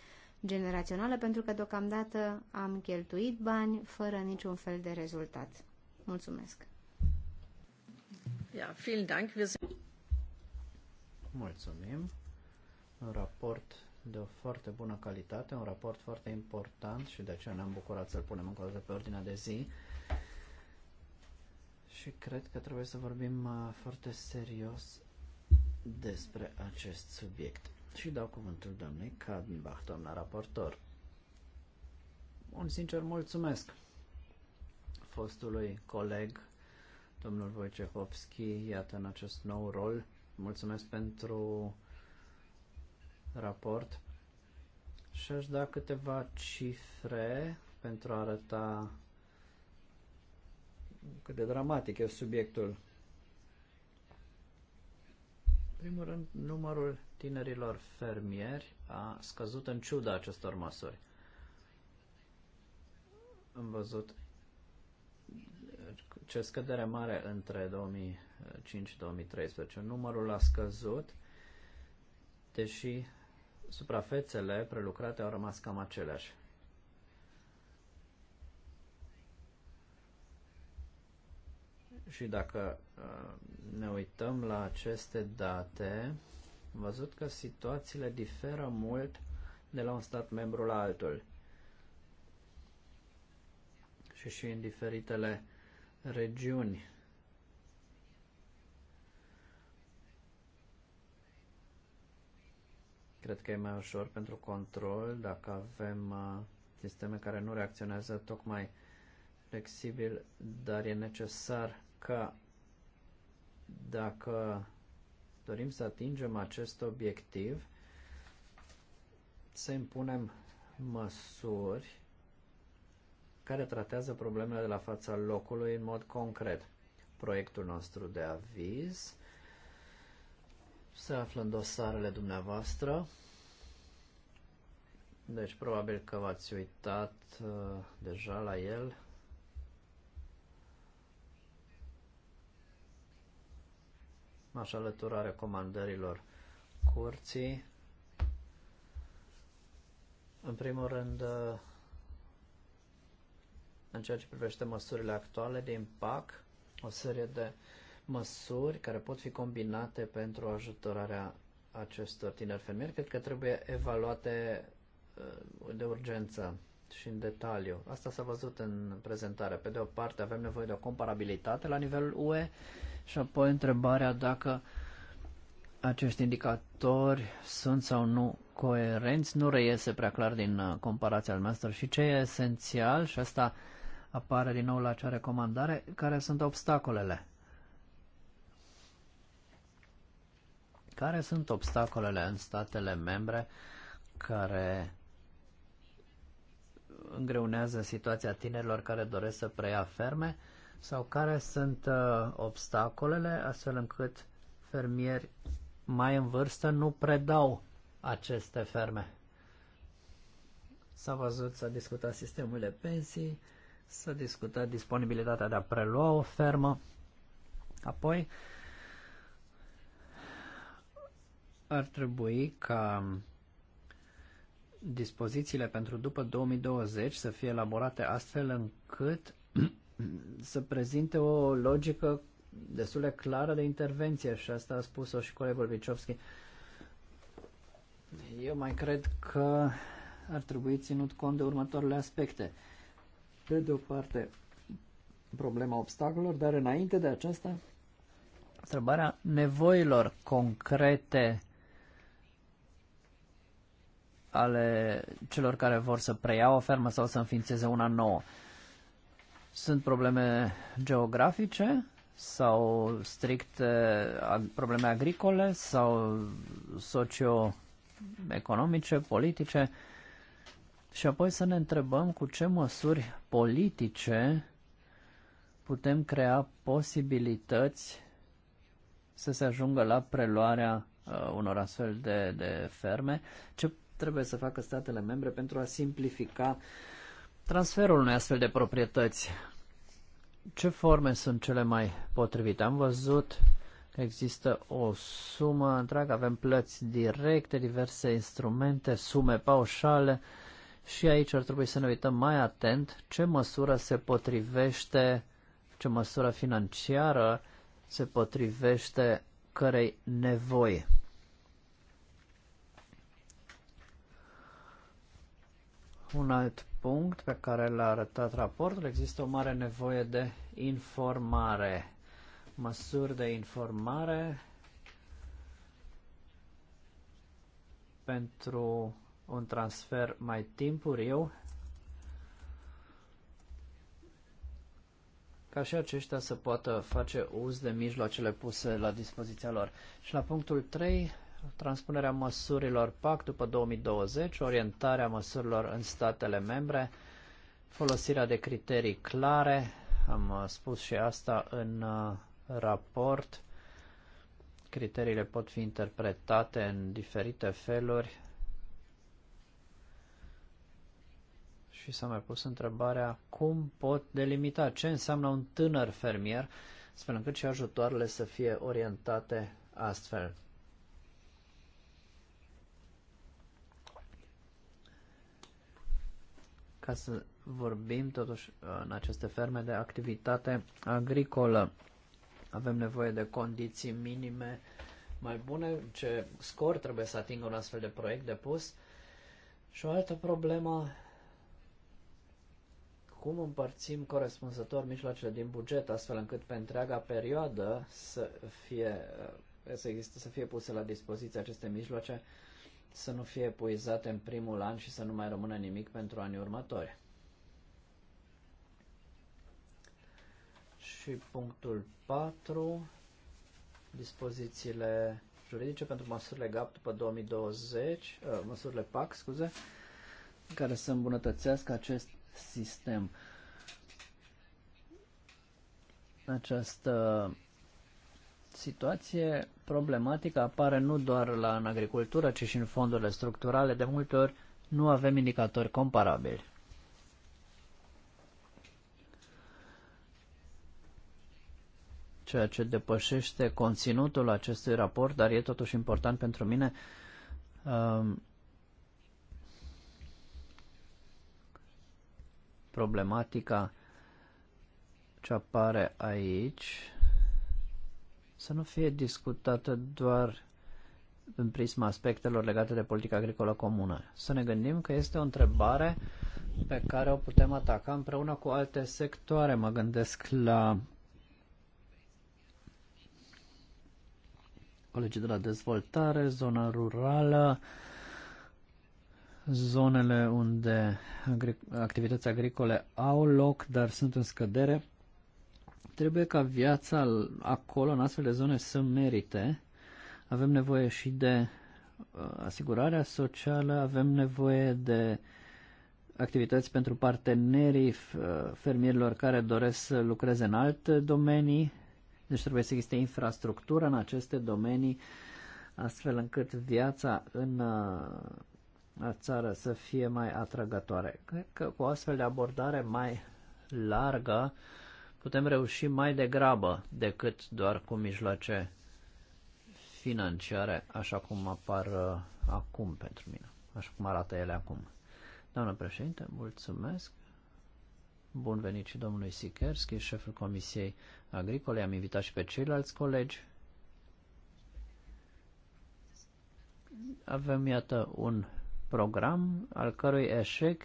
generațională, pentru că deocamdată am cheltuit bani fără niciun fel de rezultat. Mulțumesc! Ja, vielen Dank. Wir sind Mulțumim. Un raport de o foarte bună calitate, un raport foarte important și de aceea ne-am bucurat să-l punem încă o dată pe ordinea de zi. Și cred că trebuie să vorbim uh, foarte serios despre acest subiect și dau cuvântul doamnei Kadenbach, doamna raportor. Un sincer mulțumesc fostului coleg, domnul Wojciechowski, iată în acest nou rol. Mulțumesc pentru raport și aș da câteva cifre pentru a arăta cât de dramatic e subiectul. În primul rând, numărul tinerilor fermieri a scăzut în ciuda acestor măsuri. Am văzut ce scădere mare între 2005-2013. Numărul a scăzut, deși suprafețele prelucrate au rămas cam aceleași. Și dacă uh, ne uităm la aceste date, am văzut că situațiile diferă mult de la un stat membru la altul. Și și în diferitele regiuni. Cred că e mai ușor pentru control dacă avem uh, sisteme care nu reacționează tocmai flexibil, dar e necesar ca dacă dorim să atingem acest obiectiv, să impunem măsuri care tratează problemele de la fața locului în mod concret. Proiectul nostru de aviz se află în dosarele dumneavoastră. Deci probabil că v-ați uitat uh, deja la el. m-aș alătura recomandărilor curții. În primul rând, în ceea ce privește măsurile actuale de impact, o serie de măsuri care pot fi combinate pentru ajutorarea acestor tineri fermieri, cred că trebuie evaluate uh, de urgență și în detaliu. Asta s-a văzut în prezentare. Pe de o parte avem nevoie de o comparabilitate la nivelul UE și apoi întrebarea dacă acești indicatori sunt sau nu coerenți, nu reiese prea clar din uh, comparația al master și ce e esențial, și asta apare din nou la acea recomandare, care sunt obstacolele. Care sunt obstacolele în statele membre care îngreunează situația tinerilor care doresc să preia ferme? sau care sunt uh, obstacolele astfel încât fermieri mai în vârstă nu predau aceste ferme. S-a văzut, s-a discutat sistemul de pensii, s-a discutat disponibilitatea de a prelua o fermă. Apoi ar trebui ca dispozițiile pentru după 2020 să fie elaborate astfel încât să prezinte o logică destul de clară de intervenție și asta a spus-o și colegul Viciovski. Eu mai cred că ar trebui ținut cont de următoarele aspecte. Pe de o parte, problema obstacolelor, dar înainte de aceasta, întrebarea nevoilor concrete ale celor care vor să preiau o fermă sau să înființeze una nouă. Sunt probleme geografice sau strict eh, probleme agricole sau socioeconomice, politice și apoi să ne întrebăm cu ce măsuri politice putem crea posibilități să se ajungă la preluarea uh, unor astfel de, de ferme, ce trebuie să facă statele membre pentru a simplifica uh, transferul unei astfel de proprietăți. Ce forme sunt cele mai potrivite? Am văzut că există o sumă întreagă, avem plăți directe, diverse instrumente, sume paușale și aici ar trebui să ne uităm mai atent ce măsură se potrivește, ce măsură financiară se potrivește cărei nevoi. Un alt punct pe care l-a arătat raportul, există o mare nevoie de informare, măsuri de informare pentru un transfer mai timpuriu, ca și aceștia să poată face uz de mijloacele puse la dispoziția lor. Și la punctul 3 transpunerea măsurilor PAC după 2020, orientarea măsurilor în statele membre, folosirea de criterii clare, am uh, spus și asta în uh, raport, criteriile pot fi interpretate în diferite feluri și s-a mai pus întrebarea cum pot delimita ce înseamnă un tânăr fermier, astfel încât și ajutoarele să fie orientate astfel. ca să vorbim totuși uh, în aceste ferme de activitate agricolă. Avem nevoie de condiții minime mai bune, ce scor trebuie să atingă un astfel de proiect depus. Și o altă problemă, cum împărțim corespunzător mijloacele din buget, astfel încât pe întreaga perioadă să fie uh, să existe să fie puse la dispoziție aceste mijloace să nu fie epuizate în primul an și să nu mai rămână nimic pentru anii următori. Și punctul 4, dispozițiile juridice pentru măsurile GAP după 2020, uh, măsurile PAC, scuze, care să îmbunătățească acest sistem. Această situație problematica apare nu doar la, în agricultură, ci și în fondurile structurale. De multe ori nu avem indicatori comparabili. ceea ce depășește conținutul acestui raport, dar e totuși important pentru mine. Um, problematica ce apare aici să nu fie discutată doar în prisma aspectelor legate de politica agricolă comună. Să ne gândim că este o întrebare pe care o putem ataca împreună cu alte sectoare. Mă gândesc la colegii de la dezvoltare, zona rurală, zonele unde activități agricole au loc, dar sunt în scădere Trebuie ca viața acolo, în astfel de zone, să merite. Avem nevoie și de uh, asigurarea socială, avem nevoie de activități pentru partenerii uh, fermierilor care doresc să lucreze în alte domenii. Deci trebuie să existe infrastructură în aceste domenii, astfel încât viața în uh, a țară să fie mai atrăgătoare. Cred că cu o astfel de abordare mai largă putem reuși mai degrabă decât doar cu mijloace financiare, așa cum apar uh, acum pentru mine, așa cum arată ele acum. Doamnă președinte, mulțumesc. Bun venit și domnului Sikerski, șeful Comisiei Agricole. Am invitat și pe ceilalți colegi. Avem, iată, un program al cărui eșec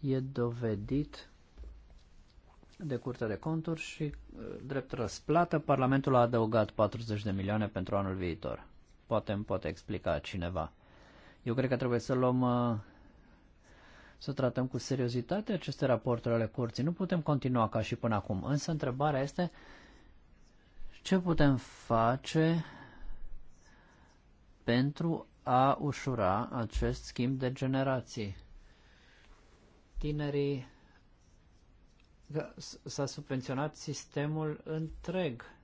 e dovedit de curte de Conturi și, uh, drept răsplată, Parlamentul a adăugat 40 de milioane pentru anul viitor. Poate îmi poate explica cineva. Eu cred că trebuie să luăm, uh, să tratăm cu seriozitate aceste rapoarte ale curții. Nu putem continua ca și până acum. Însă întrebarea este ce putem face pentru a ușura acest schimb de generații. Tinerii s-a subvenționat sistemul întreg.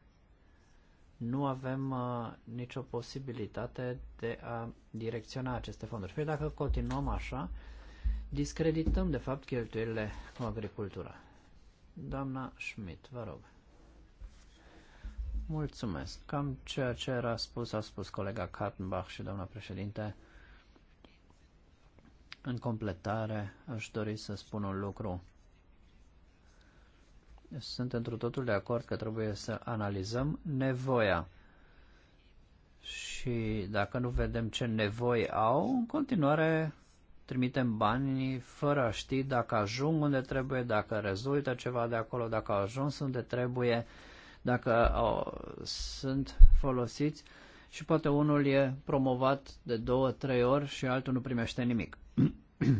Nu avem uh, nicio posibilitate de a direcționa aceste fonduri. Fie păi dacă continuăm așa, discredităm de fapt cheltuielile cu agricultura. Doamna Schmidt, vă rog. Mulțumesc. Cam ceea ce era spus a spus colega Kartenbach și doamna președinte. În completare, aș dori să spun un lucru sunt într totul de acord că trebuie să analizăm nevoia. Și dacă nu vedem ce nevoi au, în continuare trimitem banii fără a ști dacă ajung unde trebuie, dacă rezultă ceva de acolo, dacă au ajuns unde trebuie, dacă au, sunt folosiți și poate unul e promovat de două, trei ori și altul nu primește nimic.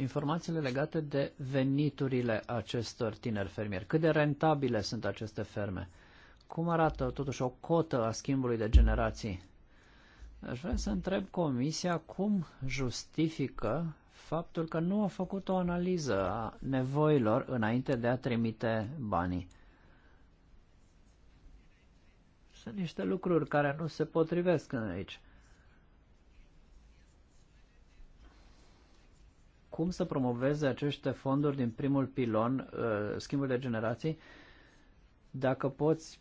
informațiile legate de veniturile acestor tineri fermieri. Cât de rentabile sunt aceste ferme? Cum arată totuși o cotă a schimbului de generații? Aș vrea să întreb Comisia cum justifică faptul că nu a făcut o analiză a nevoilor înainte de a trimite banii. Sunt niște lucruri care nu se potrivesc aici. cum să promoveze aceste fonduri din primul pilon, uh, schimbul de generații, dacă poți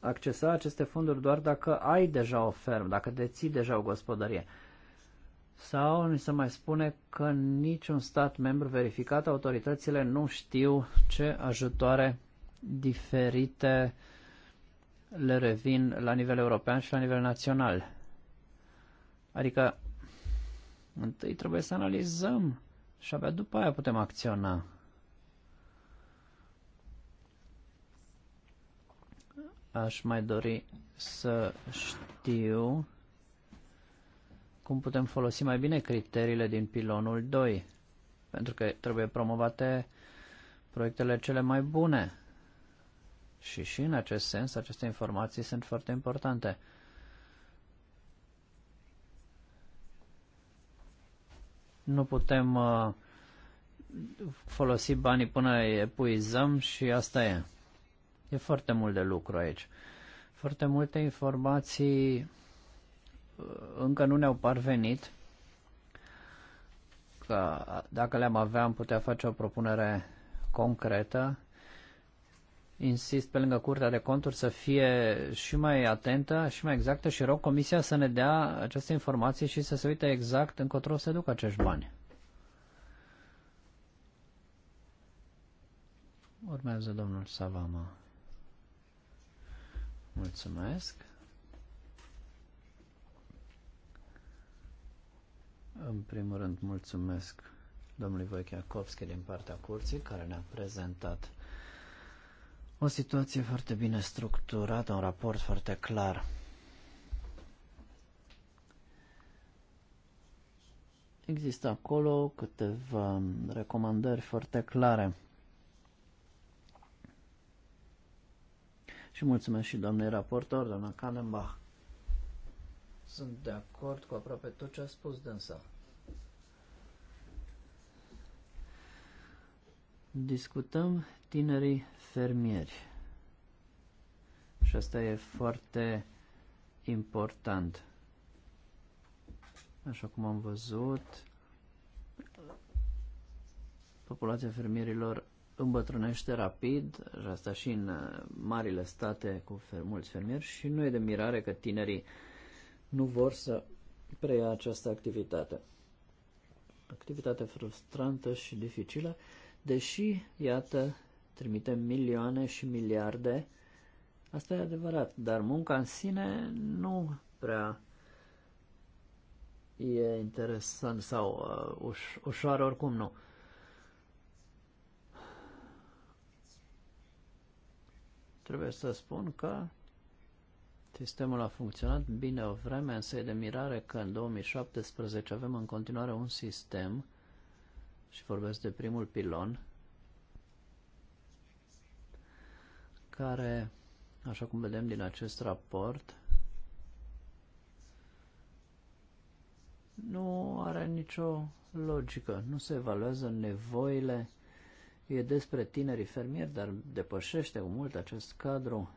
accesa aceste fonduri doar dacă ai deja o fermă, dacă deții deja o gospodărie. Sau ni se mai spune că niciun stat membru verificat, autoritățile nu știu ce ajutoare diferite le revin la nivel european și la nivel național. Adică, întâi trebuie să analizăm și abia după aia putem acționa. Aș mai dori să știu cum putem folosi mai bine criteriile din pilonul 2, pentru că trebuie promovate proiectele cele mai bune. Și și în acest sens, aceste informații sunt foarte importante. Nu putem uh, folosi banii până epuizăm și asta e. E foarte mult de lucru aici. Foarte multe informații uh, încă nu ne-au parvenit. Că dacă le-am avea, am putea face o propunere concretă insist pe lângă Curtea de Conturi să fie și mai atentă și mai exactă și rog Comisia să ne dea aceste informații și să se uite exact încotro se duc acești bani. Urmează domnul Savama. Mulțumesc. În primul rând mulțumesc domnului Voicheacovski din partea curții care ne-a prezentat o situație foarte bine structurată, un raport foarte clar. Există acolo câteva recomandări foarte clare. Și mulțumesc și doamnei raportor, doamna Kallenbach. Sunt de acord cu aproape tot ce a spus dânsa. Discutăm tinerii fermieri. Și asta e foarte important. Așa cum am văzut, populația fermierilor îmbătrânește rapid, și asta și în uh, marile state cu mulți fermieri și nu e de mirare că tinerii nu vor să preia această activitate. Activitate frustrantă și dificilă, deși, iată, trimite milioane și miliarde. Asta e adevărat, dar munca în sine nu prea e interesant sau uh, uș- ușoară oricum nu. Trebuie să spun că sistemul a funcționat bine o vreme, însă e de mirare că în 2017 avem în continuare un sistem și vorbesc de primul pilon care, așa cum vedem din acest raport, nu are nicio logică. Nu se evaluează nevoile. E despre tinerii fermieri, dar depășește cu mult acest cadru.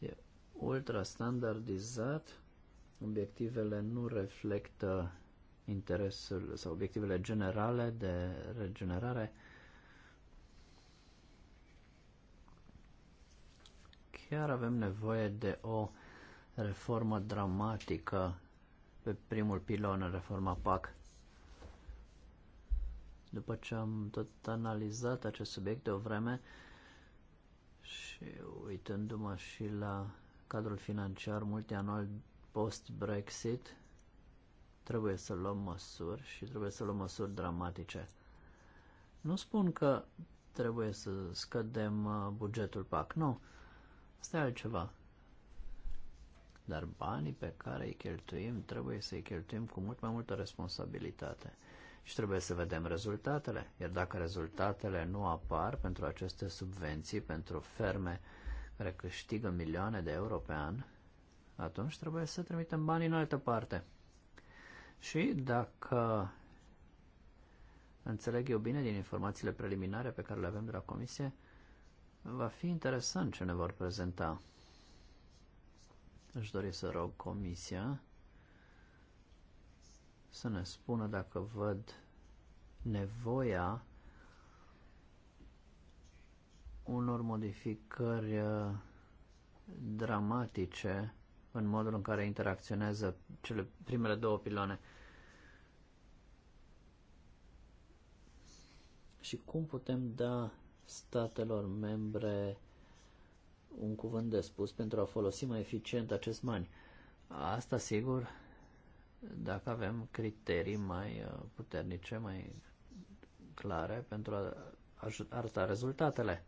E ultra standardizat. Obiectivele nu reflectă interesul sau obiectivele generale de regenerare chiar avem nevoie de o reformă dramatică pe primul pilon în reforma PAC. După ce am tot analizat acest subiect de o vreme și uitându-mă și la cadrul financiar multianual post-Brexit, trebuie să luăm măsuri și trebuie să luăm măsuri dramatice. Nu spun că trebuie să scădem uh, bugetul PAC, nu. Asta e altceva. Dar banii pe care îi cheltuim trebuie să îi cheltuim cu mult mai multă responsabilitate. Și trebuie să vedem rezultatele. Iar dacă rezultatele nu apar pentru aceste subvenții, pentru ferme care câștigă milioane de euro pe an, atunci trebuie să trimitem bani în altă parte. Și dacă înțeleg eu bine din informațiile preliminare pe care le avem de la comisie, Va fi interesant ce ne vor prezenta. Aș dori să rog comisia să ne spună dacă văd nevoia unor modificări uh, dramatice în modul în care interacționează cele primele două piloane. Și cum putem da statelor membre un cuvânt de spus pentru a folosi mai eficient acest bani. Asta sigur dacă avem criterii mai uh, puternice, mai clare pentru a arăta rezultatele.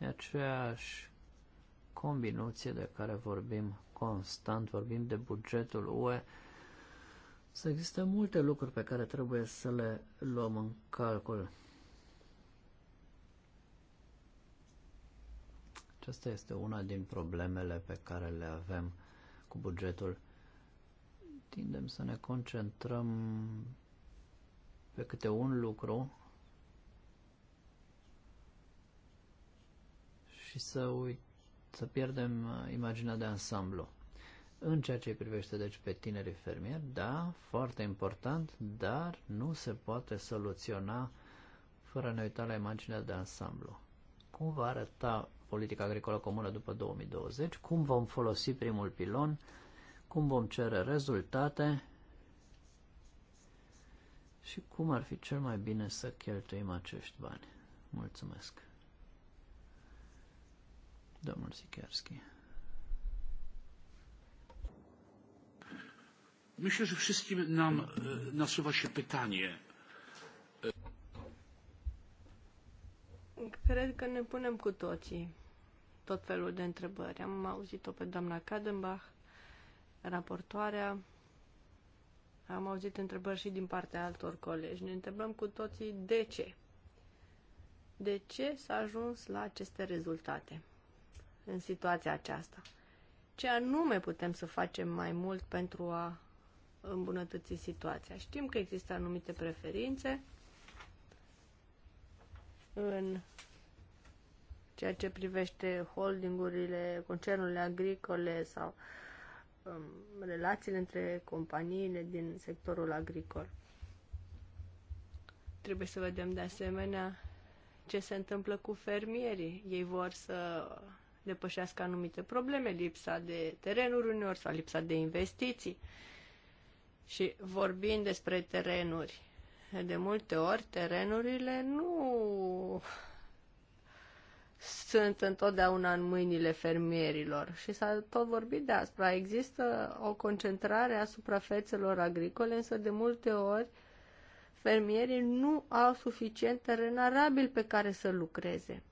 E aceeași combinație de care vorbim constant, vorbim de bugetul UE, să există multe lucruri pe care trebuie să le luăm în calcul. Aceasta este una din problemele pe care le avem cu bugetul. Tindem să ne concentrăm pe câte un lucru și să, uit, să pierdem imaginea de ansamblu. În ceea ce privește deci pe tinerii fermieri, da, foarte important, dar nu se poate soluționa fără a ne uita la imaginea de ansamblu. Cum va arăta politica agricolă comună după 2020? Cum vom folosi primul pilon? Cum vom cere rezultate? Și cum ar fi cel mai bine să cheltuim acești bani? Mulțumesc! Domnul Sikerski. Myślę, że wszystkim nam nasuwa się pytanie. Cred că ne punem cu toții tot felul de întrebări. Am auzit-o pe doamna Kadenbach, raportoarea, am auzit întrebări și din partea altor colegi. Ne întrebăm cu toții de ce. De ce s-a ajuns la aceste rezultate în situația aceasta? Ce anume putem să facem mai mult pentru a îmbunătăți situația. Știm că există anumite preferințe în ceea ce privește holdingurile, concernurile agricole sau um, relațiile între companiile din sectorul agricol. Trebuie să vedem de asemenea ce se întâmplă cu fermierii. Ei vor să depășească anumite probleme, lipsa de terenuri uneori sau lipsa de investiții. Uh, și vorbind despre terenuri, de multe ori terenurile nu sunt întotdeauna în mâinile fermierilor. Și s-a tot vorbit de asta. Există o concentrare a suprafețelor agricole, însă de multe ori fermierii nu au suficient teren arabil pe care să lucreze.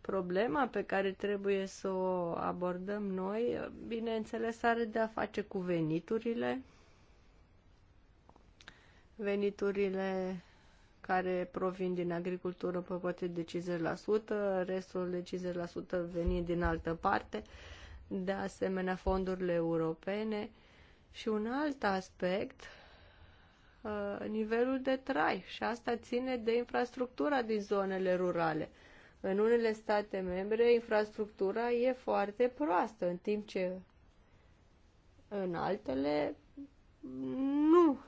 Problema pe care trebuie să o abordăm noi, bineînțeles, are de a face cu veniturile veniturile care provin din agricultură pe poate de 50%, restul de 50% venind din altă parte, de asemenea fondurile europene și un alt aspect, uh, nivelul de trai și asta ține de infrastructura din zonele rurale. În unele state membre infrastructura e foarte proastă, în timp ce în altele nu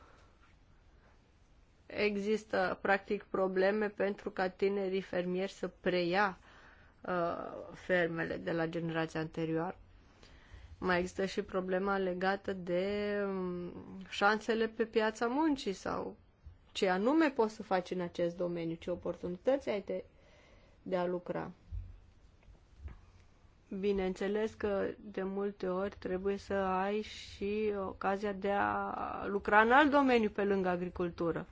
există practic probleme pentru ca tinerii fermieri să preia uh, fermele de la generația anterioară. Mai există și problema legată de um, șansele pe piața muncii sau ce anume poți să faci în acest domeniu, ce oportunități ai de, de a lucra. Bineînțeles că de multe ori trebuie să ai și ocazia de a lucra în alt domeniu pe lângă agricultură.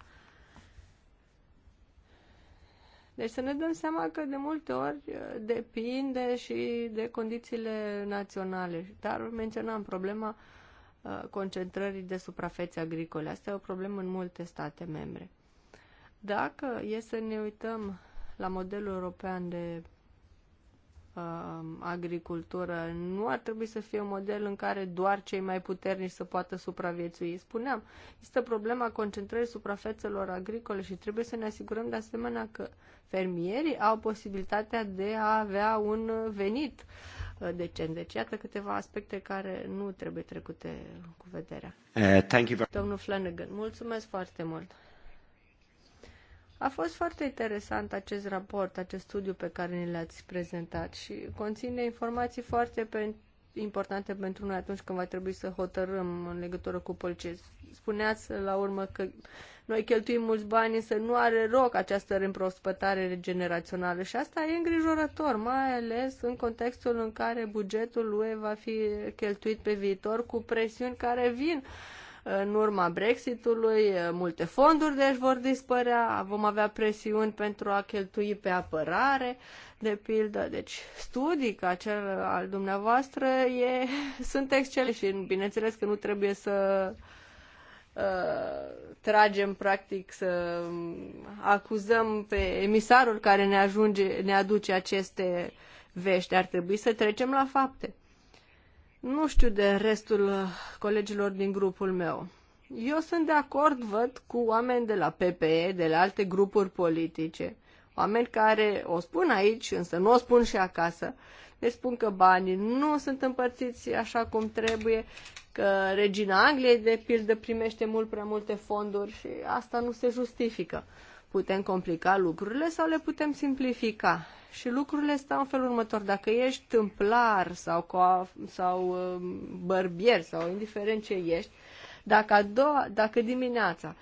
Deci să ne dăm seama că de multe ori uh, depinde și de condițiile naționale. Dar menționam problema uh, concentrării de suprafețe agricole. Asta e o problemă în multe state membre. Dacă e să ne uităm la modelul european de Um, agricultură nu ar trebui să fie un model în care doar cei mai puternici să poată supraviețui. Spuneam, este problema concentrării suprafețelor agricole și trebuie să ne asigurăm de asemenea că fermierii au posibilitatea de a avea un venit uh, decent. Deci iată câteva aspecte care nu trebuie trecute cu vederea. Uh, thank you very... Domnul Flanagan, mulțumesc foarte mult. A fost foarte interesant acest raport, acest studiu pe care ni l-ați prezentat și conține informații foarte pe- importante pentru noi atunci când va trebui să hotărâm în legătură cu poliție. Spuneați la urmă că noi cheltuim mulți bani, însă nu are loc această reîmprospătare regenerațională și asta e îngrijorător, mai ales în contextul în care bugetul UE va fi cheltuit pe viitor cu presiuni care vin uh, în urma Brexitului, multe fonduri deci vor dispărea, vom avea presiuni pentru a cheltui pe apărare, de pildă. Deci studii ca cel al dumneavoastră e, sunt excelente și bineînțeles că nu trebuie să tragem practic să acuzăm pe emisarul care ne ajunge, ne aduce aceste vești. Ar trebui să trecem la fapte. Nu știu de restul uh, colegilor din grupul meu. Eu sunt de acord, văd, cu oameni de la PPE, de la alte grupuri politice, oameni care o spun aici, însă nu o spun și acasă, le spun că banii nu sunt împărțiți așa cum trebuie, că regina Angliei, de pildă, primește mult prea multe fonduri și asta nu se justifică. Putem complica lucrurile sau le putem simplifica? Și lucrurile stau în felul următor. Dacă ești tâmplar sau, sau um, bărbier sau indiferent ce ești, dacă, a doua, dacă dimineața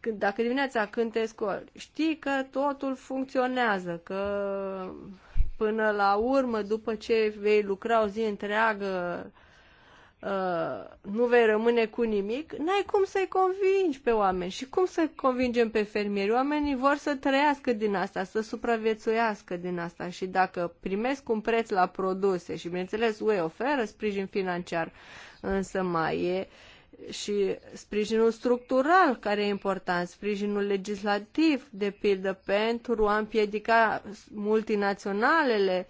când, dacă dimineața când te scoli, știi că totul funcționează, că până la urmă, după ce vei lucra o zi întreagă Uh, nu vei rămâne cu nimic, n-ai cum să-i convingi pe oameni. Și cum să convingem pe fermieri? Oamenii vor să trăiască din asta, să supraviețuiască din asta și dacă primesc un preț la produse și, bineînțeles, UE oferă sprijin financiar, însă mai e uh, și sprijinul structural care e important, sprijinul legislativ, de pildă, pentru a împiedica multinaționalele,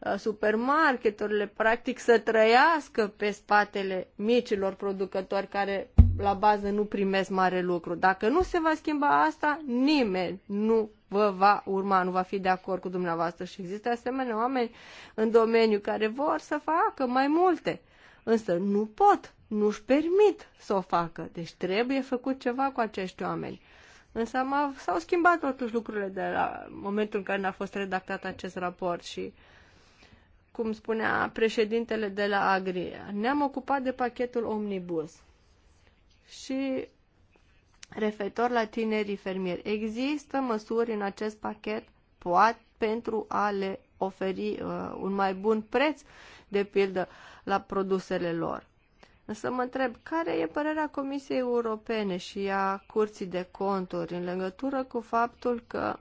uh, supermarketurile, practic să trăiască pe spatele micilor producători care la bază nu primesc mare lucru. Dacă nu se va schimba asta, nimeni nu vă va urma, nu va fi de acord cu dumneavoastră și există asemenea oameni în domeniu care vor să facă mai multe, însă nu pot nu își permit să o facă. Deci trebuie făcut ceva cu acești oameni. Însă s-au schimbat totuși lucrurile de la momentul în care a fost redactat acest raport și, cum spunea președintele de la Agri, ne-am ocupat de pachetul Omnibus. Și referitor la tinerii fermieri, există măsuri în acest pachet poate, pentru a le oferi uh, un mai bun preț, de pildă, la produsele lor. Însă mă întreb, care e părerea Comisiei Europene și a Curții de Conturi în legătură cu faptul că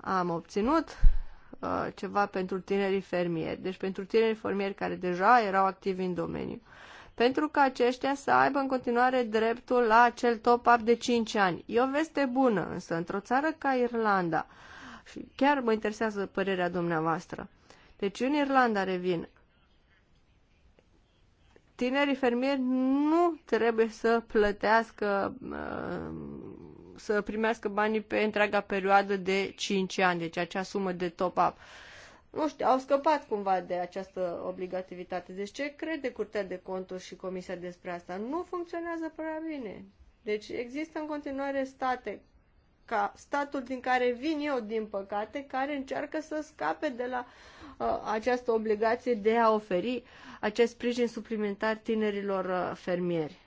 am obținut uh, ceva pentru tinerii fermieri, deci pentru tinerii fermieri care deja erau activi în domeniu, pentru ca aceștia să aibă în continuare dreptul la acel top-up de 5 ani. E o veste bună, însă într-o țară ca Irlanda, și chiar mă interesează părerea dumneavoastră, deci în Irlanda revin, tinerii fermieri nu trebuie să plătească, să primească banii pe întreaga perioadă de 5 ani, deci acea sumă de top-up. Nu știu, au scăpat cumva de această obligativitate. Deci ce crede Curtea de Conturi și Comisia despre asta? Nu funcționează prea bine. Deci există în continuare state ca statul din care vin eu, din păcate, care încearcă să scape de la uh, această obligație de a oferi acest sprijin suplimentar tinerilor uh, fermieri.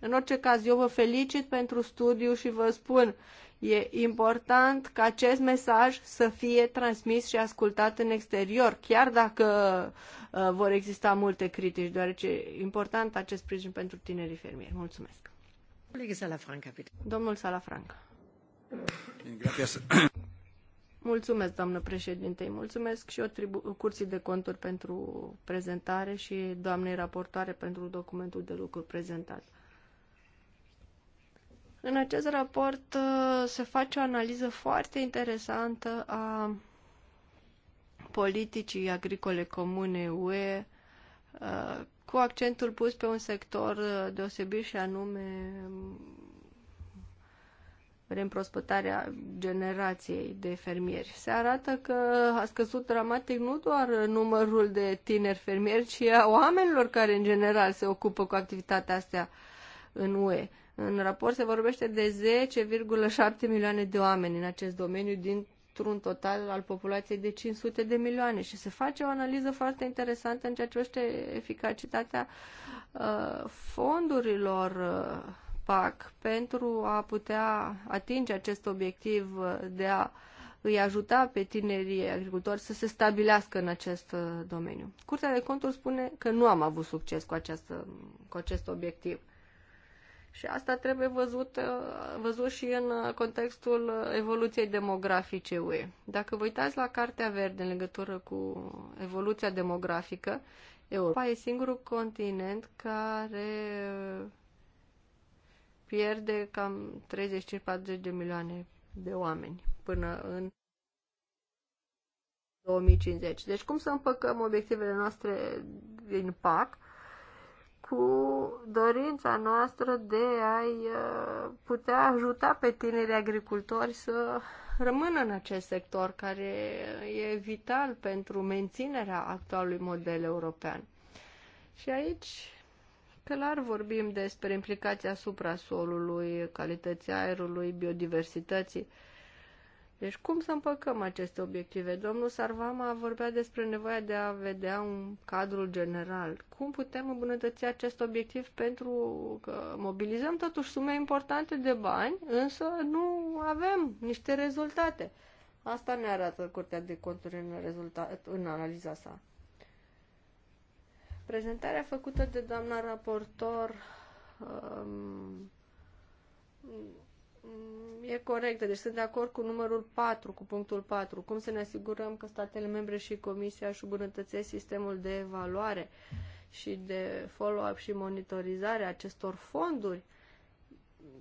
În orice caz, eu vă felicit pentru studiu și vă spun, e important ca acest mesaj să fie transmis și ascultat în exterior, chiar dacă uh, vor exista multe critici, deoarece e important acest sprijin pentru tinerii fermieri. Mulțumesc! Domnul Salafranca. Mulțumesc, doamnă președinte. Îi mulțumesc și eu tribu- Curții de Conturi pentru prezentare și doamnei raportoare pentru documentul de lucru prezentat. În acest raport uh, se face o analiză foarte interesantă a politicii agricole comune UE uh, cu accentul pus pe un sector uh, deosebit și anume vedem prospătarea generației de fermieri. Se arată că a scăzut dramatic nu doar numărul de tineri fermieri, ci a oamenilor care în general se ocupă cu activitatea asta în UE. În raport se vorbește de 10,7 milioane de oameni în acest domeniu dintr-un total al populației de 500 de milioane și se face o analiză foarte interesantă în ceea ce privește eficacitatea uh, fondurilor uh, PAC pentru a putea atinge acest obiectiv de a îi ajuta pe tinerii agricultori să se stabilească în acest uh, domeniu. Curtea de conturi spune că nu am avut succes cu, această, cu acest obiectiv. Și asta trebuie văzut, uh, văzut și în uh, contextul evoluției demografice UE. Dacă vă uitați la Cartea Verde în legătură cu evoluția demografică, Europa e singurul continent care pierde cam 35-40 de milioane de oameni până în 2050. Deci cum să împăcăm obiectivele noastre din PAC cu dorința noastră de a-i uh, putea ajuta pe tinerii agricultori să rămână în acest sector care e vital pentru menținerea actualului model european. Și aici clar vorbim despre implicația asupra solului, calității aerului, biodiversității. Deci cum să împăcăm aceste obiective? Domnul Sarvama vorbea despre nevoia de a vedea un cadru general. Cum putem îmbunătăți acest obiectiv pentru că mobilizăm totuși sume importante de bani, însă nu avem niște rezultate. Asta ne arată Curtea de Conturi în, rezultat, în analiza sa. Prezentarea făcută de doamna raportor um, e corectă, deci sunt de acord cu numărul 4, cu punctul 4. Cum să ne asigurăm că statele membre și Comisia își îmbunătățesc sistemul de evaluare și de follow-up și monitorizare acestor fonduri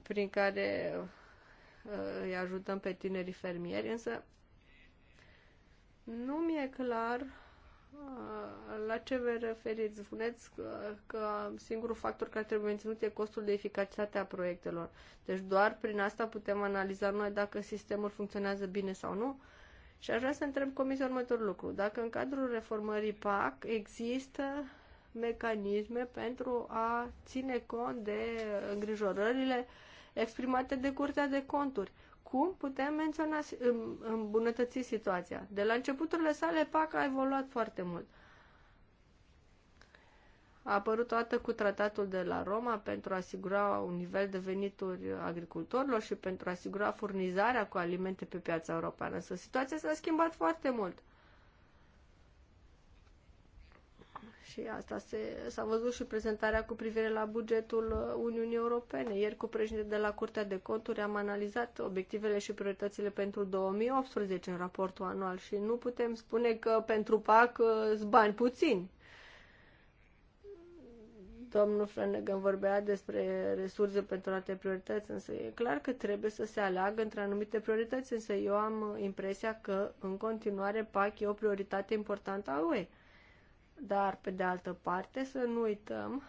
prin care uh, îi ajutăm pe tinerii fermieri, însă nu mi-e clar Ah, la ce vă referiți? Spuneți că, că singurul factor care trebuie menținut e costul de eficacitate a proiectelor. Deci doar prin asta putem analiza noi dacă sistemul funcționează bine sau nu. Și aș vrea să întreb Comisia următorul lucru. Dacă în cadrul reformării PAC există mecanisme pentru a ține cont de îngrijorările exprimate de Curtea de Conturi cum putem menționa, îmbunătăți situația. De la începuturile sale, PAC a evoluat foarte mult. A apărut toată cu tratatul de la Roma pentru a asigura un nivel de venituri agricultorilor și pentru a asigura furnizarea cu alimente pe piața europeană. Însă situația s-a schimbat foarte mult. și asta se, s-a văzut și prezentarea cu privire la bugetul uh, Uniunii Europene. Ieri cu președintele de la Curtea de Conturi am analizat obiectivele și prioritățile pentru 2018 în raportul anual și nu putem spune că pentru PAC uh, bani puțini domnul Flanagan vorbea despre resurse pentru alte priorități, însă e clar că trebuie să se aleagă între anumite priorități, însă eu am impresia că în continuare PAC e o prioritate importantă a UE. Dar, pe de altă parte, să nu uităm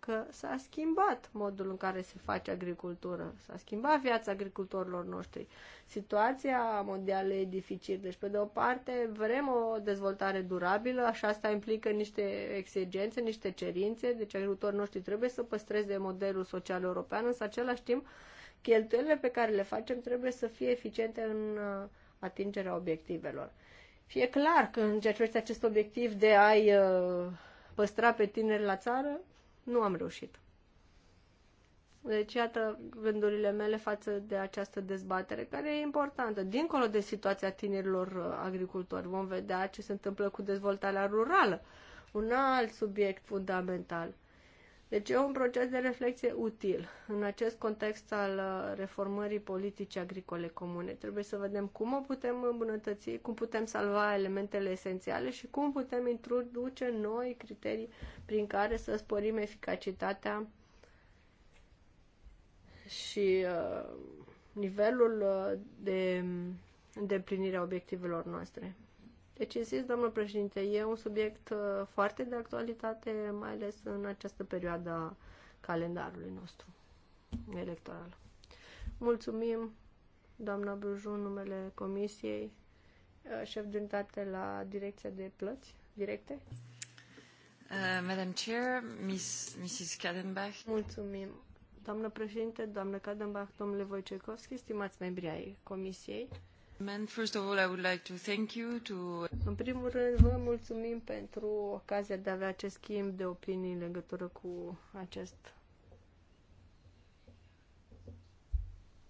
că s-a schimbat modul în care se face agricultură, s-a schimbat viața agricultorilor noștri. Situația mondială e dificil, deci pe de o parte vrem o dezvoltare durabilă, așa asta implică niște exigențe, niște cerințe, deci agricultorii noștri trebuie să păstreze modelul social european, însă același timp cheltuielile pe care le facem trebuie să fie eficiente în uh, atingerea obiectivelor. Și e clar că în ceea ce privește acest obiectiv de a-i uh, păstra pe tineri la țară, nu am reușit. Deci, iată gândurile mele față de această dezbatere, care e importantă. Dincolo de situația tinerilor uh, agricultori, vom vedea ce se întâmplă cu dezvoltarea rurală, un alt subiect fundamental – deci e un proces de reflexie util în acest context al uh, reformării politice agricole comune. Trebuie să vedem cum o putem îmbunătăți, cum putem salva elementele esențiale și cum putem introduce noi criterii prin care să sporim eficacitatea și uh, nivelul uh, de îndeplinire a obiectivelor noastre. Deci, insist, domnul președinte, e un subiect uh, foarte de actualitate, mai ales în această perioadă a calendarului nostru electoral. Mulțumim, doamna Brujun, numele Comisiei, uh, șef de unitate la Direcția de Plăți Directe. Uh, Madam Chair, Miss, Mrs. Kadenbach. Mulțumim. Doamnă președinte, doamnă Kadenbach, domnule Wojciechowski, stimați membri ai Comisiei, în primul rând, vă mulțumim pentru ocazia de a avea acest schimb de opinii în legătură cu acest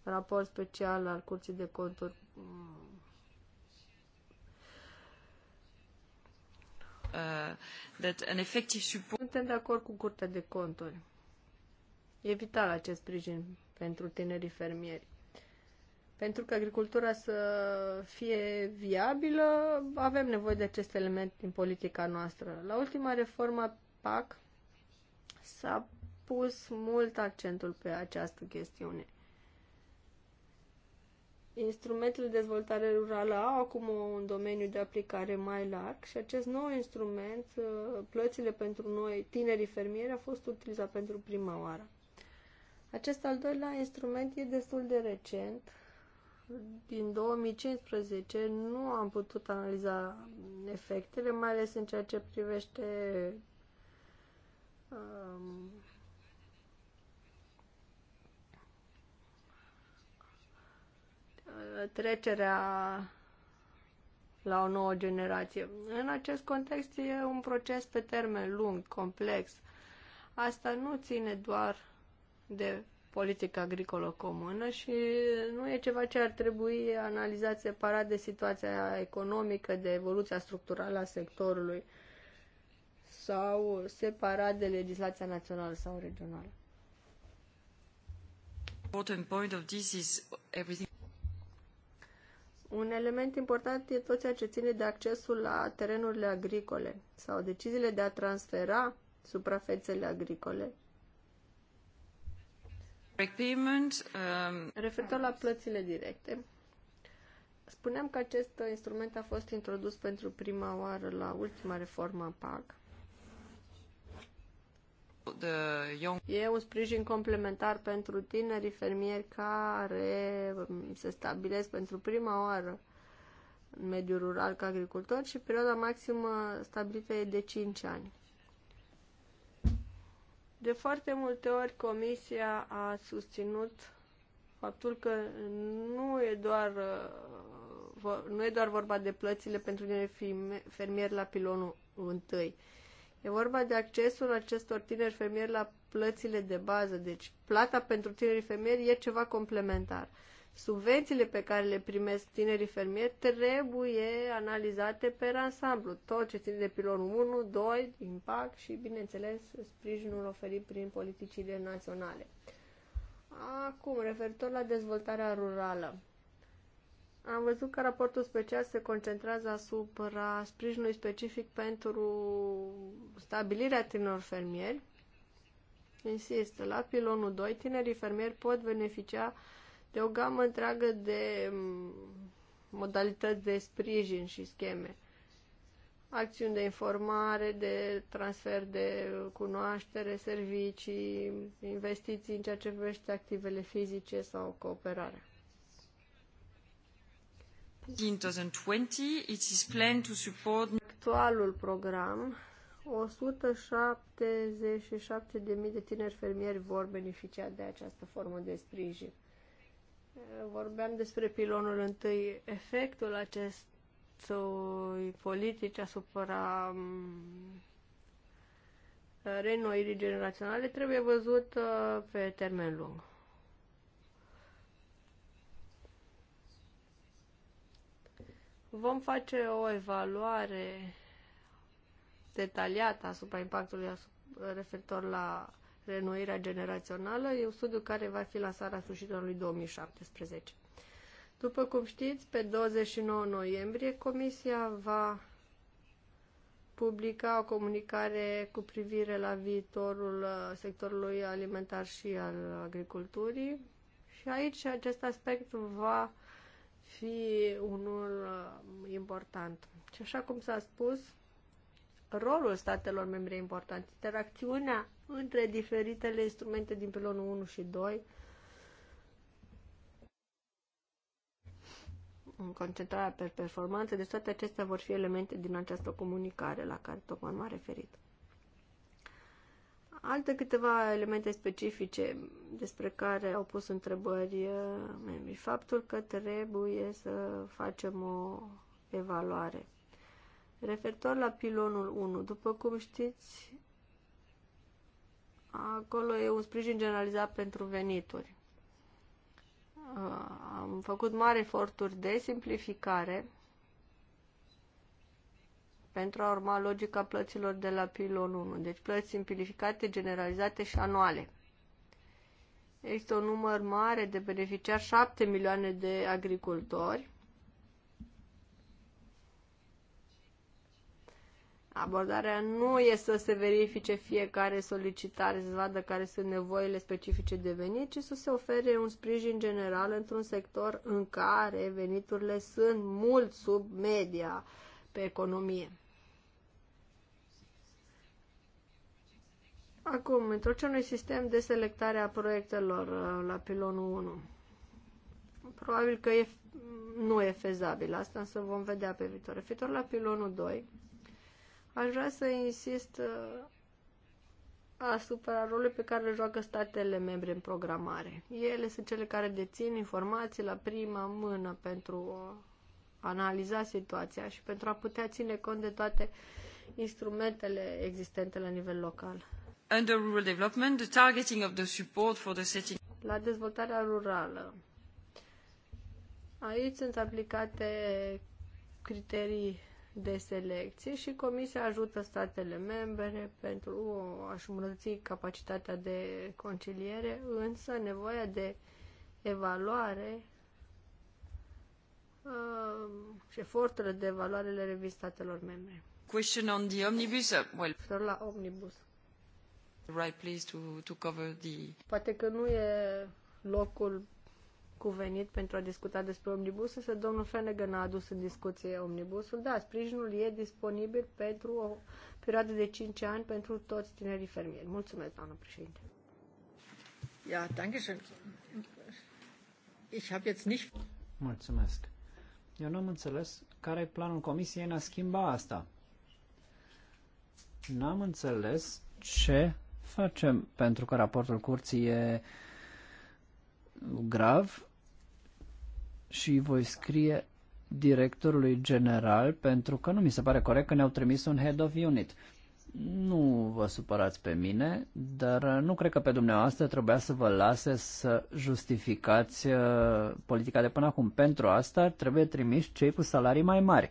raport special al Curții de Conturi uh, Suntem de acord cu Curtea de Conturi. E vital acest sprijin pentru tinerii fermieri pentru că agricultura să fie viabilă, avem nevoie de acest element din politica noastră. La ultima reformă PAC s-a pus mult accentul pe această chestiune. Instrumentele de dezvoltare rurală au acum un domeniu de aplicare mai larg și acest nou instrument, uh, plățile pentru noi, tinerii fermieri, a fost utilizat pentru prima oară. Acest al doilea instrument e destul de recent, din 2015 nu am putut analiza efectele, mai ales în ceea ce privește um, trecerea la o nouă generație. În acest context e un proces pe termen lung, complex. Asta nu ține doar de politică agricolă comună și nu e ceva ce ar trebui analizat separat de situația economică, de evoluția structurală a sectorului sau separat de legislația națională sau regională. Un element important e tot ceea ce ține de accesul la terenurile agricole sau deciziile de a transfera suprafețele agricole Um, Referitor la plățile directe, spuneam că acest instrument a fost introdus pentru prima oară la ultima reformă a PAC. E un sprijin complementar pentru tinerii fermieri care um, se stabilesc pentru prima oară în mediul rural ca agricultor și perioada maximă stabilită e de 5 ani. De foarte multe ori Comisia a susținut faptul că nu e doar, uh, nu e doar vorba de plățile pentru tineri fermieri la pilonul întâi. E vorba de accesul acestor tineri fermieri la plățile de bază, deci plata pentru tinerii fermieri e ceva complementar subvențiile pe care le primesc tinerii fermieri trebuie analizate pe ansamblu. Tot ce ține de pilonul 1, 2, impact și, bineînțeles, sprijinul oferit prin politicile naționale. Acum, referitor la dezvoltarea rurală. Am văzut că raportul special se concentrează asupra sprijinului specific pentru stabilirea tinerilor fermieri. Insist, la pilonul 2, tinerii fermieri pot beneficia uh, de o gamă întreagă de mm, modalități de sprijin și scheme. Acțiuni de informare, de transfer de cunoaștere, servicii, investiții în ceea ce privește activele fizice sau cooperarea. In 2020, it is planned to support actualul program 177.000 de tineri fermieri vor beneficia de această formă de sprijin. Vorbeam despre pilonul întâi, efectul acestui politici asupra mm, renoirii generaționale trebuie văzut uh, pe termen lung. Vom face o evaluare detaliată asupra impactului referitor la renoirea generațională. E un studiu care va fi lansat la sfârșitul anului 2017. După cum știți, pe 29 noiembrie, Comisia va publica o comunicare cu privire la viitorul uh, sectorului alimentar și al agriculturii. Și aici acest aspect va fi unul uh, important. Și așa cum s-a spus, rolul statelor membre e important. Interacțiunea între diferitele instrumente din pilonul 1 și 2, în concentrarea pe performanță, deci toate acestea vor fi elemente din această comunicare la care tocmai m-am referit. Alte câteva elemente specifice despre care au pus întrebări eh, membrii. Faptul că trebuie să facem o evaluare. Referitor la pilonul 1, după cum știți, Acolo e un sprijin generalizat pentru venituri. Uh, am făcut mari eforturi de simplificare pentru a urma logica plăților de la pilon 1, deci plăți simplificate, generalizate și anuale. Există un număr mare de beneficiari, 7 milioane de agricultori, Abordarea nu e să se verifice fiecare solicitare, să vadă care sunt nevoile specifice de venit, ci să se ofere un sprijin general într-un sector în care veniturile sunt mult sub media pe economie. Acum, introducem unui sistem de selectare a proiectelor uh, la pilonul 1. Probabil că e, nu e fezabil asta, însă vom vedea pe viitor. Referitor la pilonul 2, Aș vrea să insist uh, asupra rolului pe care îl joacă statele membre în programare. Ele sunt cele care dețin informații la prima mână pentru a analiza situația și pentru a putea ține cont de toate instrumentele existente la nivel local. Under rural development, the targeting of the support for the setting la dezvoltarea rurală. Aici sunt aplicate criterii de selecție și Comisia ajută statele membre pentru a-și îmbunătăți capacitatea de conciliere, însă nevoia de evaluare uh, și eforturile de evaluare le revin statelor membre. Question on the omnibus. Uh, well, la omnibus. Right place to, to cover the... Poate că nu e locul cuvenit pentru a discuta despre omnibus, însă domnul Flanagan a adus în discuție omnibusul. Da, sprijinul e disponibil pentru o perioadă de 5 ani pentru toți tinerii fermieri. Mulțumesc, doamnă președinte. Ja, danke schön. Ich habe jetzt nicht... Mulțumesc. Eu nu am înțeles care e planul comisiei în a schimba asta. N-am înțeles ce facem pentru că raportul curții e grav și voi scrie directorului general pentru că nu mi se pare corect că ne-au trimis un head of unit. Nu vă supărați pe mine, dar uh, nu cred că pe dumneavoastră trebuia să vă lase să justificați uh, politica de până acum. Pentru asta trebuie trimiși cei cu salarii mai mari.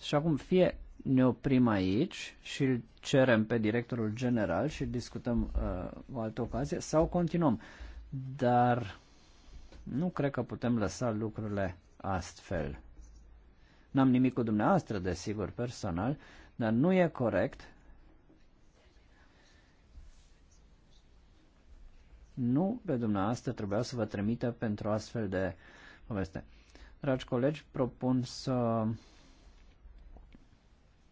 Și acum fie ne oprim aici și îl cerem pe directorul general și discutăm uh, o altă ocazie sau continuăm. Dar nu cred că putem lăsa lucrurile astfel. N-am nimic cu dumneavoastră, desigur, personal, dar nu e corect. Nu pe dumneavoastră trebuia să vă trimită pentru astfel de poveste. Dragi colegi, propun să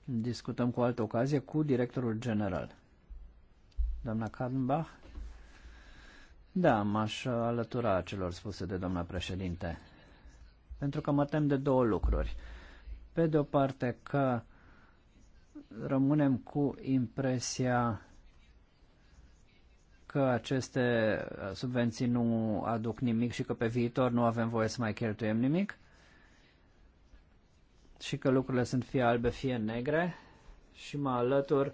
discutăm cu altă ocazie cu directorul general. Doamna Kadenbach. Da, m-aș alătura celor spuse de doamna președinte. Pentru că mă tem de două lucruri. Pe de o parte că rămânem cu impresia că aceste subvenții nu aduc nimic și că pe viitor nu avem voie să mai cheltuiem nimic și că lucrurile sunt fie albe, fie negre și mă alătur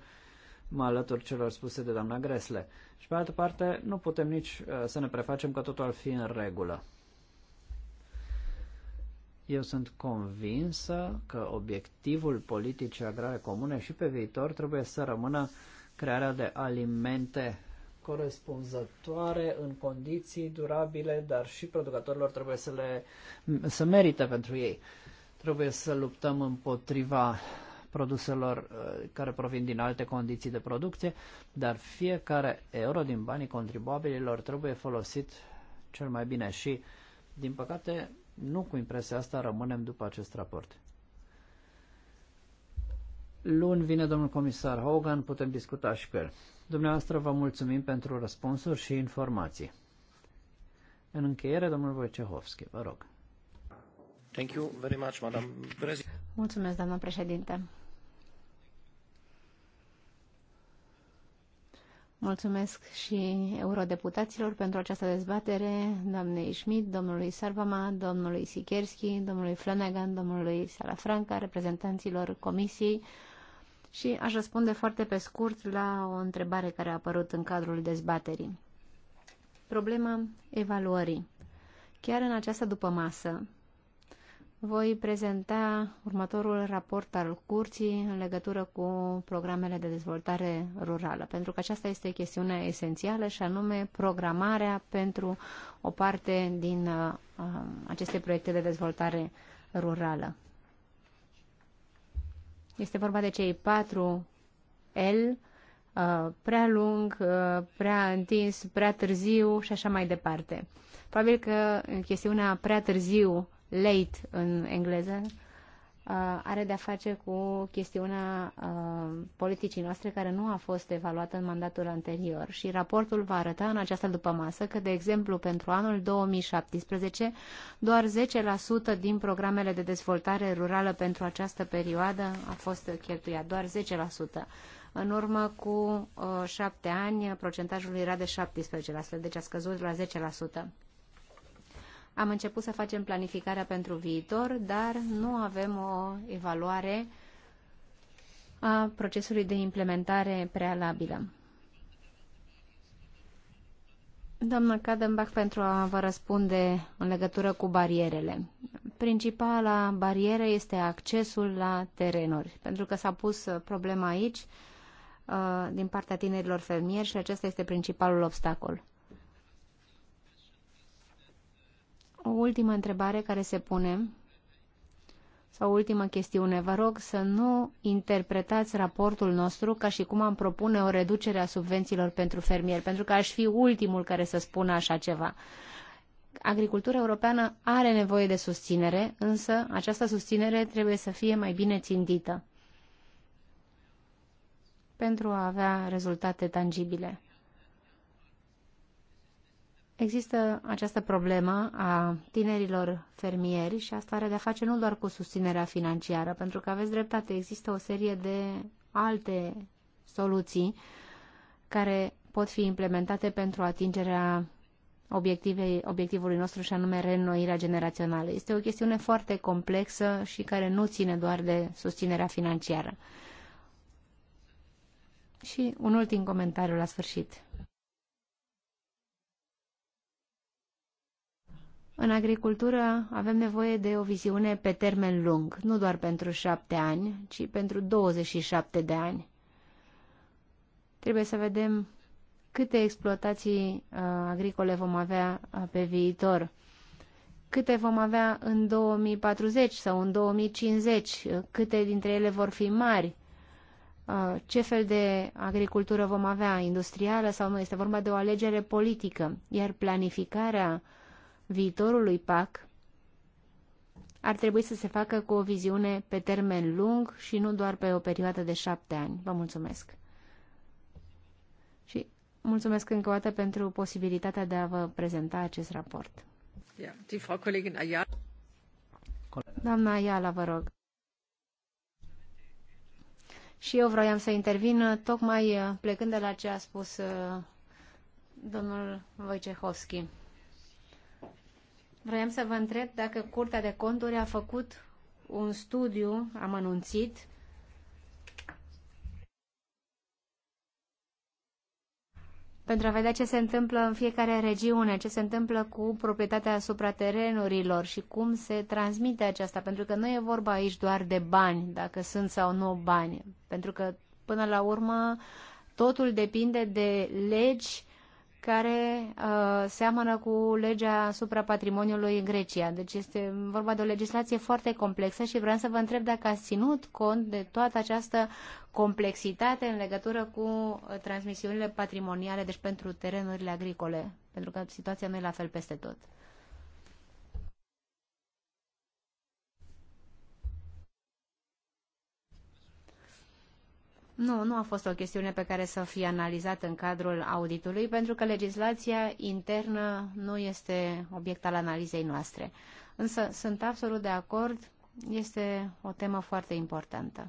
mă alătur celor spuse de doamna Gresle. Și pe altă parte, nu putem nici uh, să ne prefacem că totul ar fi în regulă. Eu sunt convinsă că obiectivul politicii agrare comune și pe viitor trebuie să rămână crearea de alimente corespunzătoare în condiții durabile, dar și producătorilor trebuie să le să merite pentru ei. Trebuie să luptăm împotriva produselor uh, care provin din alte condiții de producție, dar fiecare euro din banii contribuabililor trebuie folosit cel mai bine și, din păcate, nu cu impresia asta rămânem după acest raport. Luni vine domnul comisar Hogan, putem discuta și cu el. Dumneavoastră vă mulțumim pentru răspunsuri și informații. În încheiere, domnul Wojciechowski, vă rog. Thank you very much, Madam Mulțumesc, doamnă președinte. Mulțumesc și eurodeputaților pentru această dezbatere, doamnei Schmidt, domnului Sarvama, domnului Sikerski, domnului Flanagan, domnului Salafranca, reprezentanților comisiei și aș răspunde foarte pe scurt la o întrebare care a apărut în cadrul dezbaterii. Problema evaluării. Chiar în această dupămasă voi prezenta următorul raport al curții în legătură cu programele de dezvoltare rurală, pentru că aceasta este chestiunea esențială și anume programarea pentru o parte din uh, um, aceste proiecte de dezvoltare rurală. Este vorba de cei 4 L, uh, prea lung, uh, prea întins, prea târziu și așa mai departe. Probabil că chestiunea prea târziu late în engleză, uh, are de-a face cu chestiunea uh, politicii noastre care nu a fost evaluată în mandatul anterior și raportul va arăta în această dupămasă că, de exemplu, pentru anul 2017, doar 10% din programele de dezvoltare rurală pentru această perioadă a fost cheltuiat, doar 10%. În urmă cu uh, șapte ani, procentajul era de 17%, deci a scăzut la 10%. Am început să facem planificarea pentru viitor, dar nu avem o evaluare a procesului de implementare prealabilă. Doamna Kadenbach, pentru a vă răspunde în legătură cu barierele. Principala barieră este accesul la terenuri, pentru că s-a pus problema aici uh, din partea tinerilor fermieri și acesta este principalul obstacol. O ultimă întrebare care se pune, sau ultima chestiune, vă rog să nu interpretați raportul nostru ca și cum am propune o reducere a subvențiilor pentru fermieri, pentru că aș fi ultimul care să spună așa ceva. Agricultura europeană are nevoie de susținere, însă această susținere trebuie să fie mai bine țindită pentru a avea rezultate tangibile. Există această problemă a tinerilor fermieri și asta are de-a face nu doar cu susținerea financiară, pentru că aveți dreptate, există o serie de alte soluții care pot fi implementate pentru atingerea obiectivului nostru și anume reînnoirea generațională. Este o chestiune foarte complexă și care nu ține doar de susținerea financiară. Și un ultim comentariu la sfârșit. În agricultură avem nevoie de o viziune pe termen lung, nu doar pentru șapte ani, ci pentru 27 de ani. Trebuie să vedem câte exploatații uh, agricole vom avea uh, pe viitor, câte vom avea în 2040 sau în 2050, uh, câte dintre ele vor fi mari, uh, ce fel de agricultură vom avea, industrială sau nu. Este vorba de o alegere politică, iar planificarea uh, viitorului PAC ar trebui să se facă cu o viziune pe termen lung și nu doar pe o perioadă de șapte ani. Vă mulțumesc! Și mulțumesc încă o dată pentru posibilitatea de a vă prezenta acest raport. Doamna Ayala, vă rog. Și eu vroiam să intervin tocmai plecând de la ce a spus uh, domnul Wojciechowski. Vroiam să vă întreb dacă Curtea de Conturi a făcut un studiu amănunțit pentru a vedea ce se întâmplă în fiecare regiune, ce se întâmplă cu proprietatea asupra terenurilor și cum se transmite aceasta, pentru că nu e vorba aici doar de bani, dacă sunt sau nu bani, pentru că până la urmă totul depinde de legi care uh, seamănă cu legea asupra patrimoniului în Grecia. Deci este vorba de o legislație foarte complexă și vreau să vă întreb dacă ați ținut cont de toată această complexitate în legătură cu uh, transmisiunile patrimoniale, deci pentru terenurile agricole, pentru că situația nu e la fel peste tot. Nu, nu a fost o chestiune pe care să fie analizată în cadrul auditului, pentru că legislația internă nu este obiect al analizei noastre. Însă sunt absolut de acord, este o temă foarte importantă.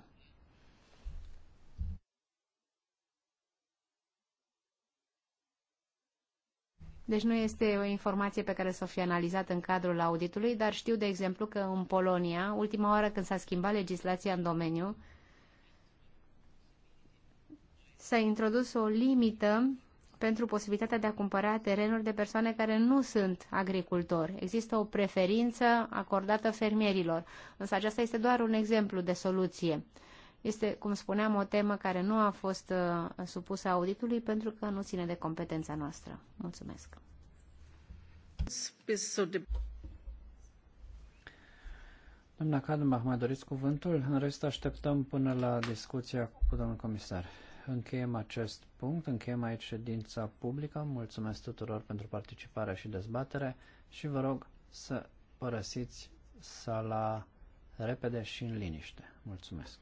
Deci nu este o informație pe care să o analizată în cadrul auditului, dar știu, de exemplu, că în Polonia, ultima oară când s-a schimbat legislația în domeniu, s-a introdus o limită pentru posibilitatea de a cumpăra terenuri de persoane care nu sunt agricultori. Există o preferință acordată fermierilor, însă aceasta este doar un exemplu de soluție. Este, cum spuneam, o temă care nu a fost uh, supusă auditului pentru că nu ține de competența noastră. Mulțumesc. Doamna Cadu, mai doriți cuvântul? În rest așteptăm până la discuția cu domnul comisar încheiem acest punct, încheiem aici ședința publică. Mulțumesc tuturor pentru participare și dezbatere și vă rog să părăsiți sala repede și în liniște. Mulțumesc!